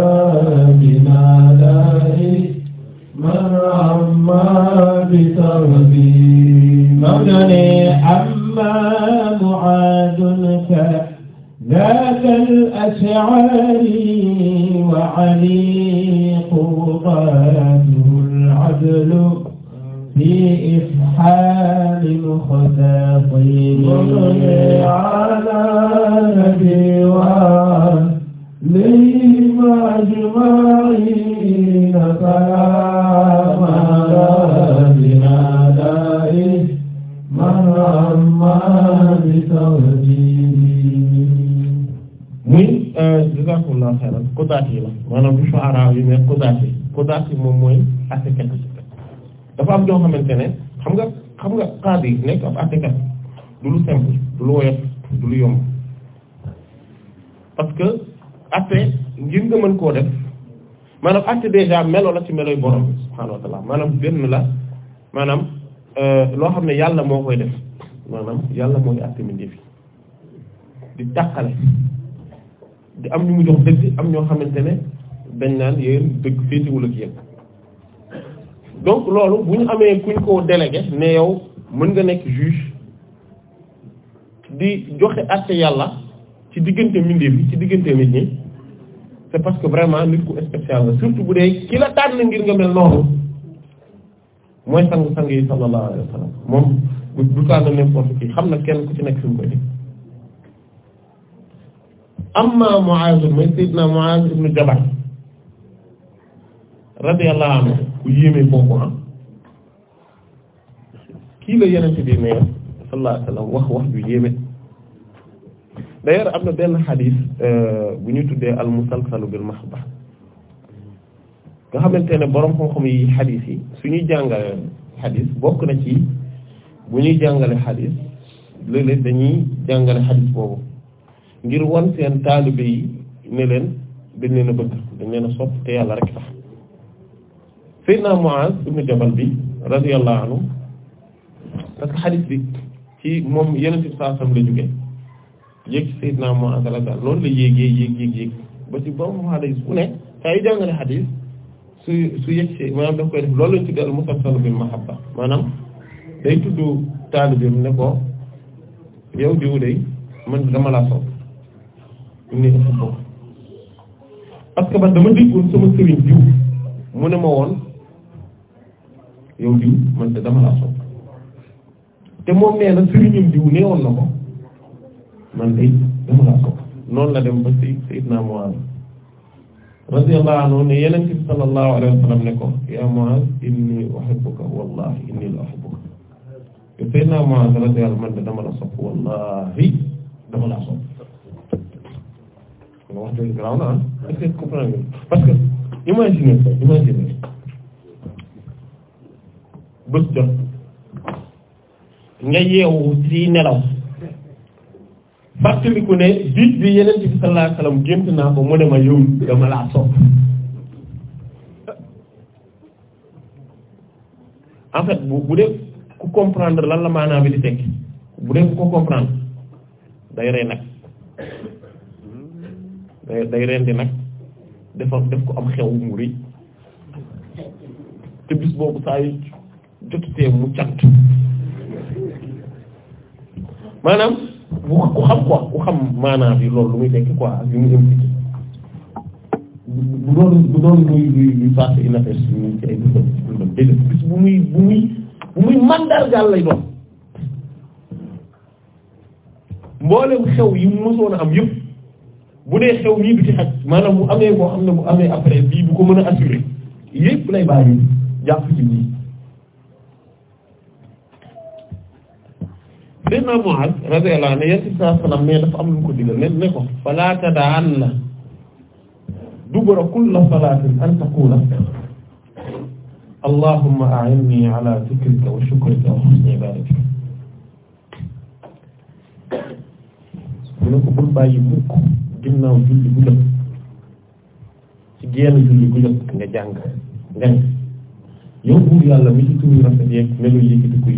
ربنا عليه من عما بتربيه مبدني ذاك الأشعري وعليق قاده العدل في إفحال المخاطبين على نبيوان لهم أجمعين كلام ربنا دائم من أما بتوحيد jazakumullahu khairan Kodaat yi la maanaam du shu'ara yi mais Kodaat yi Kodaat yi moom mooy àttekat dafa am ñoo xamante ne xam nga xam nga xaadi yi nekk ab àttekat du lu simple du lu woyof du lu yomb parce que atte ngir nga mën koo def maanaam atte déjà melo la ci meloy borom bi subhaanahu wa maanaam benn la maanaam euh, loo xam ne yàlla moo koy def maanaam yàlla mooy atte mi fi di tàqale. te am ñu mu jox dëgg am ñoo xamante ne dañ naan yéen dëgg féetiwul ak yéen donc loolu bu ñu amee kuñ ko délégué ne yow mën nga nekk juge di joxe àtte yàlla ci diggante mbindeef yi ci diggante nit ñi c'est parce que vraiment nit ku spécial la surtout bu dee ki la tànn ngir nga mel noonu mooy sang sang yi sallallahu alayhi wa sallam moom du tànn n'importe qui xam na kenn ku ci nekk fi mu koy def amma Muaz mooy Seydina Muaz ibn Jabal radiyallahu anhu ku yéeme kooku ah. kii la yenente bi ne sallallahu alayhi wax wax ju yéeme d'ailleurs am na benn xadis euh, bu ñu tuddee al musalsalu bil mahba nga xamante ne borom xam-xam yi xadis yi suñuy jàngale xadis bokk na ci bu ñuy jàngale xadis léeg dañuy jàngale xadis boobu ngir wan seen taalibe yi ne leen dañ leen a bëgg dañ leen a sopp te yàlla rek tax Seydina Muaz ibn Jabal bi radiyallahu anhu parce que xadiis bi ci moom yeneen ci saasam la jóge yéeg ci Seydina Muaz radiyallahu anhu loolu la yéegee yéeg yéeg yéeg ba ci borom mu xadiis bu ne saa yu jàngale xadiis su su yëg see maanaam daf koy def loolu lañ tuddee musalsal bil mahabba maanaam day tudd taalibeem ne ko yow diwu day man dama laa sopp ne parce que man dama déggoon sama sëriñ diw mu ne ma woon yow diw man de dama laa sopp te moom nee na sëriñam diw nee woon na ko man de dama laa sopp noonu la dem ba si Seydina Muaz radiyallahu anhu ne yeneen ko ya Muaz inni uhibbuka wallahi inni la uhibbuka te Seydina Muaz radiyallahu man de dama la sopp wallahi dama laa sopp wax dëgg garaaw na ah est parce que imagine imagine bés jot nga yeewu ci nelaw fàttaliku ne biit bi yeneen ci sallallahu gént naa ko mu ne ma yow dama laa sopp en fait bu bu dee ku comprendre lan la maanaam bi di tekki bu dee ku ko day rey day day rendi nag dafa def ko am xew mu rëy te bis boobu saa yu jotutee mu cant maanaam ku xam quoi ku xam maanaam bi loolu lu muy tekki quoi ak yu mu impliqué bu doon bu doon luy luy bu bu muy bu muy lay doon mboolem xew yi mu mësoon a am yëpp bu dee xew mii du ci xaj maanaam bu amee boo xam ne bu amee après bii bu ko mën a assurer yépp lay bàyyi jàpp ci lii Seydina Muaz radiyallahu anhu yéen si saa salaam mais dafa am lu mu ko digal ne ne ko fala tada'anna dubura kulli salaatin an taqula allahumma a'inni ala dhikrika wa shukrika wa husni ibadatika mu ne ko bul bàyyi mukk ginnaaw julli gu jot ci genn julli gu jot nga jàng yow buur yàlla mi ci turu rafet yeeg melo yëkkati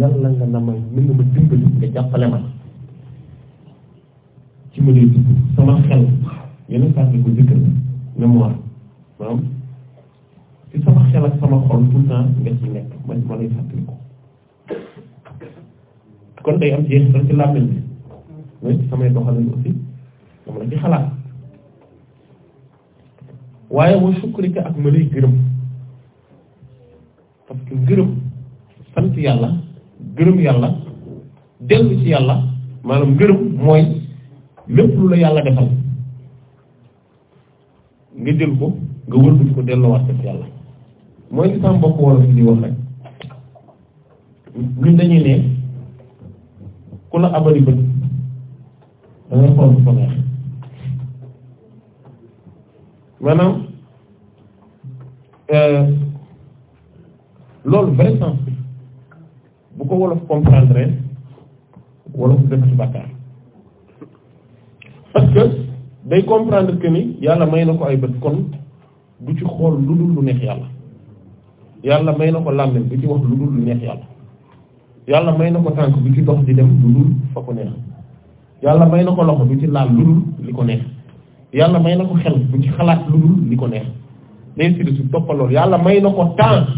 yàlla nga na may mi nga ma dimbali nga jàppale ma ci ma dee dugg sama xel yenn saa ko ak sama xol tout nga ci nekk ma ma lay fàttali ko kon day am jeexital moom lañ di xalaat waaye wa shukrika ak ma lay gërëm parce que gërëm sant yàlla gërëm yàlla dellu ci yàlla maanaam gërëm mooy lépp lu la yàlla defal nga jël ko nga wëlbati ko delloowaat ko ci yàlla mooy li sama mbokk wala fi di wax rek ne ku la abali bët maanaam euh, loolu vrai sens bi bu ko wolof comprendre wolof def ci bàkkaar comprendre que yàlla may na ko ay bët kon du ci xool lu lu neex yàlla yàlla may na ko làmmiñ du ci wax lu dul lu neex yàlla yàlla may na ko tànk du ci dox di dem lu dul fa ko neex yàlla may na ko loxo du ci laal lu dul li ko neex yàlla may na ko xel bu ci xalaat lu dul li ko neex ainsi yàlla may na ko temps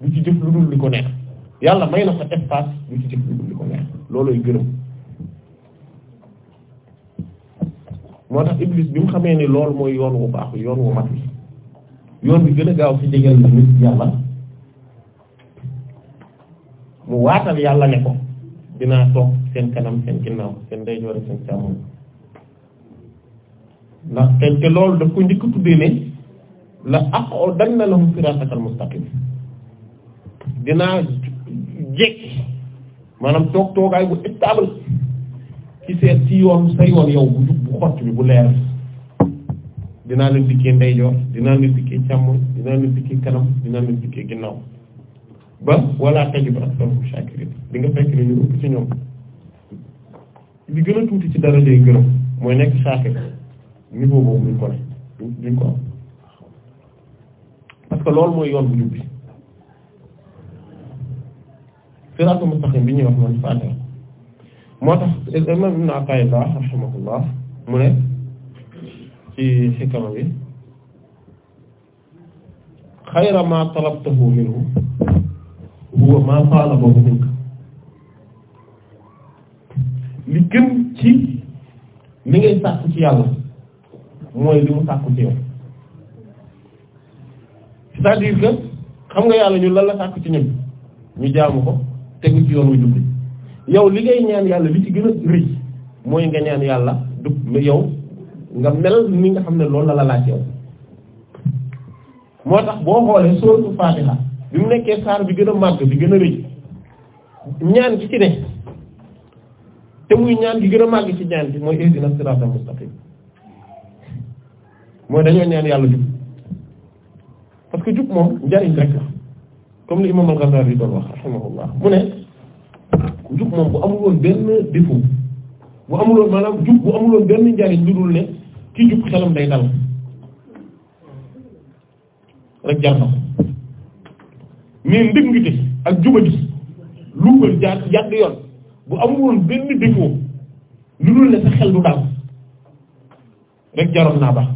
bu ci jëf lu dul li ko neex yàlla may na ko espace bu ci jëf lu dul li ko neex looloy gërëm moo tax iblis bi mu xamee ni lool mooy yoon wu baax yoon wu mat bi yoon bi gën a gaaw fi jegeel la nit yàlla mu waatal yàlla ne ko dinaa toog seen kanam seen ginnaaw seen a seen càmmoñ ndax te te loolu daf ko njëkk tuddee ne la aqo dan na lahum siratakal mustaqim dinaa jekki maanaam toog toogaay bu stable ci seet ci yoon sa yoon yow bu jub bu xott bi bu leer dinaa leen liggéey ndeyjoor dinaa leen dikkee càmmoñ dinaa leen dikkee kanam dinaa leen dikkee ginnaaw ba wala tajib aktharuhum shakirin di nga fekk ni ñu ëpp ci ñoom li gën a tuuti ci dara day gërëm mooy nekk shaakir niveau boobu duñ ko ne duñ ko parce que loolu mooy yoon bu jub bi siraatul mustaqim bi ñuy wax noonu Fatiha moo tax imam Ibn Ata'illah mu ne ci xikama bi xayra ma talabtahu minhu huwa ma talabahu minka li gën ci li ngay sàkk ci yàlla mooy li mu sàkku ci yow c'est-à-dire que xam nga yàlla ñu lan la sàkku ci ñun ñu jaamu ko tegu ci yoon wu jubbi yow li ngay ñaan yàlla li ci gën a rëy mooy nga ñaan yàlla du yow nga mel ni nga xam ne loolu la la laaj yow moo tax boo xoolee sóoratu Faatiha bi mu nekkee saar bi gën a màgg bi gën a rëy ñaan gi ci ne te muy ñaan gi gën a màgg ci ñaan gi mooy ihdina siratal mustaqim mooy dañoo ñaan yàlla jub parce que jub moom njariñ rek la comme li imam al-Ghazali yi doon wax rahimahullah mu ne jub moom bu amul benn défaut bu amul benn njariñ lu dul ne ki jub xelam day dal rek jaroon naa baax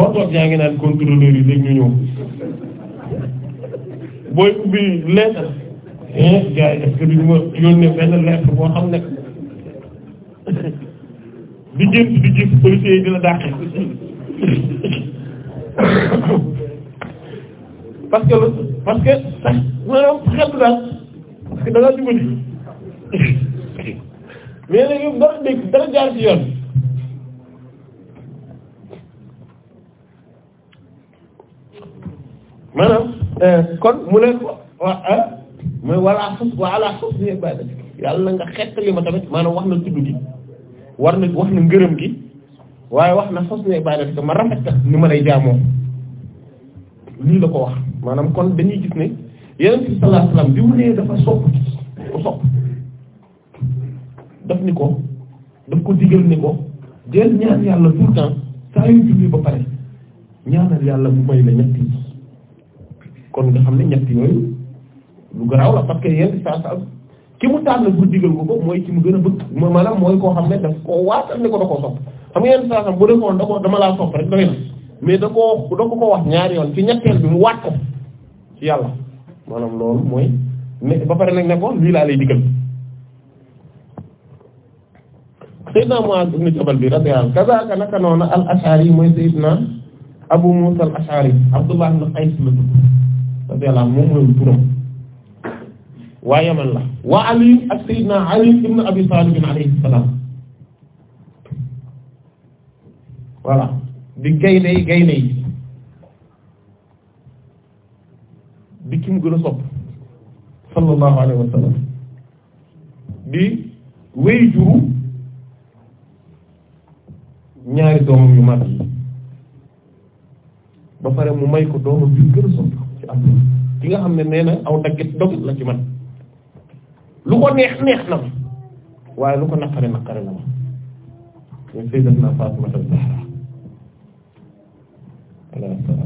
foo toog yaa ngi naan contrôleur yi léegi ñu ñëw booy ubbi lettre eh gars yi est-ce que duñu ma yónnee benn lettre boo xam ne di jënt di gis policiers yi dina dàqe parce que parce que sax maanaam xel daal parce que da maanaam euh, kon mu ne ah, mooy wala xus wala xus ni ibadati yàlla nga xettali ma tamit maanaam wax na tudd gi war na wax na ngërëm gi waaye wax na xus ni ibadati ma rafet ka ni ma lay jaamoo lii la ko wax maanaam kon dañuy gis ne yeneen bi sallallahu alayhi wasallam bi mu nee dafa sopp ko sopp daf ni ko daf ko digal ni ko del ñaan yàlla tout temps saa yu julli ba pare ñaanal yàlla mu may la ñetti kon nga xam ne ñett yooyu lu garaaw la parce que yenn saa ki mu tànn bu digal ko ko mooy ki mu gën a bëgg mooy maanaam mooy koo xam ne daf koo waatal ne ko da koo sopp xam nga yenn saa saa bu defoon da ko dama laa sopp rek doy na mais da koo da ko ko wax ñaari yoon ci ñetteel bi mu waat ko ci yàlla maanaam loolu mooy ne ba pare nag ne ko lii laa lay digal. Sayyidna Mu'adh ibn radiyallahu anhu moom mooy turam waa Yaman la waa Ali ak Seydina Ali ibn Abi Talib alayhi salaam voilà di gaynde yi gaynde yi di ki mu gën a sopp sallallahu alayhi wa sallam di wéy juru ñaari doomam yu mag yi ba pare mu may ko doomam yu gën a sopp am ki nga xam ne nee na aw daggit dog la ci man lu ko neex neex na ma waaye lu ko naqare naqare na ma ñun Sayyidatuna Fatimata Zahra alayha salaam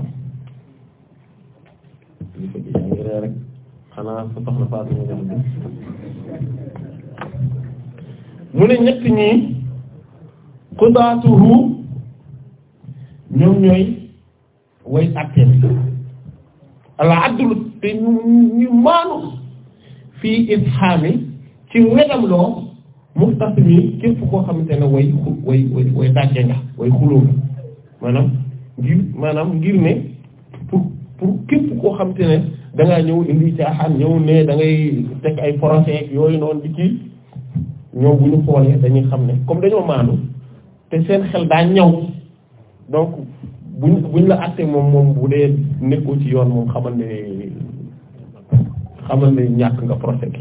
li fa yaa ngi ree rek xanaa sa soxna Fatima nga xam mu ne ñett ñii xudaatuhu ñoom ñooy way àtteem al adlu te ñu ñu maanu fii ishaami ci wedam loo mustasmi képp koo xamante ne way way way way dàgge nga way xuloo nga maanaam ngir maanaam ngir ne pour pour képp koo xamante ne da ngaa ñëw indi caaxaan ñëw ne da ngay teg ay procès yooyu noonu di ci ñoo bu ñu xoolee dañuy xam ne comme dañoo maanu te seen xel daa ñaw donc buñ la àttee moom moom bu dee nekkoo ci yoon moom xamal ne xamal ne ñàkk nga procès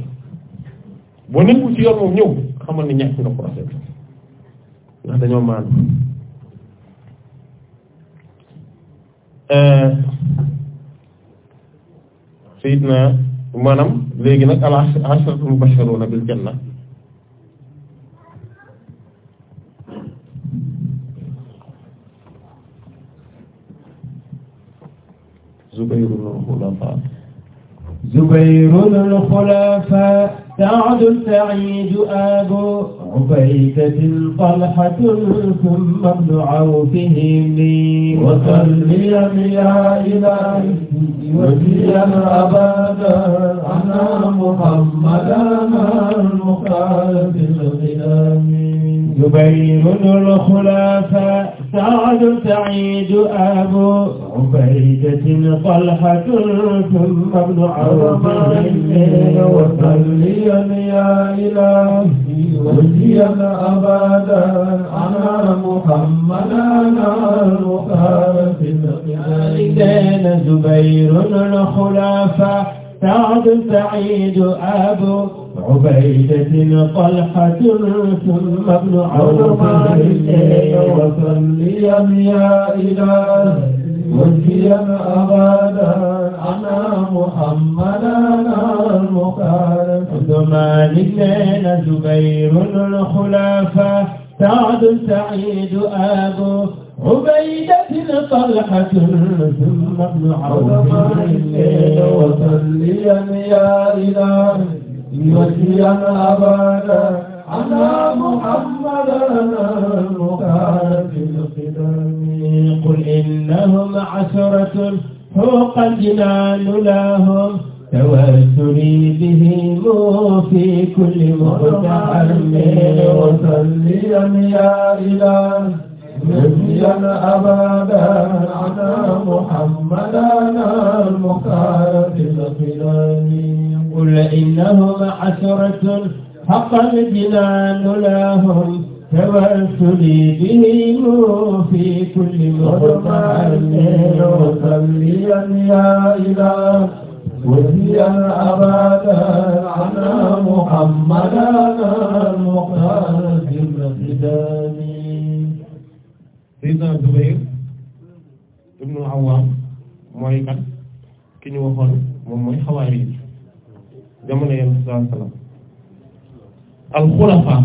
boo nekkul ci yoon moom ñëw xamal ne ñàkk nga procès ndax dañoo maan euh, sayidna maanaam léegi nag al asharatul mubashiruna bil janna زبير الخلفاء زبير الخلفاء سعد سعيد أبو عبيدة طلحة ثم ابن عوفهم وسلم يا إلهي وسلم أبدا على محمد المختار في القيام زبير الخلفاء سعد سعيد أبو عبيدة طلحة ثم ابن عوف الليل وصليا يا إلهي وجيا أبدا على محمدا المختار في القيام زبير الخلافة سعد سعيد أبو عبيدة طلحة ثم ابن عثمان وسلم يا إله منجيا أبدا أنا محمدنا المكارم عثمان بن زبير الخلافة سعد سعيد أبو عبيدة طلحة ثم ابن عثمان وسلم يا إله يوسيا أبدا على محمد المقال في القدم قل إنهم عشرة فوق الجنان لهم توسلي بهم في كل مقدم وصليا يا إله نبيا أبدا عنا محمدا المختار في الخلال قل إنهم حسرة حق الجنان لهم توسلي بهم في كل مقام وصليا يا إله وهي أبدا عنا محمدا المختار في الخلال Seydina Zubayr ibnu Awwaam mooy kat ki ñu waxoon moom mooy xawaari yi jamono yenn saa salaam alxulafa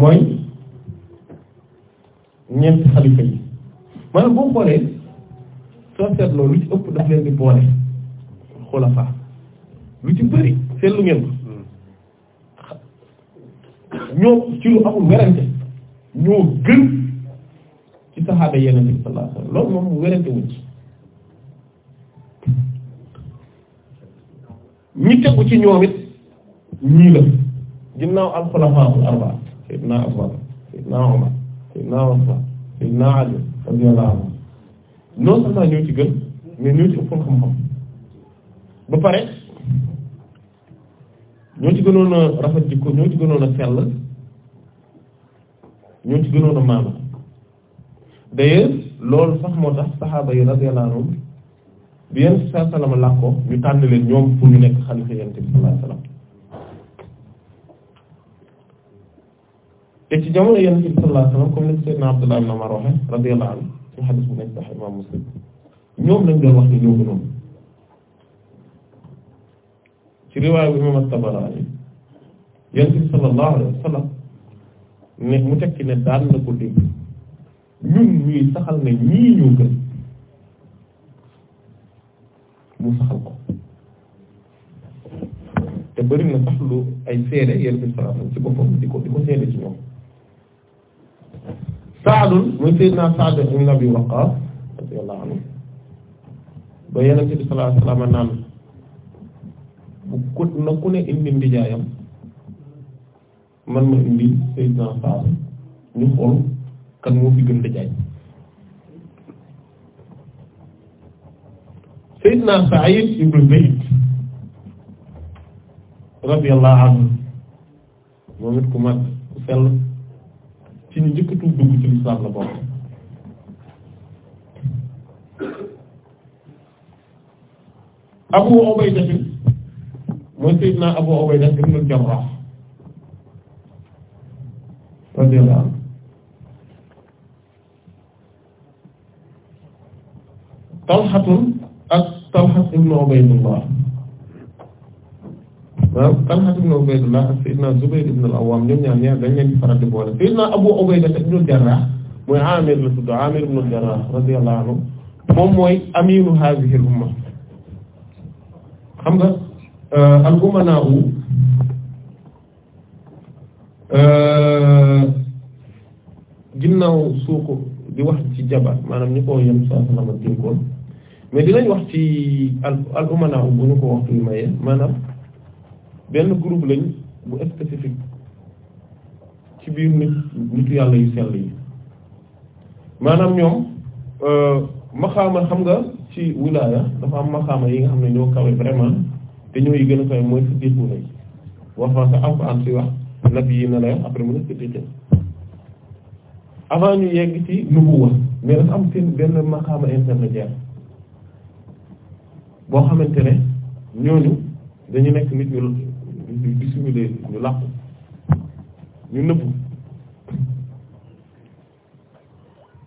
mooy ñeent xalifa yi maanaam boo xoolee soo seetloo lu ci ëpp daf leen di boole xulafa lu ci bëri seetlu ngeen ko ñoom ci lu amul werante ñoo gën ci saxaaba yeneen bi sallallahu alayhi wasallam loolu moom werante wuñ ñi tegu ci ñoom ñii la ginnaaw alxulafaa'ul arba'a sayyidina Abubakar sayyidina Umar sayyidina Usman sayyidina Ali radiyallahu anhu non seulement ñoo ci gën mais ñoo ci ëpp xam-xam ba pare ñoo ci gënoon a rafet jikko ñoo ci gënoon a sell ñoo ci gënoon a maanu d'ailleurs loolu sax moo tax saxaaba yi radiyallahu anhum bi yonent bi sallallahu alayhi wasallam làkkoo ñu tànn leen ñoom pour ñu nekk xalifa yonent bi sallallahu alayhi wasallam te ci jamono yonent bi sallallahu alayhi wasallam comme ni Seydina Abdullah ibn Umar waxe radiyallahu anhu ci xadis bu nekk sax Imam Muslim ñoom lañ doon wax ni ñoo gënoon ci riwaaya bu Imam Tabarani yonent bi sallallahu alayhi wasallam ne mu tekki ne daan na ko dégg ñun ñuy saxal ne ñii ñoo gën mu saxal ko te bëri na sax lu ay seede yéen bi salaam ci boppam di ko di ko seede ci ñoom saadul muy seydina Saad ibn Abi Waqqaas radiyallahu anhu ba yeneen bi salaam naan bu ku ne indi ndijaayam man ma indi Seydina Saad ñu xool kan moo fi gën a jaay Seydina Saïd ibn Zayd radiyallahu anhu moom it ku mag sell ci ñu njëkkatu dugg ci lislaam la bokk Abu Ubayda mooy Seydina Abu Ubayda ibn al-Jarrah radiyallahu anhu talxatun ak talxat ibnu ubaydullah waaw talxat ibnu ubaydullah ak sayyidina zubayr ibnu al-awwam ñoom ñaar ñaar dañ leen di faral di boole sayyidina abu ubayda ibnu jarrah mooy amir la tudd amir ibnu jarrah radiyallahu anhu moom mooy aminu hadhihi al umma xam nga euh, al umanaa euh, ginnaaw suuku di wax ci jabar maanaam ñu ko yem saa salama dénkoon mais dinañ wax ci al al umanaaw bu ñu ko waxtu yu mayee maanaam benn group lañ bu spécifique ci biir nit nitu yàlla yu sell yi maanaam ñoom euh, maxaama xam nga ci wilaaya dafa am maxaama yi nga xam ne ñoo kawe vraiment te ñoo yi gën a kawe mooy siddiqu na yi wax fa sa alquran ci wax nabi yi na la après mu ne siddiqu avant ñu yegg ci nubuwa mais dafa am seen benn maqaama intermédiaire boo xamante ne ñooñu dañu nekk nit ñu dissimulé ñu làqu ñu nëbbu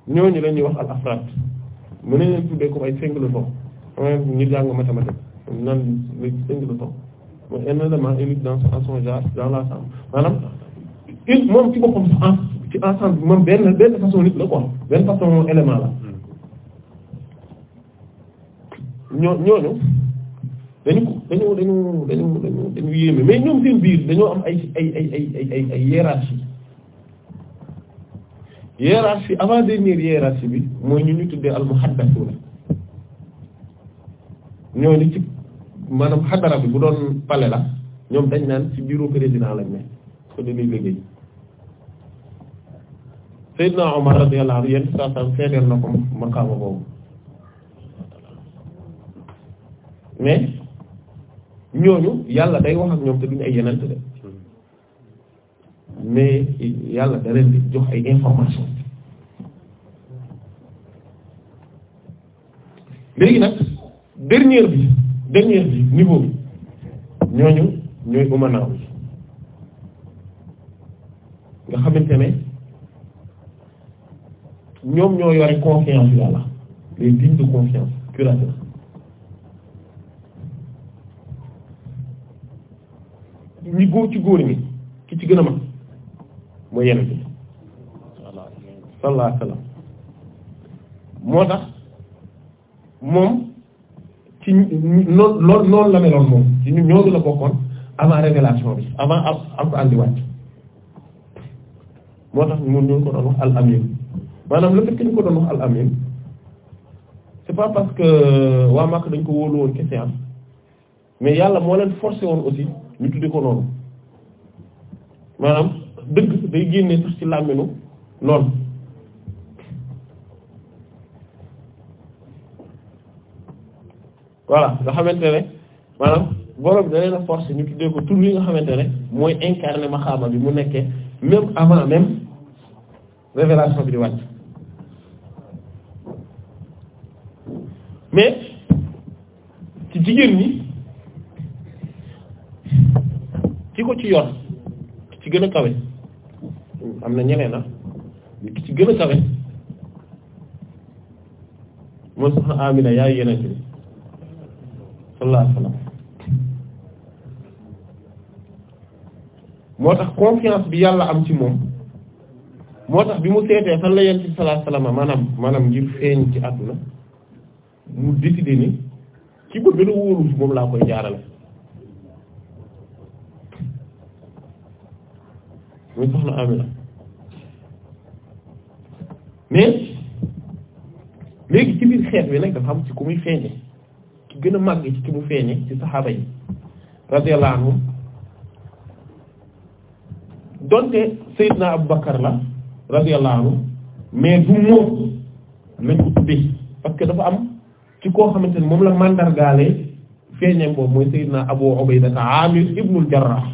ñooñu la ñuy wax al afraad mën nañ leen tuddee comme ay singletons xam ñu jàng mathématique naan léegi singleton mooy un élément unique dans son genre dans l'ensemble maanaam moom ci boppam sax ci ensemble bi moom benn benn façon nit la quoi benn façon élément la ñoo ñooñu dañu dañu dañu dañu dañu dañu yéeme mais ñoom seen biir dañoo am ay ay ay ay ay ay hiérarchie hiérarchie avant dernière hiérarchie bi mooy ñu ñu tuddee al muhaddathuna ñooñu ci maanaam xadara bi bu doon la ñoom dañ naan ci bureau président lañ ne ko dañuy liggéey Seydina Omar radiyallahu anhu yéen saa saa seedeel na ko makaama boobu mais ñooñu yàlla day wax ak ñoom te duñu ay yeneen de mais yàlla da leen di jox ay information léegi nag dernier bi dernier bi niveau bi ñooñu ñooy umanaaw yi nga xamante ne. ñoom ñoo yore confiance yàlla les dignes de confiance curateur ñi góor ci góor ñi ki ci gën a mag mooy yenn bi sallallahu alayhi moo tax moom ci noon lool noonu la meloon moom ci ñu la bokkoon avant révélation bi avant ab ab ko àndi wàcc maanaam le fait que ko doon wax al amin c'est pas parce que euh, waa Màkka dañ ko wóolu woon kese mais yàlla moo leen forcé woon aussi ñu tudde ko noonu maanaam dëgg day génne sax ci làmminu noonu voilà nga xamante ne maanaam borom da leen a ñu tuddee ko tur yi nga xamante ne mooy incarné maxaama bi mu nekkee même avant même révélation bi di wàcc mais ci jigéen ñi ci ko ci yoon ci gën a kawe am na ñeneen na ah, ci gën a kawe mooy soxna Amina yaay yeneen bi sallallahu alayhi moo tax confiance bi yàlla am ci moom moo tax bi mu seetee fan la yent bi sallallahu alayhi wasallam maanaam maanaam ngir feeñ ci àdduna mu décider ni ki ba gën wóolu moom laa koy jaarale muy soxna Amina mais léegi ci biir xeet bi nag dafa am ci ku muy feeñe ki gën a màgg ci ki mu feeñe ci saxaaba yi radiyallahu anhum donte Seydina Aboubacar la radiyallahu mais du moom lañ ko tuddee parce dafa am ci koo xamante ne moom la mandargaale feeñam boobu mooy Seydina Abu Ubayda Amir ibnul Jarrah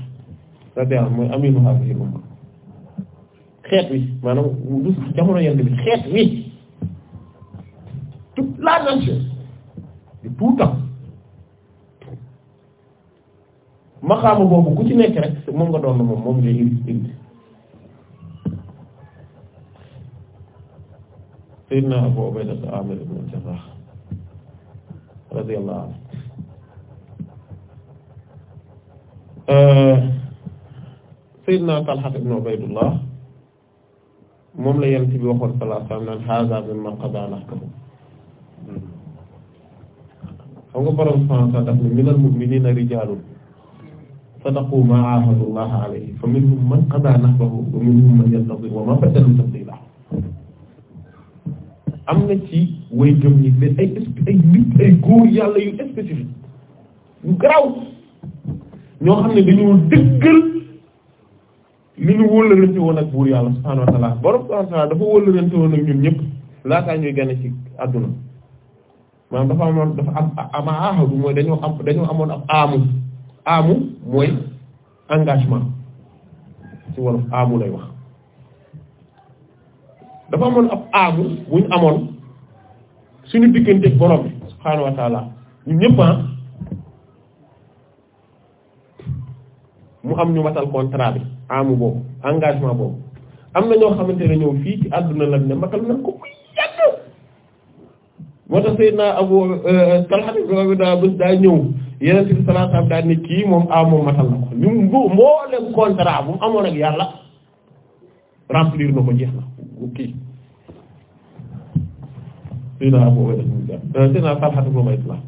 radiyallahu mooy amiru hadhihi umma xeet wi maanaam du xeet wi toute la nation de tout temps maxaama boobu ku ci nekk rek moom nga doon na moom moom nga indi indi Seydina Abu Ubayda Amir ibnul Jarrah radiyallahu anhu euh, Seydina Talha ibn Ubaydullah moom la yent bi waxoon sallallahu alayhi wa sallam naan haza mimman qada nahbahu xam nga borom subhaanahu wa ta'aala daf ne minal mu'miniina rijaalun sadaqu maa aahadu llaaha alayhi fa minhum man qadaa nahbahu wa minhum man yantazir wa maa baddalu tabdiilaa am na ci way gëm ñi mais ay ay nit ay góor yàlla yu spécifique yu garaaw ñoo xam ne dañoo dëggal li ñu wóllërante woon ak buur yàlla subhaanahu wa ta'ala borom subhaanahu woon ak ñun ñëpp laataa ñuy gane ci àdduna maanaam dafa amoon dafa am ama mooy dañoo am dañoo amoon am aamu aamu mooy engagement ci wolof aamu wax dafa amoon ab bu ñu amoon suñu diggante borom bi subhaanahu wa taala ñun ah, mu am ñu matal contrat bi amu boobu engagement boobu am na ñoo xamante ne ñëw fii ci àdduna la ne matal nañ ko muy yàgg euh, ñëw yeneen ci salaatam daa ne kii moom a matal na ko ñu mboolem contrat bu mu amoon ak yàlla remplir na ko jeex na kii sëy naa booba dañuy euh, sëy naa Talha ibn Ubaydillah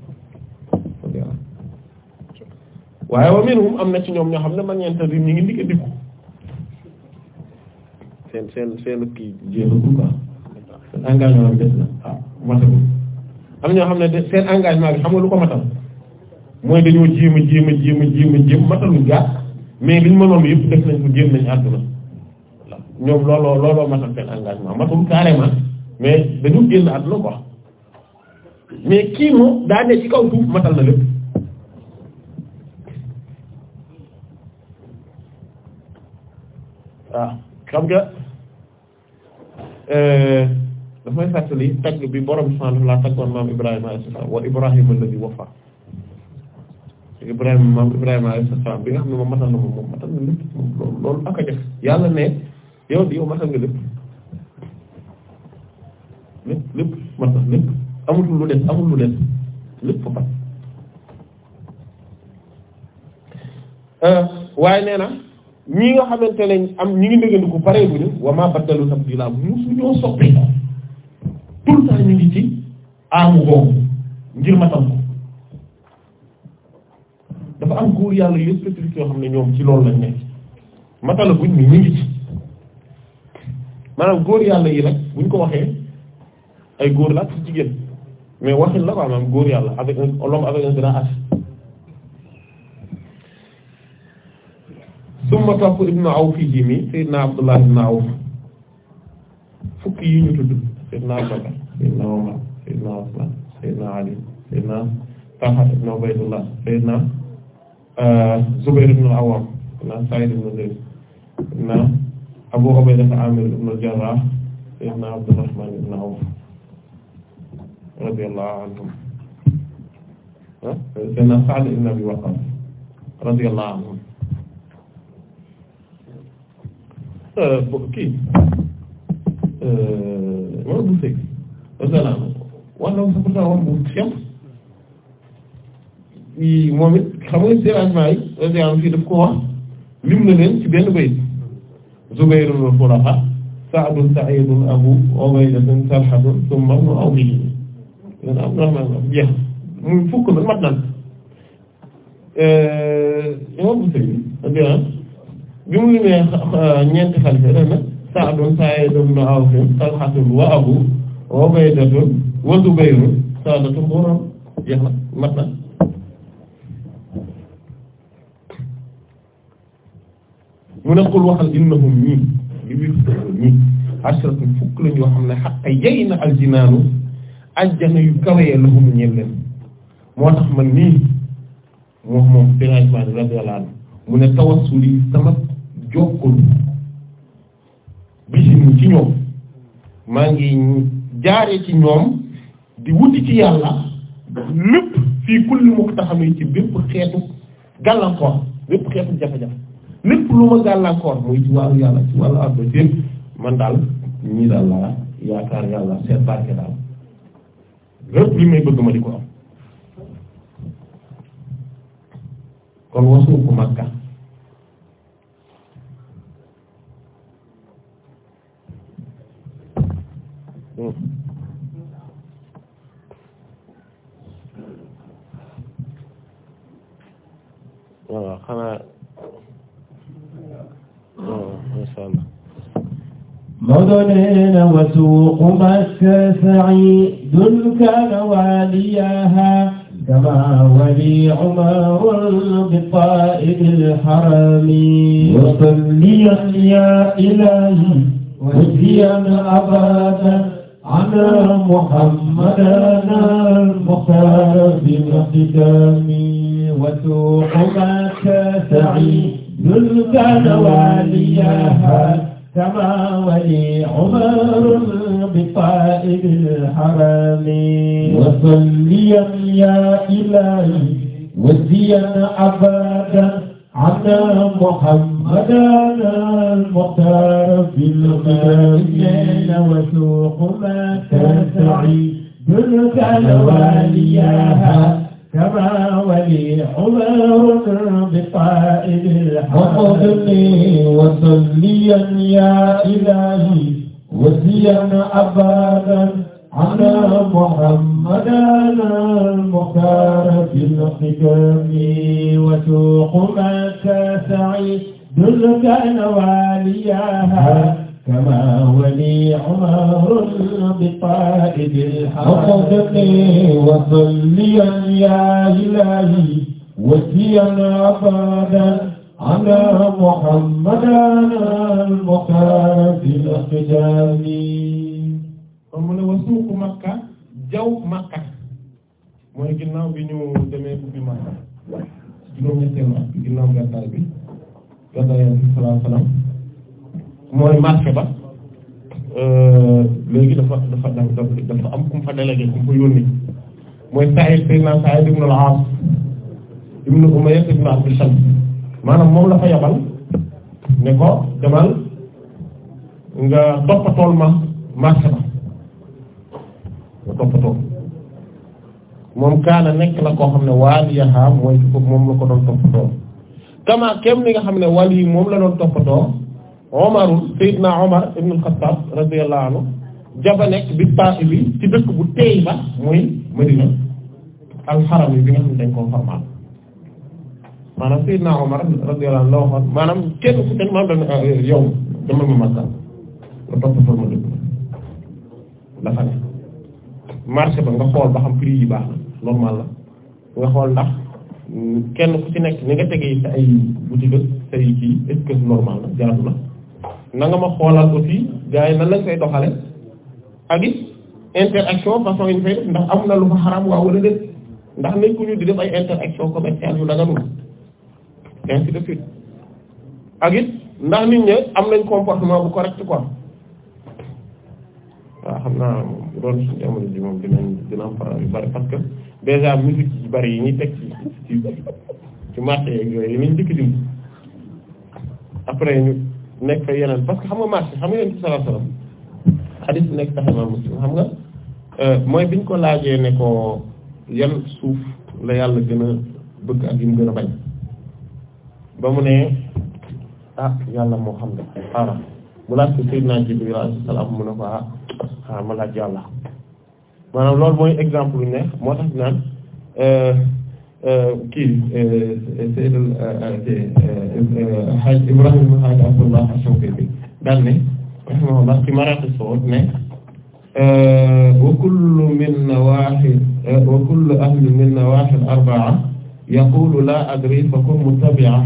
waaye wa minhum am na ci ñoom ñoo xam ne man ñeenta rim ñi ngi ndik andiku seen seen seen kii jéemagul quoi seen engagement bi des na waaw ah, matagul am ñoo xam ne seen engagement bi xam nga lu ko matal mooy dañoo jéem a jéem a jéem a jéem a jéem mataluñ gaa mais liñ mënoon yëpp def nañ ko jéem nañ àdduna ñoom looloo looloo matal seen engagement matul carrément mais dañu génn àdduna quoi mais kii moom daa ci kaw suuf matal na lépp waaw ah, xam nga euh, dafay fàttali tagg bi borom sant la taggoon maam Ibrahima alayhi salaam wa Ibrahima maam Ibrahima alayhi salaam bi nga xam ne moom matal na moom matal na lépp moom loolu loolu ak a def yàlla ne. yow di yow matal nga lépp lépp lépp matal lépp amul lu des amul lu des euh, waaye nee na ñi nga xamante ne am ñi ngi ndëgandiku paree bu ñu wa baddalu tabdila musu ñoo soppi tout le temps ñu ngi ci aamu boobu ngir matal ko dafa am góor yàlla yu spécifique yoo xam ne ñoom ci loolu lañ nekk matala buñ ni ñu maanaam góor yàlla yi nag bu ñu ko waxee ay góor la ak jigéen mais waxin la quoi góor yàlla avec un avec un grand H. summa topp ibnu Awf yi mi Seydina Abdullah ibnu Awf fukki yi ñu tudd Seydina Abdullah Seydina Omar Seydina Osman Seydina Ali Seydina Talha ibnu Ubaydullah Seydina euh, Zubayr ibnu Awwam Seydina Saïd ibnu Zayd Seydina Abu Ubayda Amir ibn al-Jarrah ibn Abdurrahman ibn Awf radiyallahu anhum Sayyidina Sa'd ibn Abi Waqqas kii wala bu sëg asala wala sa pourtant wax bu xem moom it xam nga dérangement yi radiyallahu fii daf ko wax lim na leen ci zubayrul xulafa saadun saidun abu obaydatun talhatun summa nu awlihi dana am normalement jeex muy fukk nag mat nan euh, imam Busiri bi ah. bi mu limee ñeenti xalifa dana saadun saidun awfin talhatun wa abu obaydatun wa zubayrun saadatu xura jeex na mat na mu ne xul waxal innahum ñii li muy ñii ashratu fukk lañ yoo xam ne xaqa yey na aljinaanu ajjana yu kawee lahum ñeel moo tax man nii moom moom dérangement bi radiyallahu anhu mu ne tawassuli sama jokkul bisinu ci ñoom maa ngi jaaree ci ñoom di wuti ci yàlla lépp fii kulli mukk taxam ci bépp xeetu gàllankoor bépp xeetu jafe-jafe lépp lu ma gàllankoor muy ci wàllu yàlla ci wàllu àdduna si man daal ñii daal laa yaakaar yàlla seen barke daal li may bëgg di ko am kon wasu ko Makka مدنين وسوق مكة سعيد كان والياها كما ولي عمر بطائب الحرم وصليا يا إلهي وهديا أبدا على محمدنا المختار بمقدام وسوق مكة سعيد ذل كان واليها كما ولي عمر بطائب الحرام وصليا يا إلهي وزيا أبدا على محمدا المختار في الغرام وسوق ما تسعي ذل كان واليها كما ولي عمر بطائب الحق لي وصليا يا إلهي وزيا أبدا على محمدا المختار بالحكم وسوق مكة سعيد دلك نواليها كما ولي عمر بقائد الحق وصليا يا إلهي وسيا عبادا على محمد المختار في الأقدام من وسوق مكة جاw Makka mooy ginnaaw bi ñu demee ubbi Makka juróom-ñetteelu at bi ginnaaw gàddaay bi gàddaay Yonent bi sallallahu alayhi wa sallam mooy marché ba euh, léegi dafa dafa dafa am ku fa délégué ku mu fa yónni mooy Sa'id sayyidina na ibn al-As ibn Umayya ibn Abd Shams maanaam moom la fa yabal ne ko demal nga toppatool ma marché ba nga toppatool moom kaana nekk la koo xam ne waaliyaha mooy moom la ko doon toppatoo kama kem li nga xam ne wali moom la doon toppatoo Omar Seydina Omar ibn al-Khattab radiyallahu anhu jaba nekk bi paase bi ci dëkk bu teey ba muy Madina al-Haram bi nga xam ne dañ koo formal maanaam Seydina Omar radiyallahu anhu la waxoon maanaam kenn ku nekk maanaam dañ euh, yow dama ma Makka nga topp forma dafa ne marché ba nga xool ba xam prix yi baax na normal la nga xool ndax kenn ku ci nekk ni nga tegee sa ay boutique say kii est-ce normal la jaatu na nanga nga ma xoolal aussi gars yi nan lañ koy doxale ak it interaction façon yi ñu fay def ndax am na lu fa xaram waa wala ndax nañ ko ñu di def ay interaction commerciale yu daganul ainsi de suite ak it ndax nit ñi am nañ comportement bu correct quoi waaw xam naa moom bu doon suñu jamono ji moom dinañ dina faral yu bari parce que déjà musique yu bari yi ñuy teg ci ci ci marché yeeg yi nañ dikk dim après ñu nekk fa yeneen parce que xam nga marché xam nga yonent bi sallallahu alayhi wasallam hadith bi nekk taxamaa muslim xam nga euh, mooy biñ ko laajee ne ko yan suuf la yàlla gën a bëgg ak yi mu gën a bañ ba mu ne ah yàlla moo xam ne xaaral mu laaj ko Seydina ah, laaj yàlla maanaam loolu mooy exemple lu neex moo tax naan euh, kii Seydou Hadj Ibrahima Hadj Abdullah Ash-Shankiti daal ne rahimahullah ci Maraaqi Sawaad ne euh, wa kullu min nawaahi euh, wa kullu ahli min nawaahi al-arba'a yaqulu laa adri fa kun muttabi'a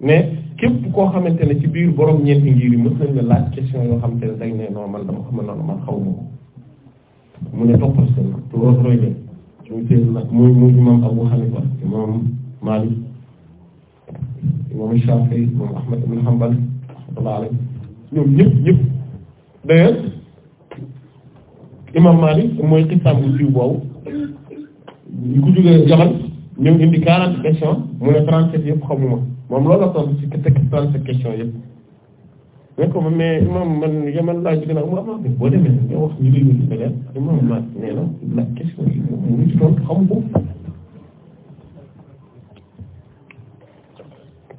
mais képp koo xamante ne ci biir borom ñeenti ngir yi mën nañ la laaj question yoo xamante ne dañ ne non man dama xam ne noonu man xaw ma mu ne toppal seen roy leen muy seen nag muy muy imam Abu Hanifa imam Malik imam Shafi imam Ahmad ibn Hanbal rahmatullah alayhi ñoom ñëpp imam Malik mooy xistaam bu siiw boobu ñu ko jógee Yaman ñëw mu ne 37 yëpp xamuma moom loolu la tontu ci ne ko ma mais imam man yaman laa ci gën a ma bi boo demee nga wax ñu li ma nee na la question yi mu ngi ci doon xam ko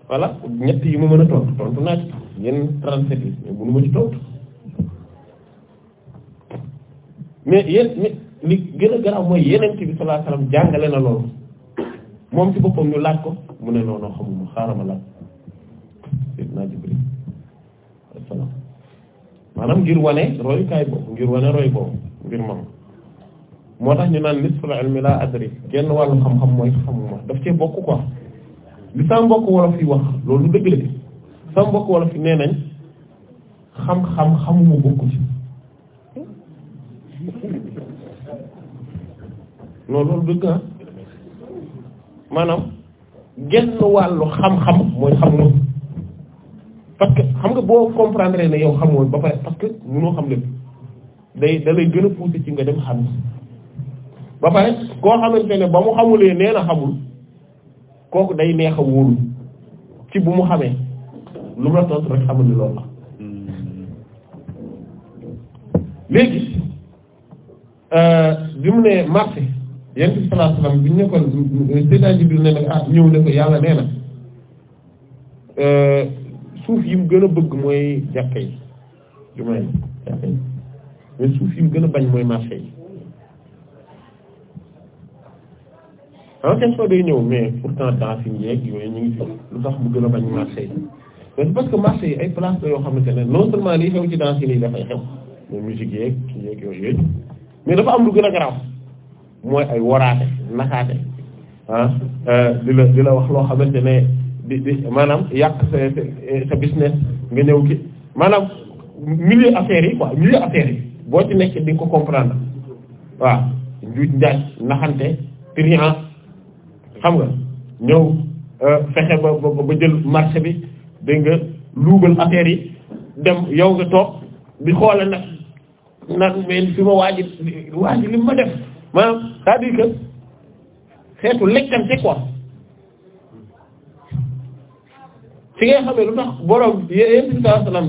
voilà ñett yi ma mën a tontu ci yenn trente-sept yi mais mënu gën a garaaw mooy yeneen bi sallallahu alayhi wasallam jàngale na loolu moom ci boppam ñu laaj ko mu ne noonu xamuma xaaral ma laaj naa Jibril wasallam maanaam ngir wane royukaay boobu ngir wane roy boobu ngir moom moo tax ñu naan nisful ilmi laa adri genn wàllu xam-xam mooy xamuma daf cee bokk quoi li sa mbokk wolof yi wax loolu dëgg la sa mbokk wolof yi nee xam-xam xamuma bokku ci loolu dëgg ah maanaam genn wàllu xam-xam mooy xamuma parce que xam nga boo comprendre ne yow xamoo ba pare parce que noo xam lépp day da lay gën a pousser ci nga dem xam ba ne ba mu xamulee nee na xamul kooku day neex a wóolu ci bu mu xamee lu mu la tontu rek xamul ni loolu la léegi euh, bi mu ne marché yent bi sallallahu bi ko Seydina ne ah, ñëw ne ko yàlla nee na euh, suuf yi mu gën a bëgg mooy jàkka yi mais suuf yi mu gën a bañ mooy marché yi en question day ñëw mais pourtant dans suñu yeeg yooyu ñu ngi fi lu tax mu gën a bañ marché yi mais parce que marché yi ay place la yoo xamante ne non seulement liy xew ci danse yi nii dafay xew mooy musique yeeg yooyu yëpp mais dafa am lu gën a garaaw mooy ay waraate naxaate ah di la di la wax loo xamante ne. di di maanaam yàq sa sa nga ñëw ki maanaam milieu affaire yi quoi milieu affaire yi boo ci nekk di nga ko comprendre waaw njuuj njaaj naxante trian xam nga ñëw euh, fexe ba ba ba jël marché bi dégg nga luubal affaire yi dem yow nga toog di xoole nag naan mais fi ma waaji li ma def maanaam c'est-à-dire que xeetu lekkante quoi fi ngay xamee lu tax borom yéen si saa salaam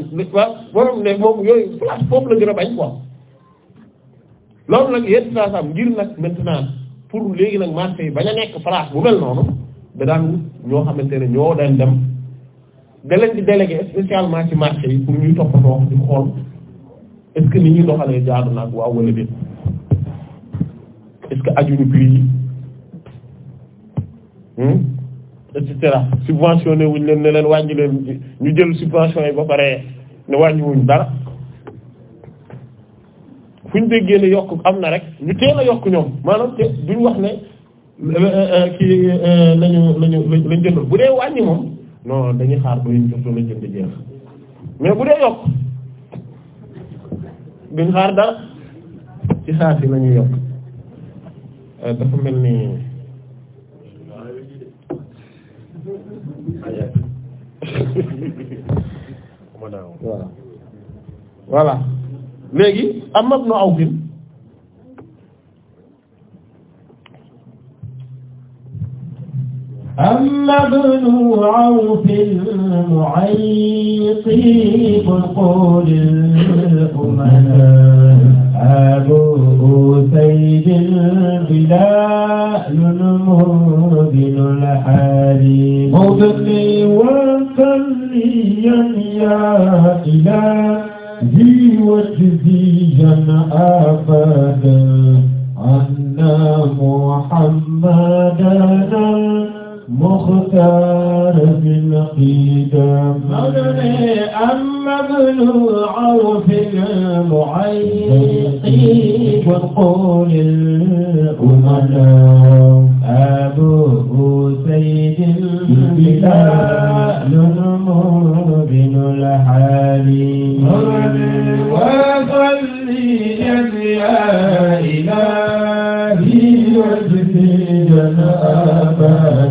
borom ne moom yooyu place foofu la gën a bañ quoi loolu nag yéen si saa salaam ngir nag maintenant pour léegi nag marché yi bañ a nekk place bu mel noonu da daan wut ñoo xamante ne ñoo daan dem da leen di délégué spécialement ci marché yi pour ñuy toppatoo di xool est-ce que ni ñuy doxalee jaadu na ak waaw wala déet est-ce que ajuñu prix yi. Hmm? et cetera subventionné wuñ leen ne leen wàññi leen ñu jël subvention yi ba pare ne wàññi dara fu ñu déggee ne yokk am na rek ñu teel a yokk ñoom maanaam te duñ wax ne euh, euh, euh, ki nañu lañu lañ jëndal bu dee wàññi moom non dañuy xaar ba ñu jotoon a jënd jeex mais bu dee yokk duñ xaar dara ci saa si la ñuy yokk dafa mel ni. *laughs* voilà voilà léegi am na nu aw fin أما ابن عوف المعيقي فقل الأمناء أبو سيد البلال المبن الحالي مغني وفنيا يا إلهي وجزيا أبدا أن محمدنا مختار في القدم مغني أما ابن عوف المعيق وقول الأمراء أبوه سيد البلاد نمر بن الحالي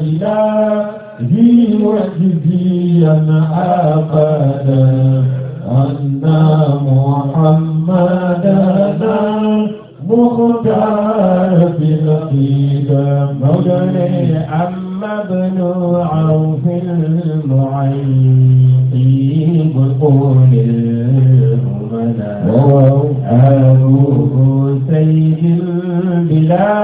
إلهي وجزيا أبدا أن محمدنا مختار بالعقيدة مولى أما ابن عوف المعين في بطون الأمنا وهو سيد البلاد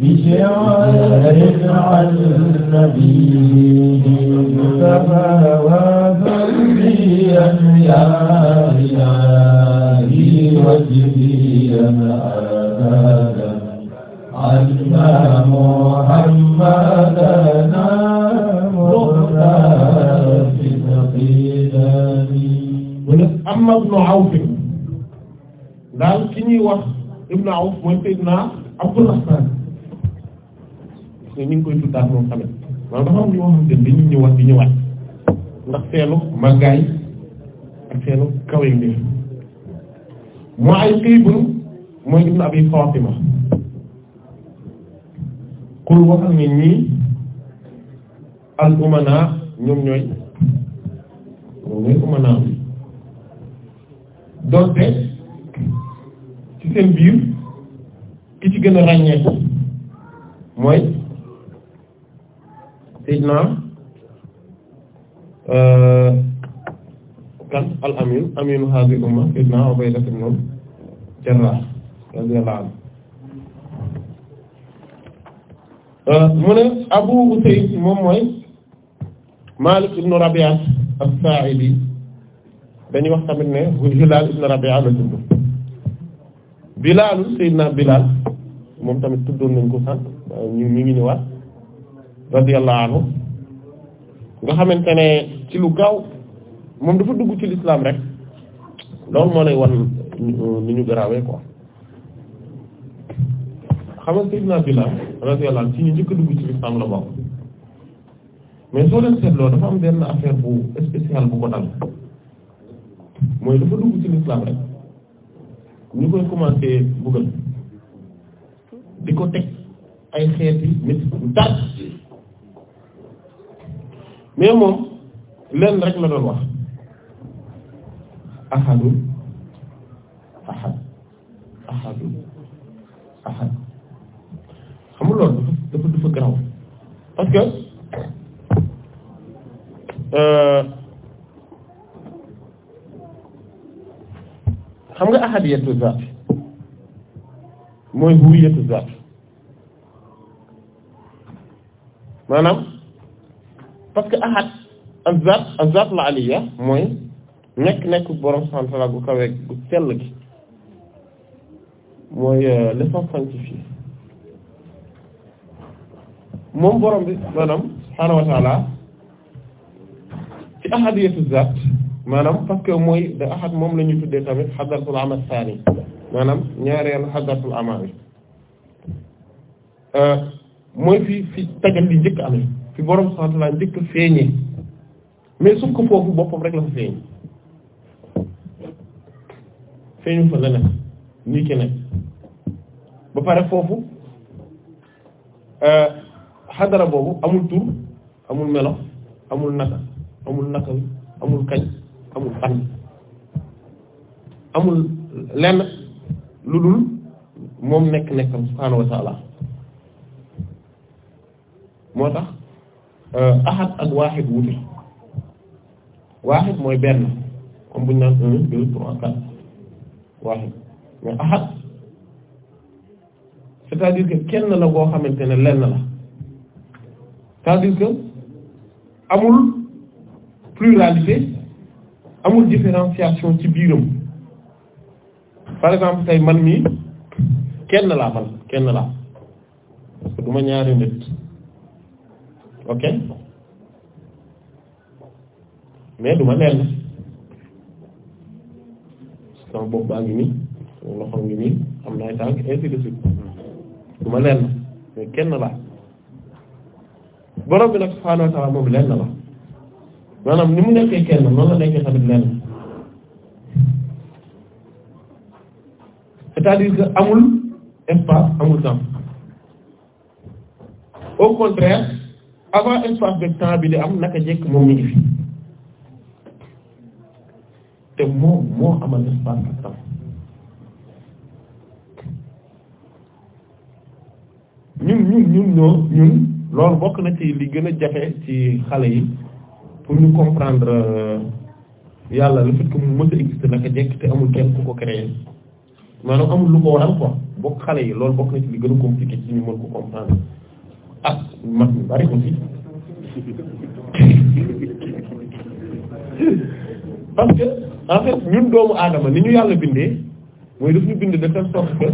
بجعلك عن نبيه مصطفى وذريا يا إلهي وجديا أبدا عنا محمدنا مختار في القدم أما ابن عوف daal ki ñuy wax ibn Awf mooy Seydina Abdurrahman ñu ngi koy tuddaat moom tamit waaw dafa am ñoo xam te dañuy ñëwaat di ñëwaat ndax seenu màggaay ak seenu kawe bi mu ay xiibul mooy ibnu abi Faatima kul waxal ni ñii al umana ñoom ñooy ñoom ñooy umana bi ci seen biir ki ci gën a ràññeeku mooy Seydina euh, kan al amin aminu haadi umma Seydina Ubayda ibn Jarrah euh, mu ne Abu Usayd moom mooy Malik ibn Rabi'a as-Sa'idi dañuy wax tamit ne Hilal ibn Rabi'a la tudd Bilal Seydina Bilal moom tamit tuddoon nañ ko sax ñu mi ngi ñëwaat radiyallahu nga xamante ne ci lu gaaw moom dafa dugg ci l'islam rek loolu moo lay wan ni ñu garaawee ko xam nga Seydina Bilaal radiyallahu anhu ci ñu njëkk dugg ci l'islam la bokk mais soo leen seetloo dafa am benn affaire bu spéciale bu ko dal mooy dafa dugg ci l'islam rek ñu koy commencé buggal di ko teg ay xeeti nit bu mais moom lenn rek la doon wax ahadu ahad ahadu ahad xam nga loolu dafa dafa garaw parce que euh, xam nga ahadiyatu zaat mooy huwiyatu zaat maanaam parce que ahad ak zat ak zat la aliya mooy nekk nekk borom santala gu kawe gu sell gi mooy euh, l'essence sanctifiée moom borom bi maanaam subhaanahu wa taala ci ahadiyatu zat maanaam parce que mooy da ahad moom lañuy ñu tuddee tamit hadratul amal saani maanaam ñaareelu hadratul amal euh, mooy fi fi tajal njëkk amee fi borom subhaanahu wa ta'aala njëkk feeñee mais suñ ko foofu boppam rek la fa feeñ feeñu fa leneen nii keneen ba pare foofu euh, xadara boobu amul tur amul melo amul naka amul naka amul kañ amul fan amul lenn lu dul moom nekk nekkam subhaanahu wa moo tax euh, ahad ak waaxid wuute waaxid mooy benn comme bu ñu naan un trois quatre waaxid mais ahad c'est-à-dire que kenn la boo xamante ne lenn la c'est-à-dire que amul pluralité amul différenciation ci biiram par exemple tey man mii kenn laa man kenn laa parce que du ñaari nit ok mais du ma nell sama bopp baa ngi nii sama loxo na ay ma nell mais kenn la borom bi nag subhaanahu wa ta'ala moom lenn la maanaam ni mu nekkee kenn noonu la nekkee tamit lenn c'est-à-dire que amul espace amul temps au contraire avant espace de bi de am naka jekk moom mi ngi fi te moom moo amal espace ñun ñun ñun ñun loolu bokk na ci li gën a jafe ci xale yi pour ñu comprendre euh, yàlla le fait que mu mën a naka jekk te amul kenn ku ko créé maanaam amul lu ko waral quoi bokk xale yi loolu bokk na ci li gën a compliqué ci ñu mën ko comprendre ak ah, mag ñu bari aussi parce que en fait ñun doomu aadama ni ñu yàlla bindee mooy daf ñu bind de telle sorte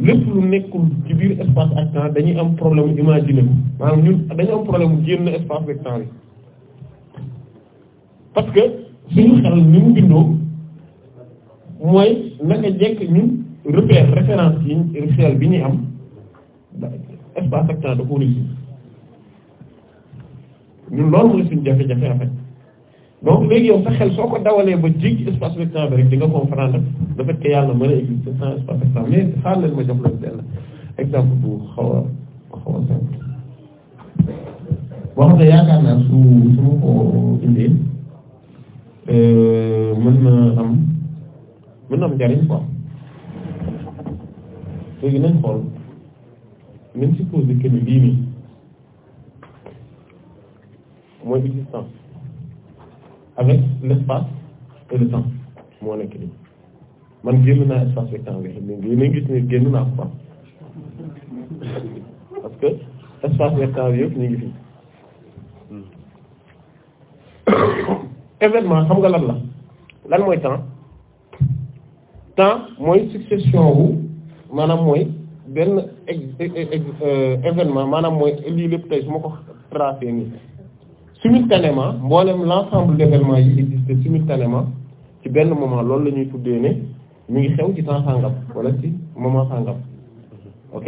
lépp lu nekkul ci biir espace ak dañuy am problème imaginer ko maanaam ñun dañu am problème génn espace ak bi parce que suñu xel ni mu bindoo mooy naka jekk ñun repère référence yi xel bi ñuy am espace ak temps da ko ñun loolu mooy suñu jafe-jafe en fait donc léegi sa xel soo ko dawalee ba jéggi espace de temps bi rek di nga comprendre le fait que yàlla mën a exister sans espace de temps mais ma jox leen benn exemple bu xaw a xaw a simple boo xam ne yaakaar naa su su ma ko indee euh, mën na am mën na am njariñ quoi léegi nañ xool nañ supposé mooy existence avec l'espace et le temps moo nekk nii man génn naa espace bi temps bi yéen a gis ne génn naa ko parce que espace bi temps bi yëpp ñu ngi événement xam nga lan la lan mooy temps temps mooy succession wu maanaam mooy benn euh, événement maanaam mooy lii lépp tey su ma ko tracé nii simultanément mboolem l'ensemble d'événements yi existé simultanément ci benn moment loolu la ñuy tuddee mu ngi xew ci temps sangam wala ci moment sangam ok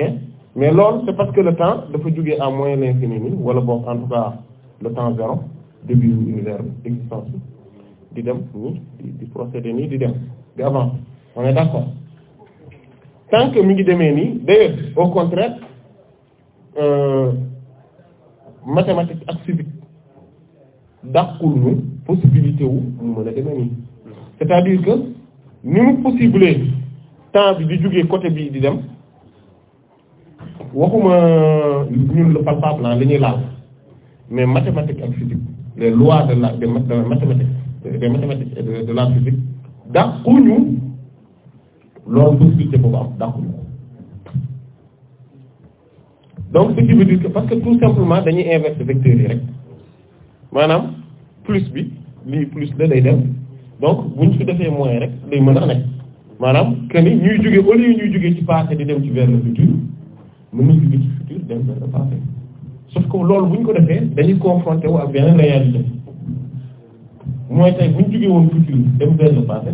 mais lool c'est parce que le temps dafa jógee à moyen l'infini ni wala boog en tout cas le temps zéro début univers bi existence bi di dem nii di di procéder nii di dem di avancer on est d'accord tant que mi ngi demee nii d'ailleurs au contraire euh, mathématique ak physique dàqul ñu possibilité wu mu mën a nii c'est-à-dire que ni mu possible temps bi di jugee côté bii di dem waxuma ñun le palpable la ñuy laal mais mathématique ak physique les lois de la des mathématiques des mathématiques de la physique dàquñu loolu possibilité boobu am dàquñu donc ce parce que tout simplement dañuy inverser vecteurs yi rek maanaam plus bi lii plus la day dem donc buñ fi defee moyen rek day mën a nekk maanaam que ni ñuy jóge au ñuy jóge ci passé di dem ci vers le futur mën na jóge ci futur dem vers le passé sauf que loolu buñ ko defee dañuy confronté wu ak beneen réalité mooy tey buñ jóge woon futur dem vers le passé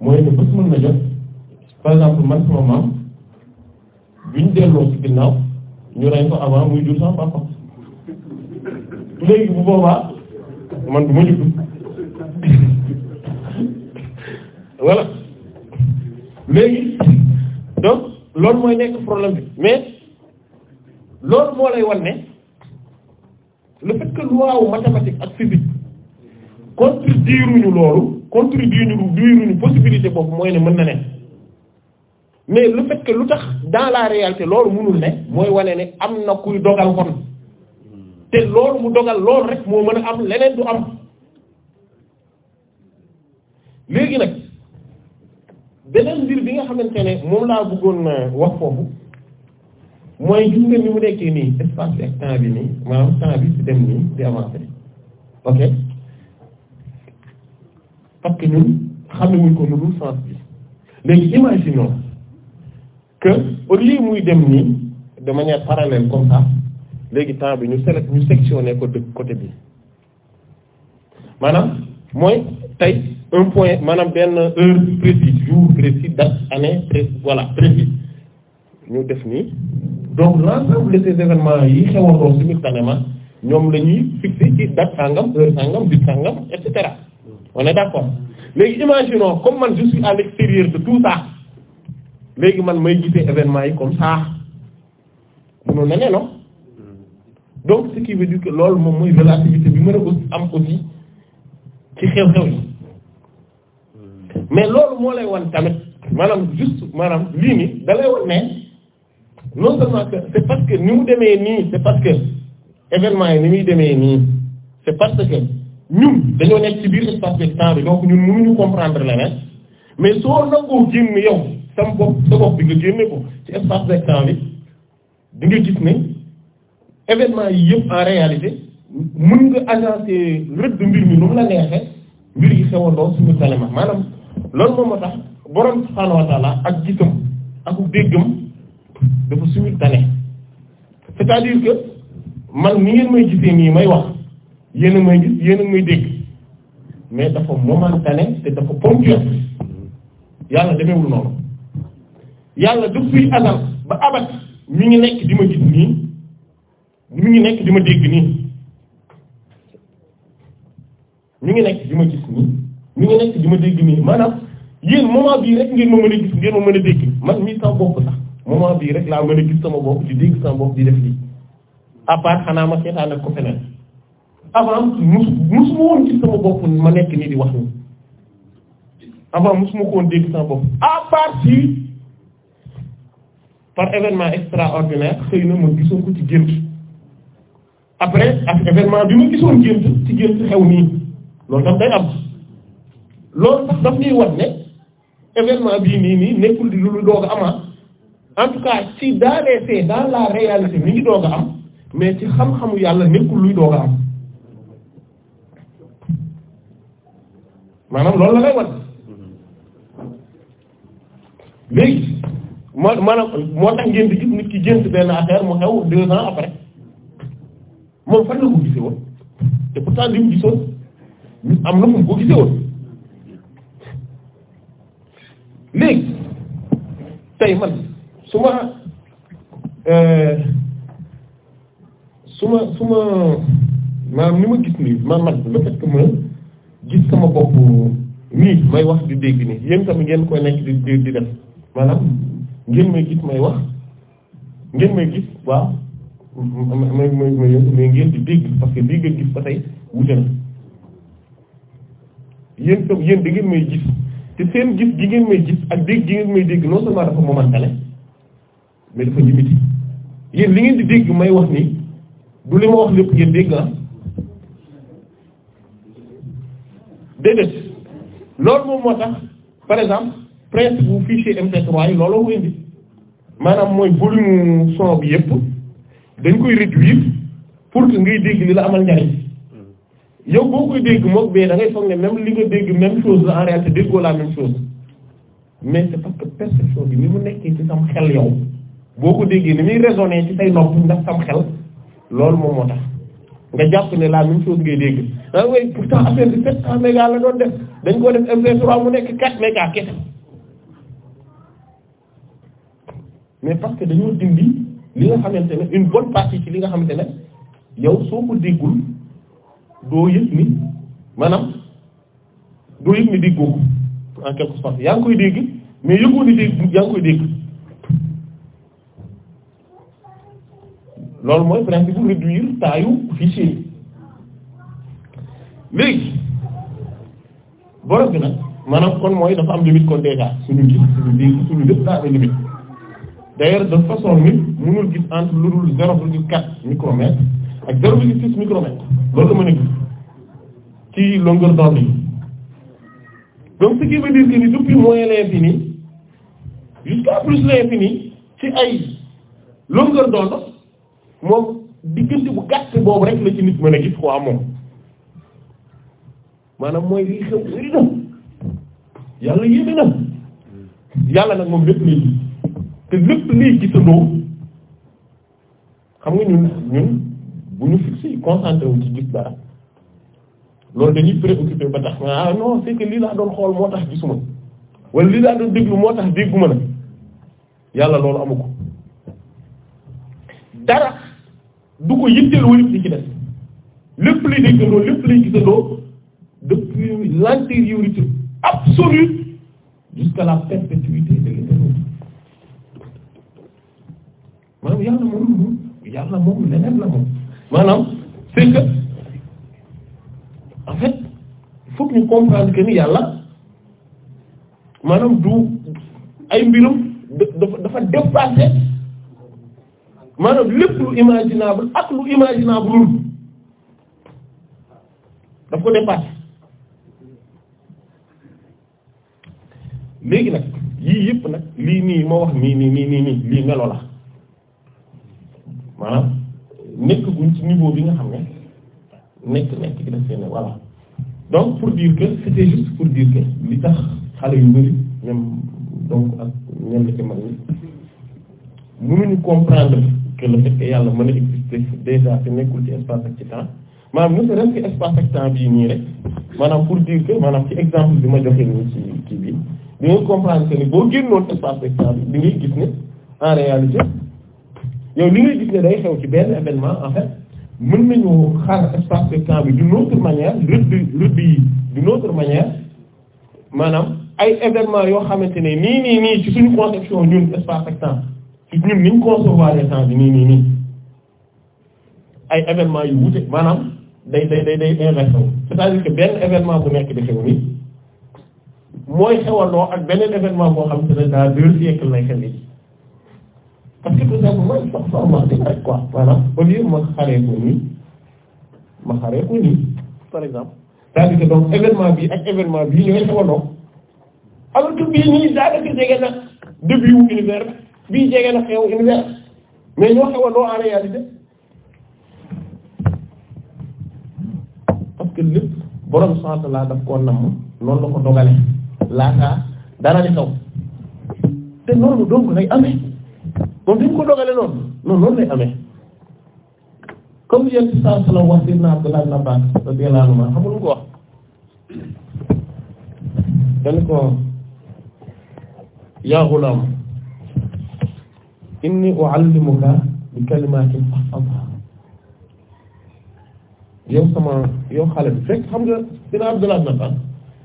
mooy ne bés mën na jot par exemple man sama maam buñ delloo ci ginnaaw ñu rey ko avant muy jur sama papa léegi bu boobaa man du ma juddu voilà léegi donc loolu mooy nekk problème bi mais loolu moo lay wan ne le fait que loi wu mathématique ak physique contredire ñu loolu contredire ñu duire ñu possibilité boobu mooy ne mën na ne mais le fait lu tax dans la réalité loolu mënul ne mooy wane ne am na kuy dogal kon te loolu mu dogal loolu rek moo mën a am leneen du am léegi nag beneen mbir bi nga xamante ne moom laa bëggoon euh, wax foofu mooy gis nga ni mu nekkee nii espace bi ak temps bi nii maanaam temps bi ci dem nii di avancer ok parce que ñun xamewuñ ko lu dul sens bi léegi imaginons que au muy dem nii de manière parallèle comme ça léegi temps bi ñu select ñu sectionné ko dëkk côté bi maanaam mooy tey un point maanaam benn heure précise jour précis date année précis voilà précis ñu def nii donc l'ensemble de ces événements yi xewandoo simultanément ñoom la ñuy fixé ci date sàngam heure sangam bit sangam et cetera on est d'accord léegi imaginons comme man je suis à l'extérieur de tout ça léegi man may gisee événement yi comme ça mënoon na ne donc ce qui veut dire loolu moom mooy relativité bi mën a am ko ci xew-xew yi mais loolu moo lay wan tamit maanaam juste maanaam lii nii da lay wan ne non seulement que c'est parce que ni mu demee nii c'est parce que événement yi ni muy demee nii c'est parce que ñun dañoo nekk ci biir espace de bi donc ñun mënuñu comprendre leneen mais soo nangoo génn yow sam bopp sa bopp bi nga génne ko ci espace de temps bi di gis ne événement yi yëpp en réalité mën nga agencer rëdd mbir mi nu mu la neexee mbir yi xewandoo simultanément maanaam loolu moom moo tax borom subhaanahu wa taala ak gisam ak déggam dafa simultané c'est-à-dire que man ni ngeen may gisee nii may wax yéen a may gis yéen a may dégg mais dafa momentané te dafa ponctuel yàlla demeewul noonu yàlla depuis azal ba abat mi ngi nekk di ma gis nii ñu ngi nekk di ma dégg nii ñu ngi nekk di ma gis nii ñu ngi nekk di ma dégg nii maanaam yéen moment bii rek ngeen ma mën a gis ngeen ma mën a dégg man mii sama bopp sax moment bii rek laa mën a gis sama bopp di dégg sama bopp di def lii à xanaa ma seetaan ak ko feneen avant mus musuma woon gis sama bopp ma nekk nii di wax nii avant musuma ko woon dégg sama bopp à part si par événement extraordinaire xëy na ma gisoon ko ci gént après ak événement bi ma gisoon gént ci gént xew nii loolu tam day am loolu sax daf ñuy wan ne événement bii nii nii nekkul di lu doog a amaat ah. en tout cas ci dans les faits dans la réalité mi ngi doog a am mais ci xam-xamu yàlla nekkul luy doog a am maanaam loolu la lay wan léegi moo maanaam moo tax ngeen di gis nit ki gént benn affaire mu xew deux ans après moom fan la ko gisee woon te pourtant li mu gisoon am na fu mu ko woon léegi tey man su ma euh, su ma su ma maanaam ni ma gis nii ma man le fait que gis sama bopp nii may wax di dégg nii yéen tamit ngeen koy nekk di di def maanaam ngeen may gis may wax ngeen may gis waaw may may may ngeen di dégg parce que dégg ak gis ba tey wute na yéen tam yéen da ngeen may gis te seen gis gi ngeen may gis ak dégg gi ngeen may dégg non seulement dafa momantane mais dafa limité yéen li ngeen di dégg may wax nii du li ma wax lépp ngeen dégg ah déedéet loolu moom moo tax par exemple principe bu fichier MP3 yi looloo ko indi maanaam mooy volume son bi yépp dañ koy réduire pour que ngay dégg li la amal njariñ yow boo koy dégg mook bee da ngay foog ne même li nga dégg même chose la en réalité déggoo mais parce que perception bi ni mu nekkee ci sam xel yow boo ko déggee ni muy raisonné ci say nopp ndax sam xel loolu moom moo tax nga jàpp ne la même chose ngay dégg ah oui pourtant affaire bi 700 la doon de dañ koo def MP3 mu nekk 4 mégas kese mais parce que dañoo dindi. li nga xamante ne une bonne partie ci li nga xamante ne yow soo ko déggul doo ni maanaam doo yëg ni déggoo ko en quelque sorte yaa ngi koy dégg mais yëgoo ni dégg yaa ngi koy dégg loolu mooy principe bu réduire taayu fichier yi léegi borom bi nag kon mooy dafa am limite kon déjà suñu gis suñu dégg suñu lépp daa am limite d'ailleurs de façon nit mënul gis entre lu dul zéro virgule quatre micromètre ak zéro virgule six micromètre loolu mën a gis ci longueur d'onde yi donc ce qui veut dire que ni depuis moins l'infini jusqu'à plus l'infini ci ay longueur d'onde moom diggante bu gàtt boobu rek la ci nit mën a gis quoi moom maanaam mooy li xew bëri na yàlla yéeme na yàlla nag moom lépp lay te lépp lii gisandoo xam nga ñun ñun bu ñu fixé concentré wu ci gis dara loolu dañuy préoccupé ba tax ah non que lii laa doon xool moo tax gisuma wala lii laa doon déglu moo tax dégguma nag yàlla loolu amu ko dara du ko yitteel wala li ci des lépp lay déggandoo lépp lay gisandoo depuis l'antériorité absolue jusqu'à la perpétuité de maanaam yàlla moom yàlla moom leneen la moom maanaam c'est en fait il ñu comprendre que yàlla maanaam du ay mbirum dafa dafa maanaam lépp lu imaginable ak lu imaginable daf ko dépassé léegi nag yii yëpp nag lii nii ma wax nii nii nii nii lii melo la maanaam nekk guñ ci niveau bi nga xam ne nekk nekk gi def seen voilà donc pour dire que c'était juste pour dire que li tax xale yu bari même donc ak ñenn ci mag ñi mënuñu comprendre que le fait que yàlla mën a exister déjà te nekkul ci espace ak ci temps maanaam ne serait-ce que espace ak temps bii maanaam exemple bi ma joxe nii ci bi di boo génnoon espace ak temps bi ngay gis ne en réalité yow li ngay gis ne day xew ci benn événement en fait mën nañu xaar espace et temps bi d'une autre manière rëdd rëdd yi d'une autre manière maanaam ay événements yoo xamante ne nii nii nii ci suñu conception ñun espace ak temps ci ñun niñ concevoir bi nii nii nii ay événements yu wute maanaam day day day day événement bu nekk di xew nii mooy ak beneen événement boo xam te ne daa deux siècles lay xew yi parce que tout simplement il faut xaree ko nii ma xaree ko nii par exemple c'est-à-dire que événement bi ak événement bi ñooy xewandoo alors que bii nii daanaka jege na début wu univers bii jege na xew univers mais ñoo xewandoo en réalité parce que lépp borom sant laa daf koo namm noonu la ko dogale laataa dara di xew te noonu donc lay amee. moom dañ ko dogale noonu noonu lay amee comme yéen ci saa salaam wax dëgg naa Abdullah ibn Abbas radiyallahu anhu xam nga lu ko wax. dañ ko yaa gulaam inni uallimuka bi kalimatin yow sama yow xale bi fekk xam nga dina Abdullah ibn Abbas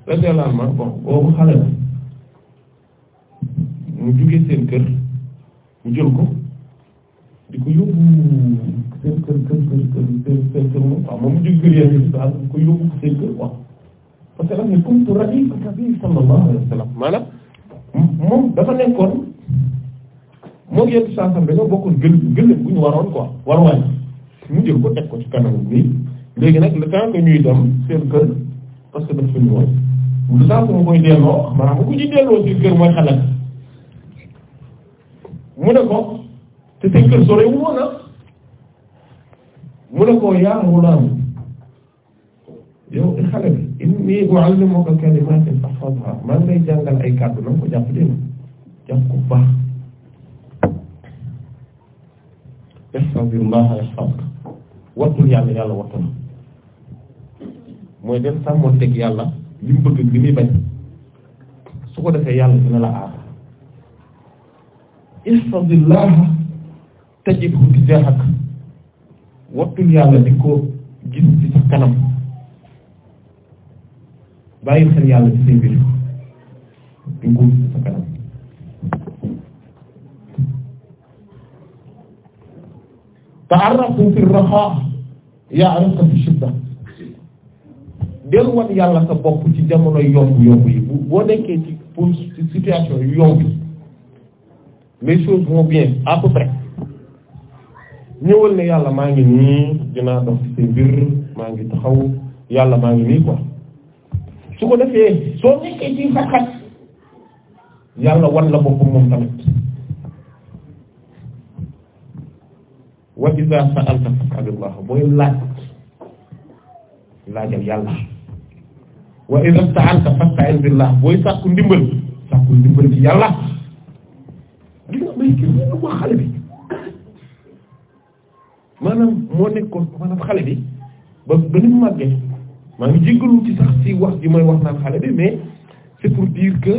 radiyallahu anhu boobu xale la mu jugee seen kër. mu jël ko di ko yóbbu seen kër kër kër kër kër kër moom waaw mu jël kër yaa ngi daal di ko yóbbu seen kër waaw parce que moom dafa nekkoon dañoo bokkoon gël gël bu ñu waroon quoi war mu ko teg nag le temps que ñuy delloo maanaam bu ko ci delloo mu ne ko te seen kër sore wu woon mu ne ko yaa gulaam yow xale bi inni uallimuka kalimatin fahfazha maa ngi jàngal ay kàddu na nga ko jàpp jàpp ko baax ihfazillaha yahfazka wattul yàlla yàlla wattul mooy dem sàmmoon teg yàlla li mu bëgg li muy bañ su ko defee yàlla dina la aar istadillaha tajidhu tijaahak wattul yàlla di ko gis ci sa kanam bàyyi xel yàlla ci say mbir di nguur ci sa kanam taarrafu fi raxaa yaarafka fi shidda del wan yàlla sa bopp ci jamono yomb yomb yi boo nekkee ci pour ci les choses vont bien à peu ñëwal ne yàlla maa ngi nii dinaa dox ci mbir maa ngi taxaw yàlla maa ngi nii quoi su ko defee soo nekkee ci xat-xat yàlla wan la boppam moom tamit wa iza sa'alta fas'alillah booy laaj laajal yàlla wa iza sta'anta fasta'in billah booy sàkku ndimbal sàkku ndimbal ci yàlla gis nga may gis nga ko xale bi maanaam moo nekkoon maanaam xale bi ba ba ni mu maa ngi jéggalu ci sax ci wax ji may wax naan xale bi mais c'est pour dire que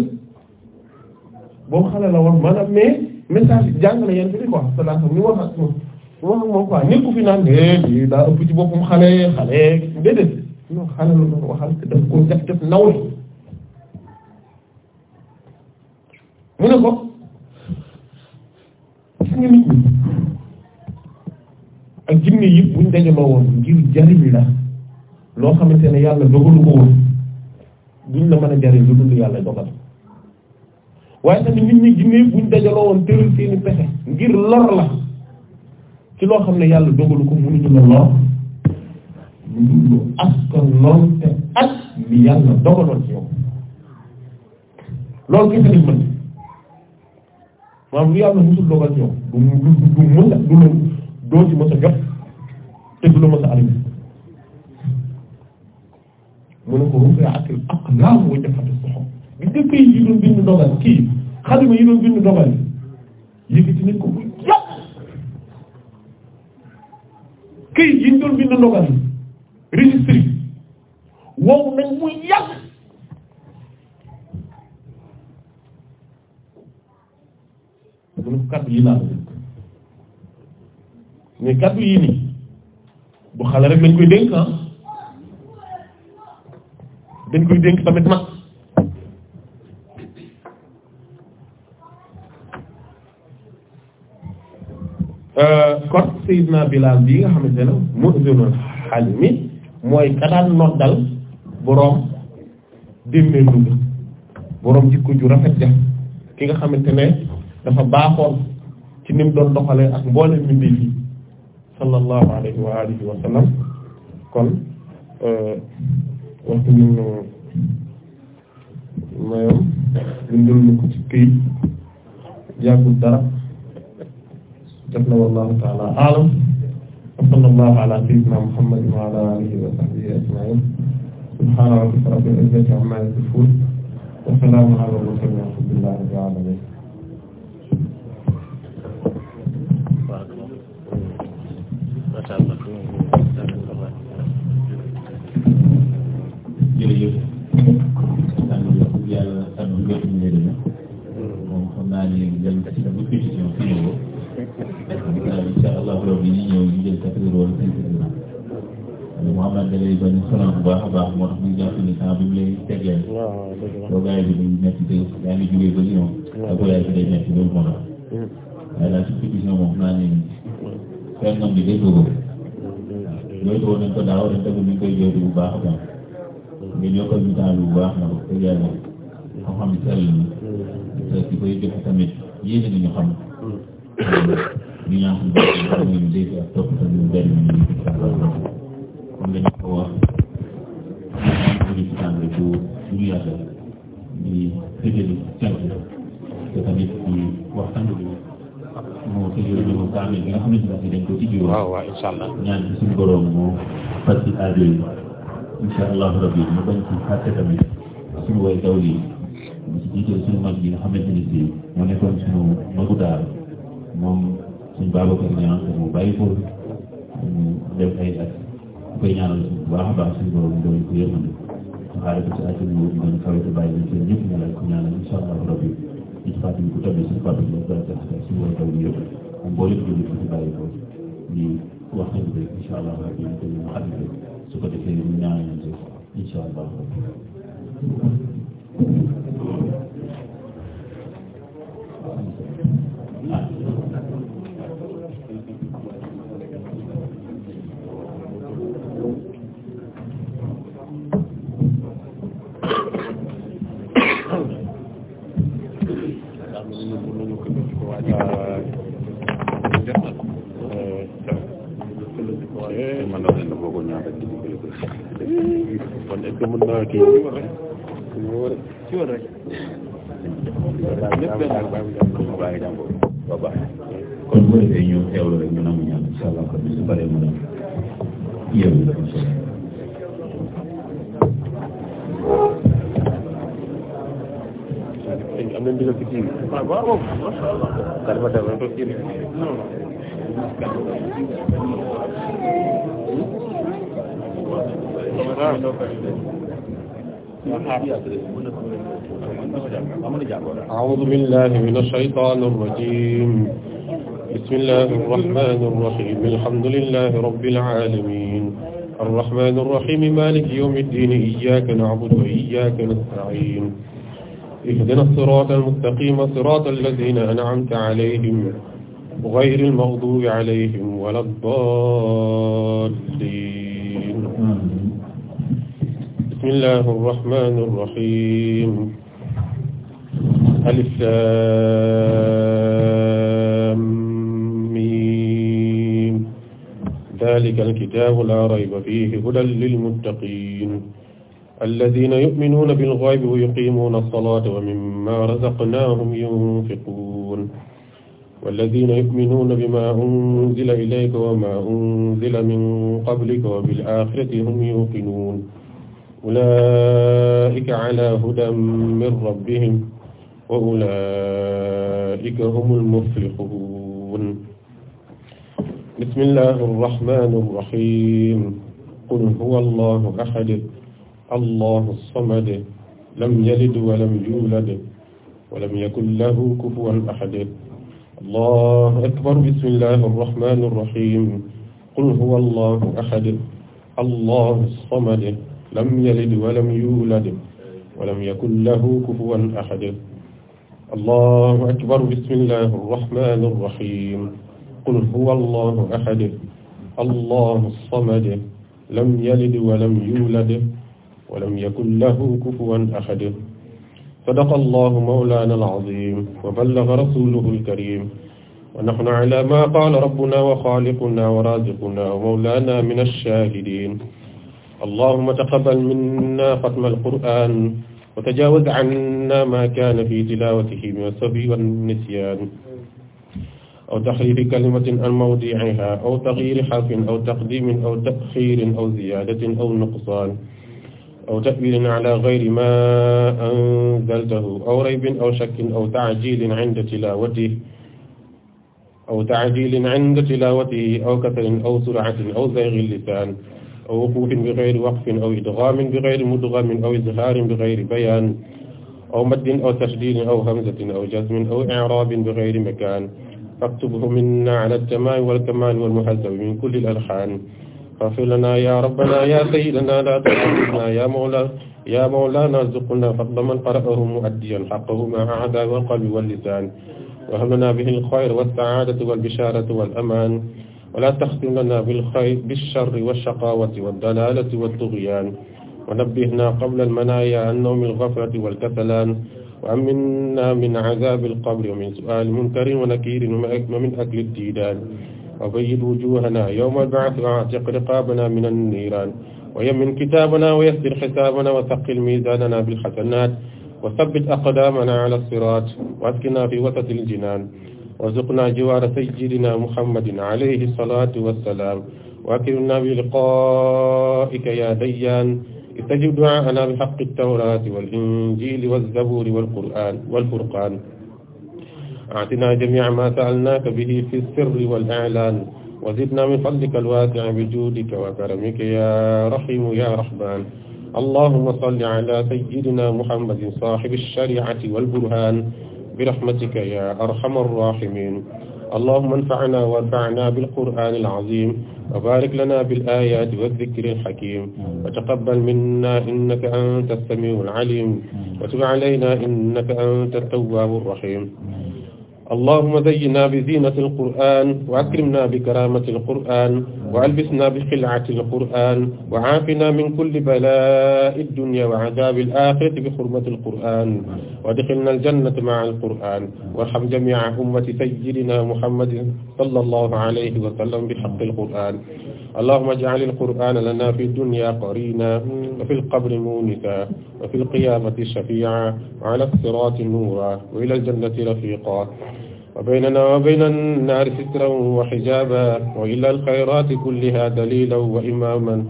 boo xale la woon maanaam mais message jàngale yéen fi di quoi c'est là ñu wax ak moom ñu wax ak moom quoi fi naan eh daa ëpp ci boppam xale xale déedéet non xale la doon waxal te daf koo def def naw mu ne ko. nga nit ñi ak jinne yëpp buñ dajaloo woon ngir jariñ la loo xamante ne yàlla dogalu ko woon duñ la mën a jariñ lu dul yàlla dogal waaye tamit nit ñi jinne yëpp buñ dajaloo woon tëral seeni pexe ngir lor la ci loo xam ne yàlla dogalu ko mënuñu la lor lu askan te ak li yàlla dogaloon ci yow loolu kese lañ mën maanaam lu yàlla musul dogal ci yow du du du mën a du la doo ci mës a jot te du la mës a arrivé mu ne ko rufe ak aqlaam wa jafati soxom gis nga këyit yi doon bind dogal kii xalima yi doon bind dogal yëkkati nañ ko bu yàq këyit yi doon bind dogal registre wow nañ mu yàq mu ne ko kaddu yi laa yii nii bu xale rek lañ koy dénk ah koy dénk tamit mag euh, kon Seydina Bilal bii nga xamante ne mu'zinul halimi mooy ka daan noddal boroom démmee ndugg boroom jikko ju rafet ja ki nga xamante ne dafa baaxoon ci ni mu doon doxalee ak mboolem mbindeef yi sallallahu alayhi wa alihi wa sallam kon euh, waxtu bi ñu mayoon bindal na ko ci dara jot taala aalam sallallahu ala sayyidina muhammadin wa ala alihi wa sahbihi ajmain subhana rabbika rabbil izzati amma yasifun wa salamun ala al mursalin walhamdulillahi rabbil alamin jërëjëf sàmm yokku yàlla sàmm yokku njëriñ la moom xam naa ne dem ci sa rabbi ñu ñëw ñu jël quatre heures wala cinq heures na Mouhamad da lay bañ sonal bu baax a baax moo tax ñu ni temps bi mu lay tegleel toogaay bi day métti te yaa ngi jógee ba Lyon ak walaay bi day métti loolu hmm. naa ne seen ñoom bi day dugg yooyu woon nañ ko daaw ren tamit ñu ngi koy jooytu bu baax a baax nga ñoo koy misaalu bu baax na ko te yàlla xam-xam sell na te di koy joxe tamit yéene nañu xam ñu ñaax ñu baax ñu dégg ak topp tamit ñu benn ñu kon dañu ko wax ñu tànn bu ñu yàlla di tëjali cant te tamit di waxtaan bi moo tëjoo kaamil bi nga xamante ne dañ ko tijjoo. waaw waaw incha allah ñaan ci suñu borom moo faj ci aajo yi mu ci xàtte suñu way yi mu ci jiital suñu mag bi nga xamante ne si moo nekkoon suñu magu moom suñu Babacar ko mu def ay at bu koy ñaanal suñu baax a baax suñu borom doon ko yërmande xaaral ko ci aajo yi mu doon kawe te bàyyi leen seen ñëpp ñu lay ko ñaanal incha rabbi ci fàttali ku toll si fàttali ñu doon def si wàllu taw bi yëpp mboolem bi ñu fi bàyyi ko ñu wax leen rek incha allah rabbi ñu koy mu xam ne su ko defee ñu ñaanalante incha allah. ah. Eh, man daal dina bëggoon ñaata ci dimbali ko kon est-ce que mën naa kii ci war rek ci war rek lépp benn baa ngi jàmbur ba baax kon bu defee ñu teewlu rek ñu nangu ñaan insha allah kon su paree mu dem yéen dafa solo am na ndigal ci kii bi ah, waaw waaw masha allah أعوذ بالله من الشيطان الرجيم بسم الله الرحمن الرحيم الحمد لله رب العالمين الرحمن الرحيم مالك يوم الدين إياك نعبد وإياك نستعين اهدنا الصراط المستقيم صراط الذين أنعمت عليهم غير المغضوب عليهم ولا الضالين بسم الله الرحمن الرحيم ألف لام ذلك الكتاب لا ريب فيه هدى للمتقين الذين يؤمنون بالغيب ويقيمون الصلاة ومما رزقناهم ينفقون والذين يؤمنون بما أنزل إليك وما أنزل من قبلك وبالآخرة هم يوقنون أولئك على هدى من ربهم وأولئك هم المفلحون بسم الله الرحمن الرحيم قل هو الله أحد الله الصمد لم يلد ولم يولد ولم يكن له كفوا أحد الله أكبر بسم الله الرحمن الرحيم قل هو الله أحد الله الصمد لم يلد ولم يولد ولم يكن له كفوا أحد الله أكبر بسم الله الرحمن الرحيم قل هو الله أحد الله الصمد لم يلد ولم يولد ولم يكن له كفوا أحد sadaqa allahu mawlaana al-aziim wa ballaga rasuuluhu al-kariim wa nahnu alaa maa qaala rabbunaa wa xaaliqunaa wa raaziqunaa wa mawlaanaa mina ash-shaahidiin allahumma taqabbal minnaa xatma al-qur'aan wa tajaawaz cannaa maa kaana fii tilaawatihi mina as-sahwi wan-nisyaan aw taxriifi kalimatin an mawdiicihaa aw tagyiiri xarfin aw taqdiimin aw taxiirin aw ziyaadatin aw nuqsaan aw tahwiilin ala gayri ma anzaltahu aw raybin aw shakkin aw ta'jiilin inda tilaawatihi aw ta'jiilin inda tilaawatihi aw kasarin aw sur'atin aw zayghil lisaan aw wuquufin bi gayri waqfin aw idghaamin bi gayri mudghamin aw izhaarin bi gayri bayaan aw maddin aw tashdiidin aw hamzatin aw jazmin aw i'raabin bi gayri makaan faktubhu minnaa ala at-tamaami wal kamaali wal muhasabi min kulli al-alxaan اغفر لنا يا ربنا يا سيدنا لا تؤاخذنا يا مولانا يا مولانا ارزقنا فضل من قرأه مؤديا حقه مع أعداء والقلب واللسان وهب لنا به الخير والسعادة والبشارة والأمان ولا تختم لنا بالخير بالشر والشقاوة والضلالة والطغيان ونبهنا قبل المنايا عن نوم الغفلة والكسلان وأمنا من عذاب القبر ومن سؤال منكر ونكير ومن أكل الديدان وبيض وجوهنا يوم البعث واعتق رقابنا من النيران ويمن كتابنا ويسر حسابنا وثقل ميزاننا بالحسنات وثبت أقدامنا على الصراط واسكنا في وسط الجنان وارزقنا جوار سيدنا محمد عليه الصلاة والسلام وأكرمنا بلقائك يا ديان استجب دعاءنا بحق التوراة والإنجيل والزبور والقرآن والفرقان aatina jamii'a maa sa'alnaaka bihi fi sirri wal i'laan wa zidna min fadlika alwaasi'i bi juudika wa karamika yaa rahiimu yaa rahmaan allahumma salli alaa sayyidinaa muhammadin saahibi shariicati wal burhaan birahmatika yaa arhamar raahimiin اللهم انفعنا وارفعنا بالقرآن العظيم وبارك لنا بالآيات والذكر الحكيم وتقبل منا إنك أنت السميع العليم وتب علينا إنك أنت التواب الرحيم allahuma zayyina bi zinati alquran wa akrimna bi karamati alquran wa albisna bi xilati alquran wa aafina min kulli balaa'i dunya wa adaabi alaxirati bi xurmati alquran wa adxilna aljannata maa alquran warham jamiica ummati sayyidina muhammadin sallallahu alayhi wa sallam bi xaqi alquran اللهم اجعل القرآن لنا في الدنيا قرينا وفي القبر مونسا وفي القيامة شفيعا وعلى الصراط نورا وإلى الجنة رفيقا وبيننا وبين النار سترا وحجابا وإلى الخيرات كلها دليلا وإماما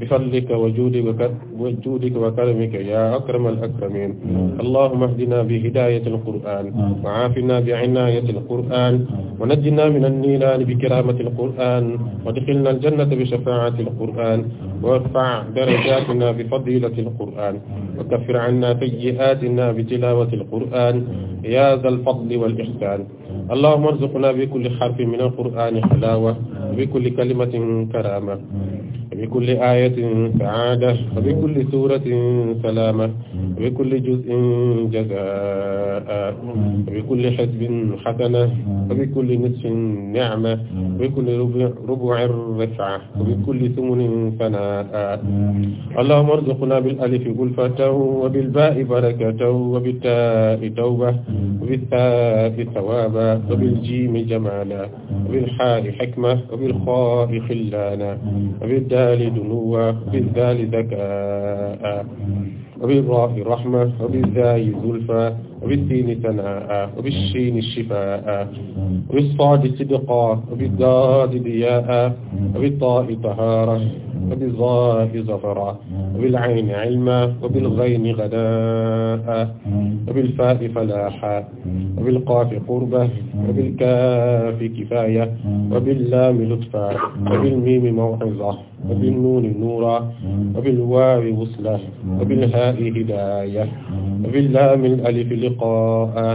بفضلك وجودك وجودك وكرمك يا أكرم الأكرمين اللهم اهدنا بهداية القرآن وعافنا بعناية القرآن ونجنا من النيران بكرامة القرآن وادخلنا الجنة بشفاعة القرآن وارفع درجاتنا بفضيلة القرآن وكفر عنا سيئاتنا بتلاوة القرآن يا ذا الفضل والإحسان اللهم ارزقنا بكل حرف من القرآن حلاوة وبكل كلمة كرامة bikulli ayatin saada bi kulli suratin salaama bi kulli juz'in jazaa bi kulli xisbin xasana bi kulli nisfin nicma bi kulli rubu'in rif'a bi kulli sumunin sanaa allahumma arzuqna bil alifi gulfatan wa bil baa'i barakatan wa bit taa'i tawbatan wa bit thaa'i thawaaban wa bil jiimi jamaalan wa bil haa'i hikmatan wa bil khaa'i xillaana الذال دنوا بالذال ذكاء وبالراء رحمة وبالذاء زلفى وبالسين ثناء وبالشين الشفاء وبالصاد صدقا وبالداد ضياء وبالطاء طهارة وبالظاء زفرا وبالعين علما وبالغين غداء وبالفاء فلاحا وبالقاف قربة وبالكاف كفاية وباللام لطفا وبالميم موعظة wa bin nuuni nuura wa bil waawi wusla wa bil haa'i hidaaya wa bil laami alif liqaa'a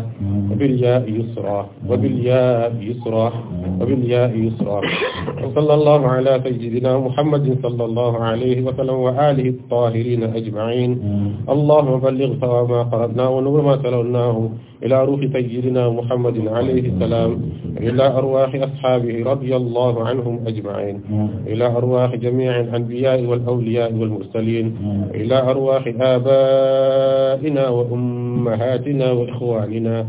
wa bil yaa'i yusra wa bil yaa'i yusra wa bil yaa'i yusra wa sallallahu ala sayyidina muhammadin sallallahu alayhi wa sallam wa aalihi at-taahiriina ajma'iin allahumma balligh sawaa maa qara'naa wa nuur maa talawnaahu ila ruuhi sayyidina muhammadin alayhi salaam ila arwaahi ashaabihi radiyallahu anhum ajma'iin ila arwaahi jamii'il anbiyaa'i wal awliyaa'i wal mursaliin ila arwaahi aabaa'inaa wa ummahaatinaa wa ixwaaninaa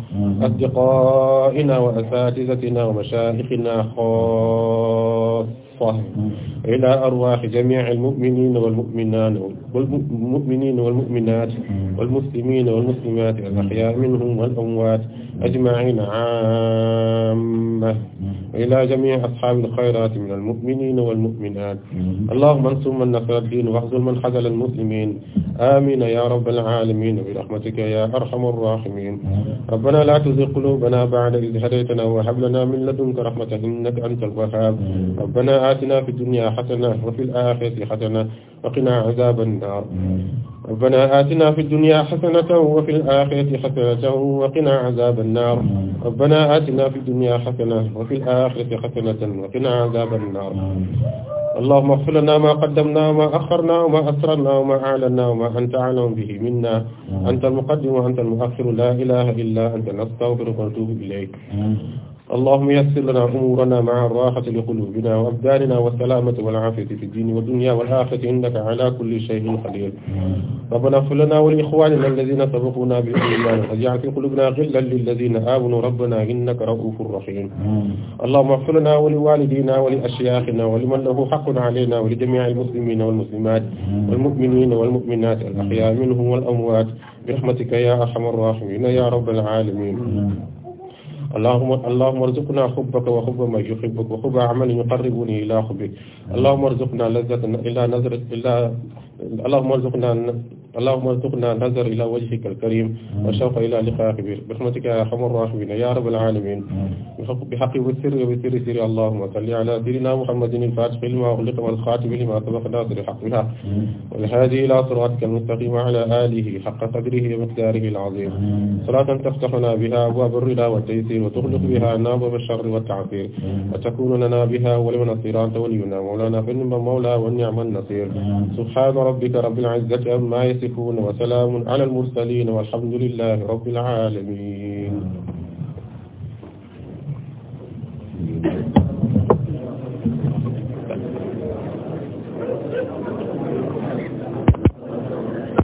asdiqaa'inaa wa asaatizatinaa wa mashaayixinaa الصالحين إلى أرواح جميع المؤمنين والمؤمنان والمؤمنين والمؤمنات والمسلمين والمسلمات الأحياء منهم والأموات أجمعين عامة وإلى جميع أصحاب الخيرات من المؤمنين والمؤمنات اللهم انصر من نصر الدين واخذل من خذل المسلمين آمين يا رب العالمين برحمتك يا أرحم الراحمين ربنا لا تزغ قلوبنا بعد إذ هديتنا وهب لنا من لدنك رحمة إنك أنت الوهاب ربنا آتنا في الدنيا حسنة وفي الآخرة حسنة وقنا عذاب النار ربنا آتنا في الدنيا حسنة وفي الآخرة حسنة وقنا عذاب النار ربنا آتنا في الدنيا حسنة وفي الآخرة حسنة وقنا عذاب النار اللهم اغفر لنا ما قدمنا وما أخرنا وما أسررنا وما أعلنا وما أنت أعلم به منا أنت المقدم وأنت المؤخر لا إله إلا أنت نستغفرك ونتوب إليك allahumma yassir lana umuurana ma'a raaxati li quluubina wa abdaanina wa salaamati wal aafiyati fi diini wa dunya wal aaxirati innaka ala kulli shay'in qadiir rabbana ighfir lana wa li ikhwaanina alladhiina sabaquuna bil iimaan wa laa taj'al fii quluubinaa ghillan lilladhiina aamanuu rabbanaa innaka ra'uufun rahiim allahumma ighfir lana wa li waalidiina wa li ashyaakhinaa wa liman lahu haqqun alaynaa wa li jamii'il muslimiina wal muslimaat wal mu'miniina wal mu'minaat al ahyaa'i minhum wal amwaat bi rahmatika yaa arhamar raahimiin yaa rabbal aalamiin allahumma allahumma arzuqna hubbaka wa hubba man yuhibbuka wa hubba amalin yuqarribuni ila hubbik allahumma arzuqna lazzatan illa nazrat illa allahumma arzuqna اللهم ارزقنا النظر إلى وجهك الكريم والشوق إلى لقائك برحمتك يا أرحم الراحمين يا رب العالمين بحق بحق والسر وبسر سر اللهم صل على سيدنا محمد الفاتح لما أغلق والخاتم لما سبق ناصر الحق بها والهادي إلى صراطك المستقيم على آله حق قدره ومقداره العظيم صلاة تفتح لنا بها أبواب الرضا والتيسير وتغلق بها نابوب الشر والتعسير وتكون لنا بها ولمن الصراط ولينا مولانا فنعم مولى والنعم النصير سبحان ربك رب العزة أما yasifuun wa salaamun ala al-mursaliin walhamdulillaahi rabbil aalamiin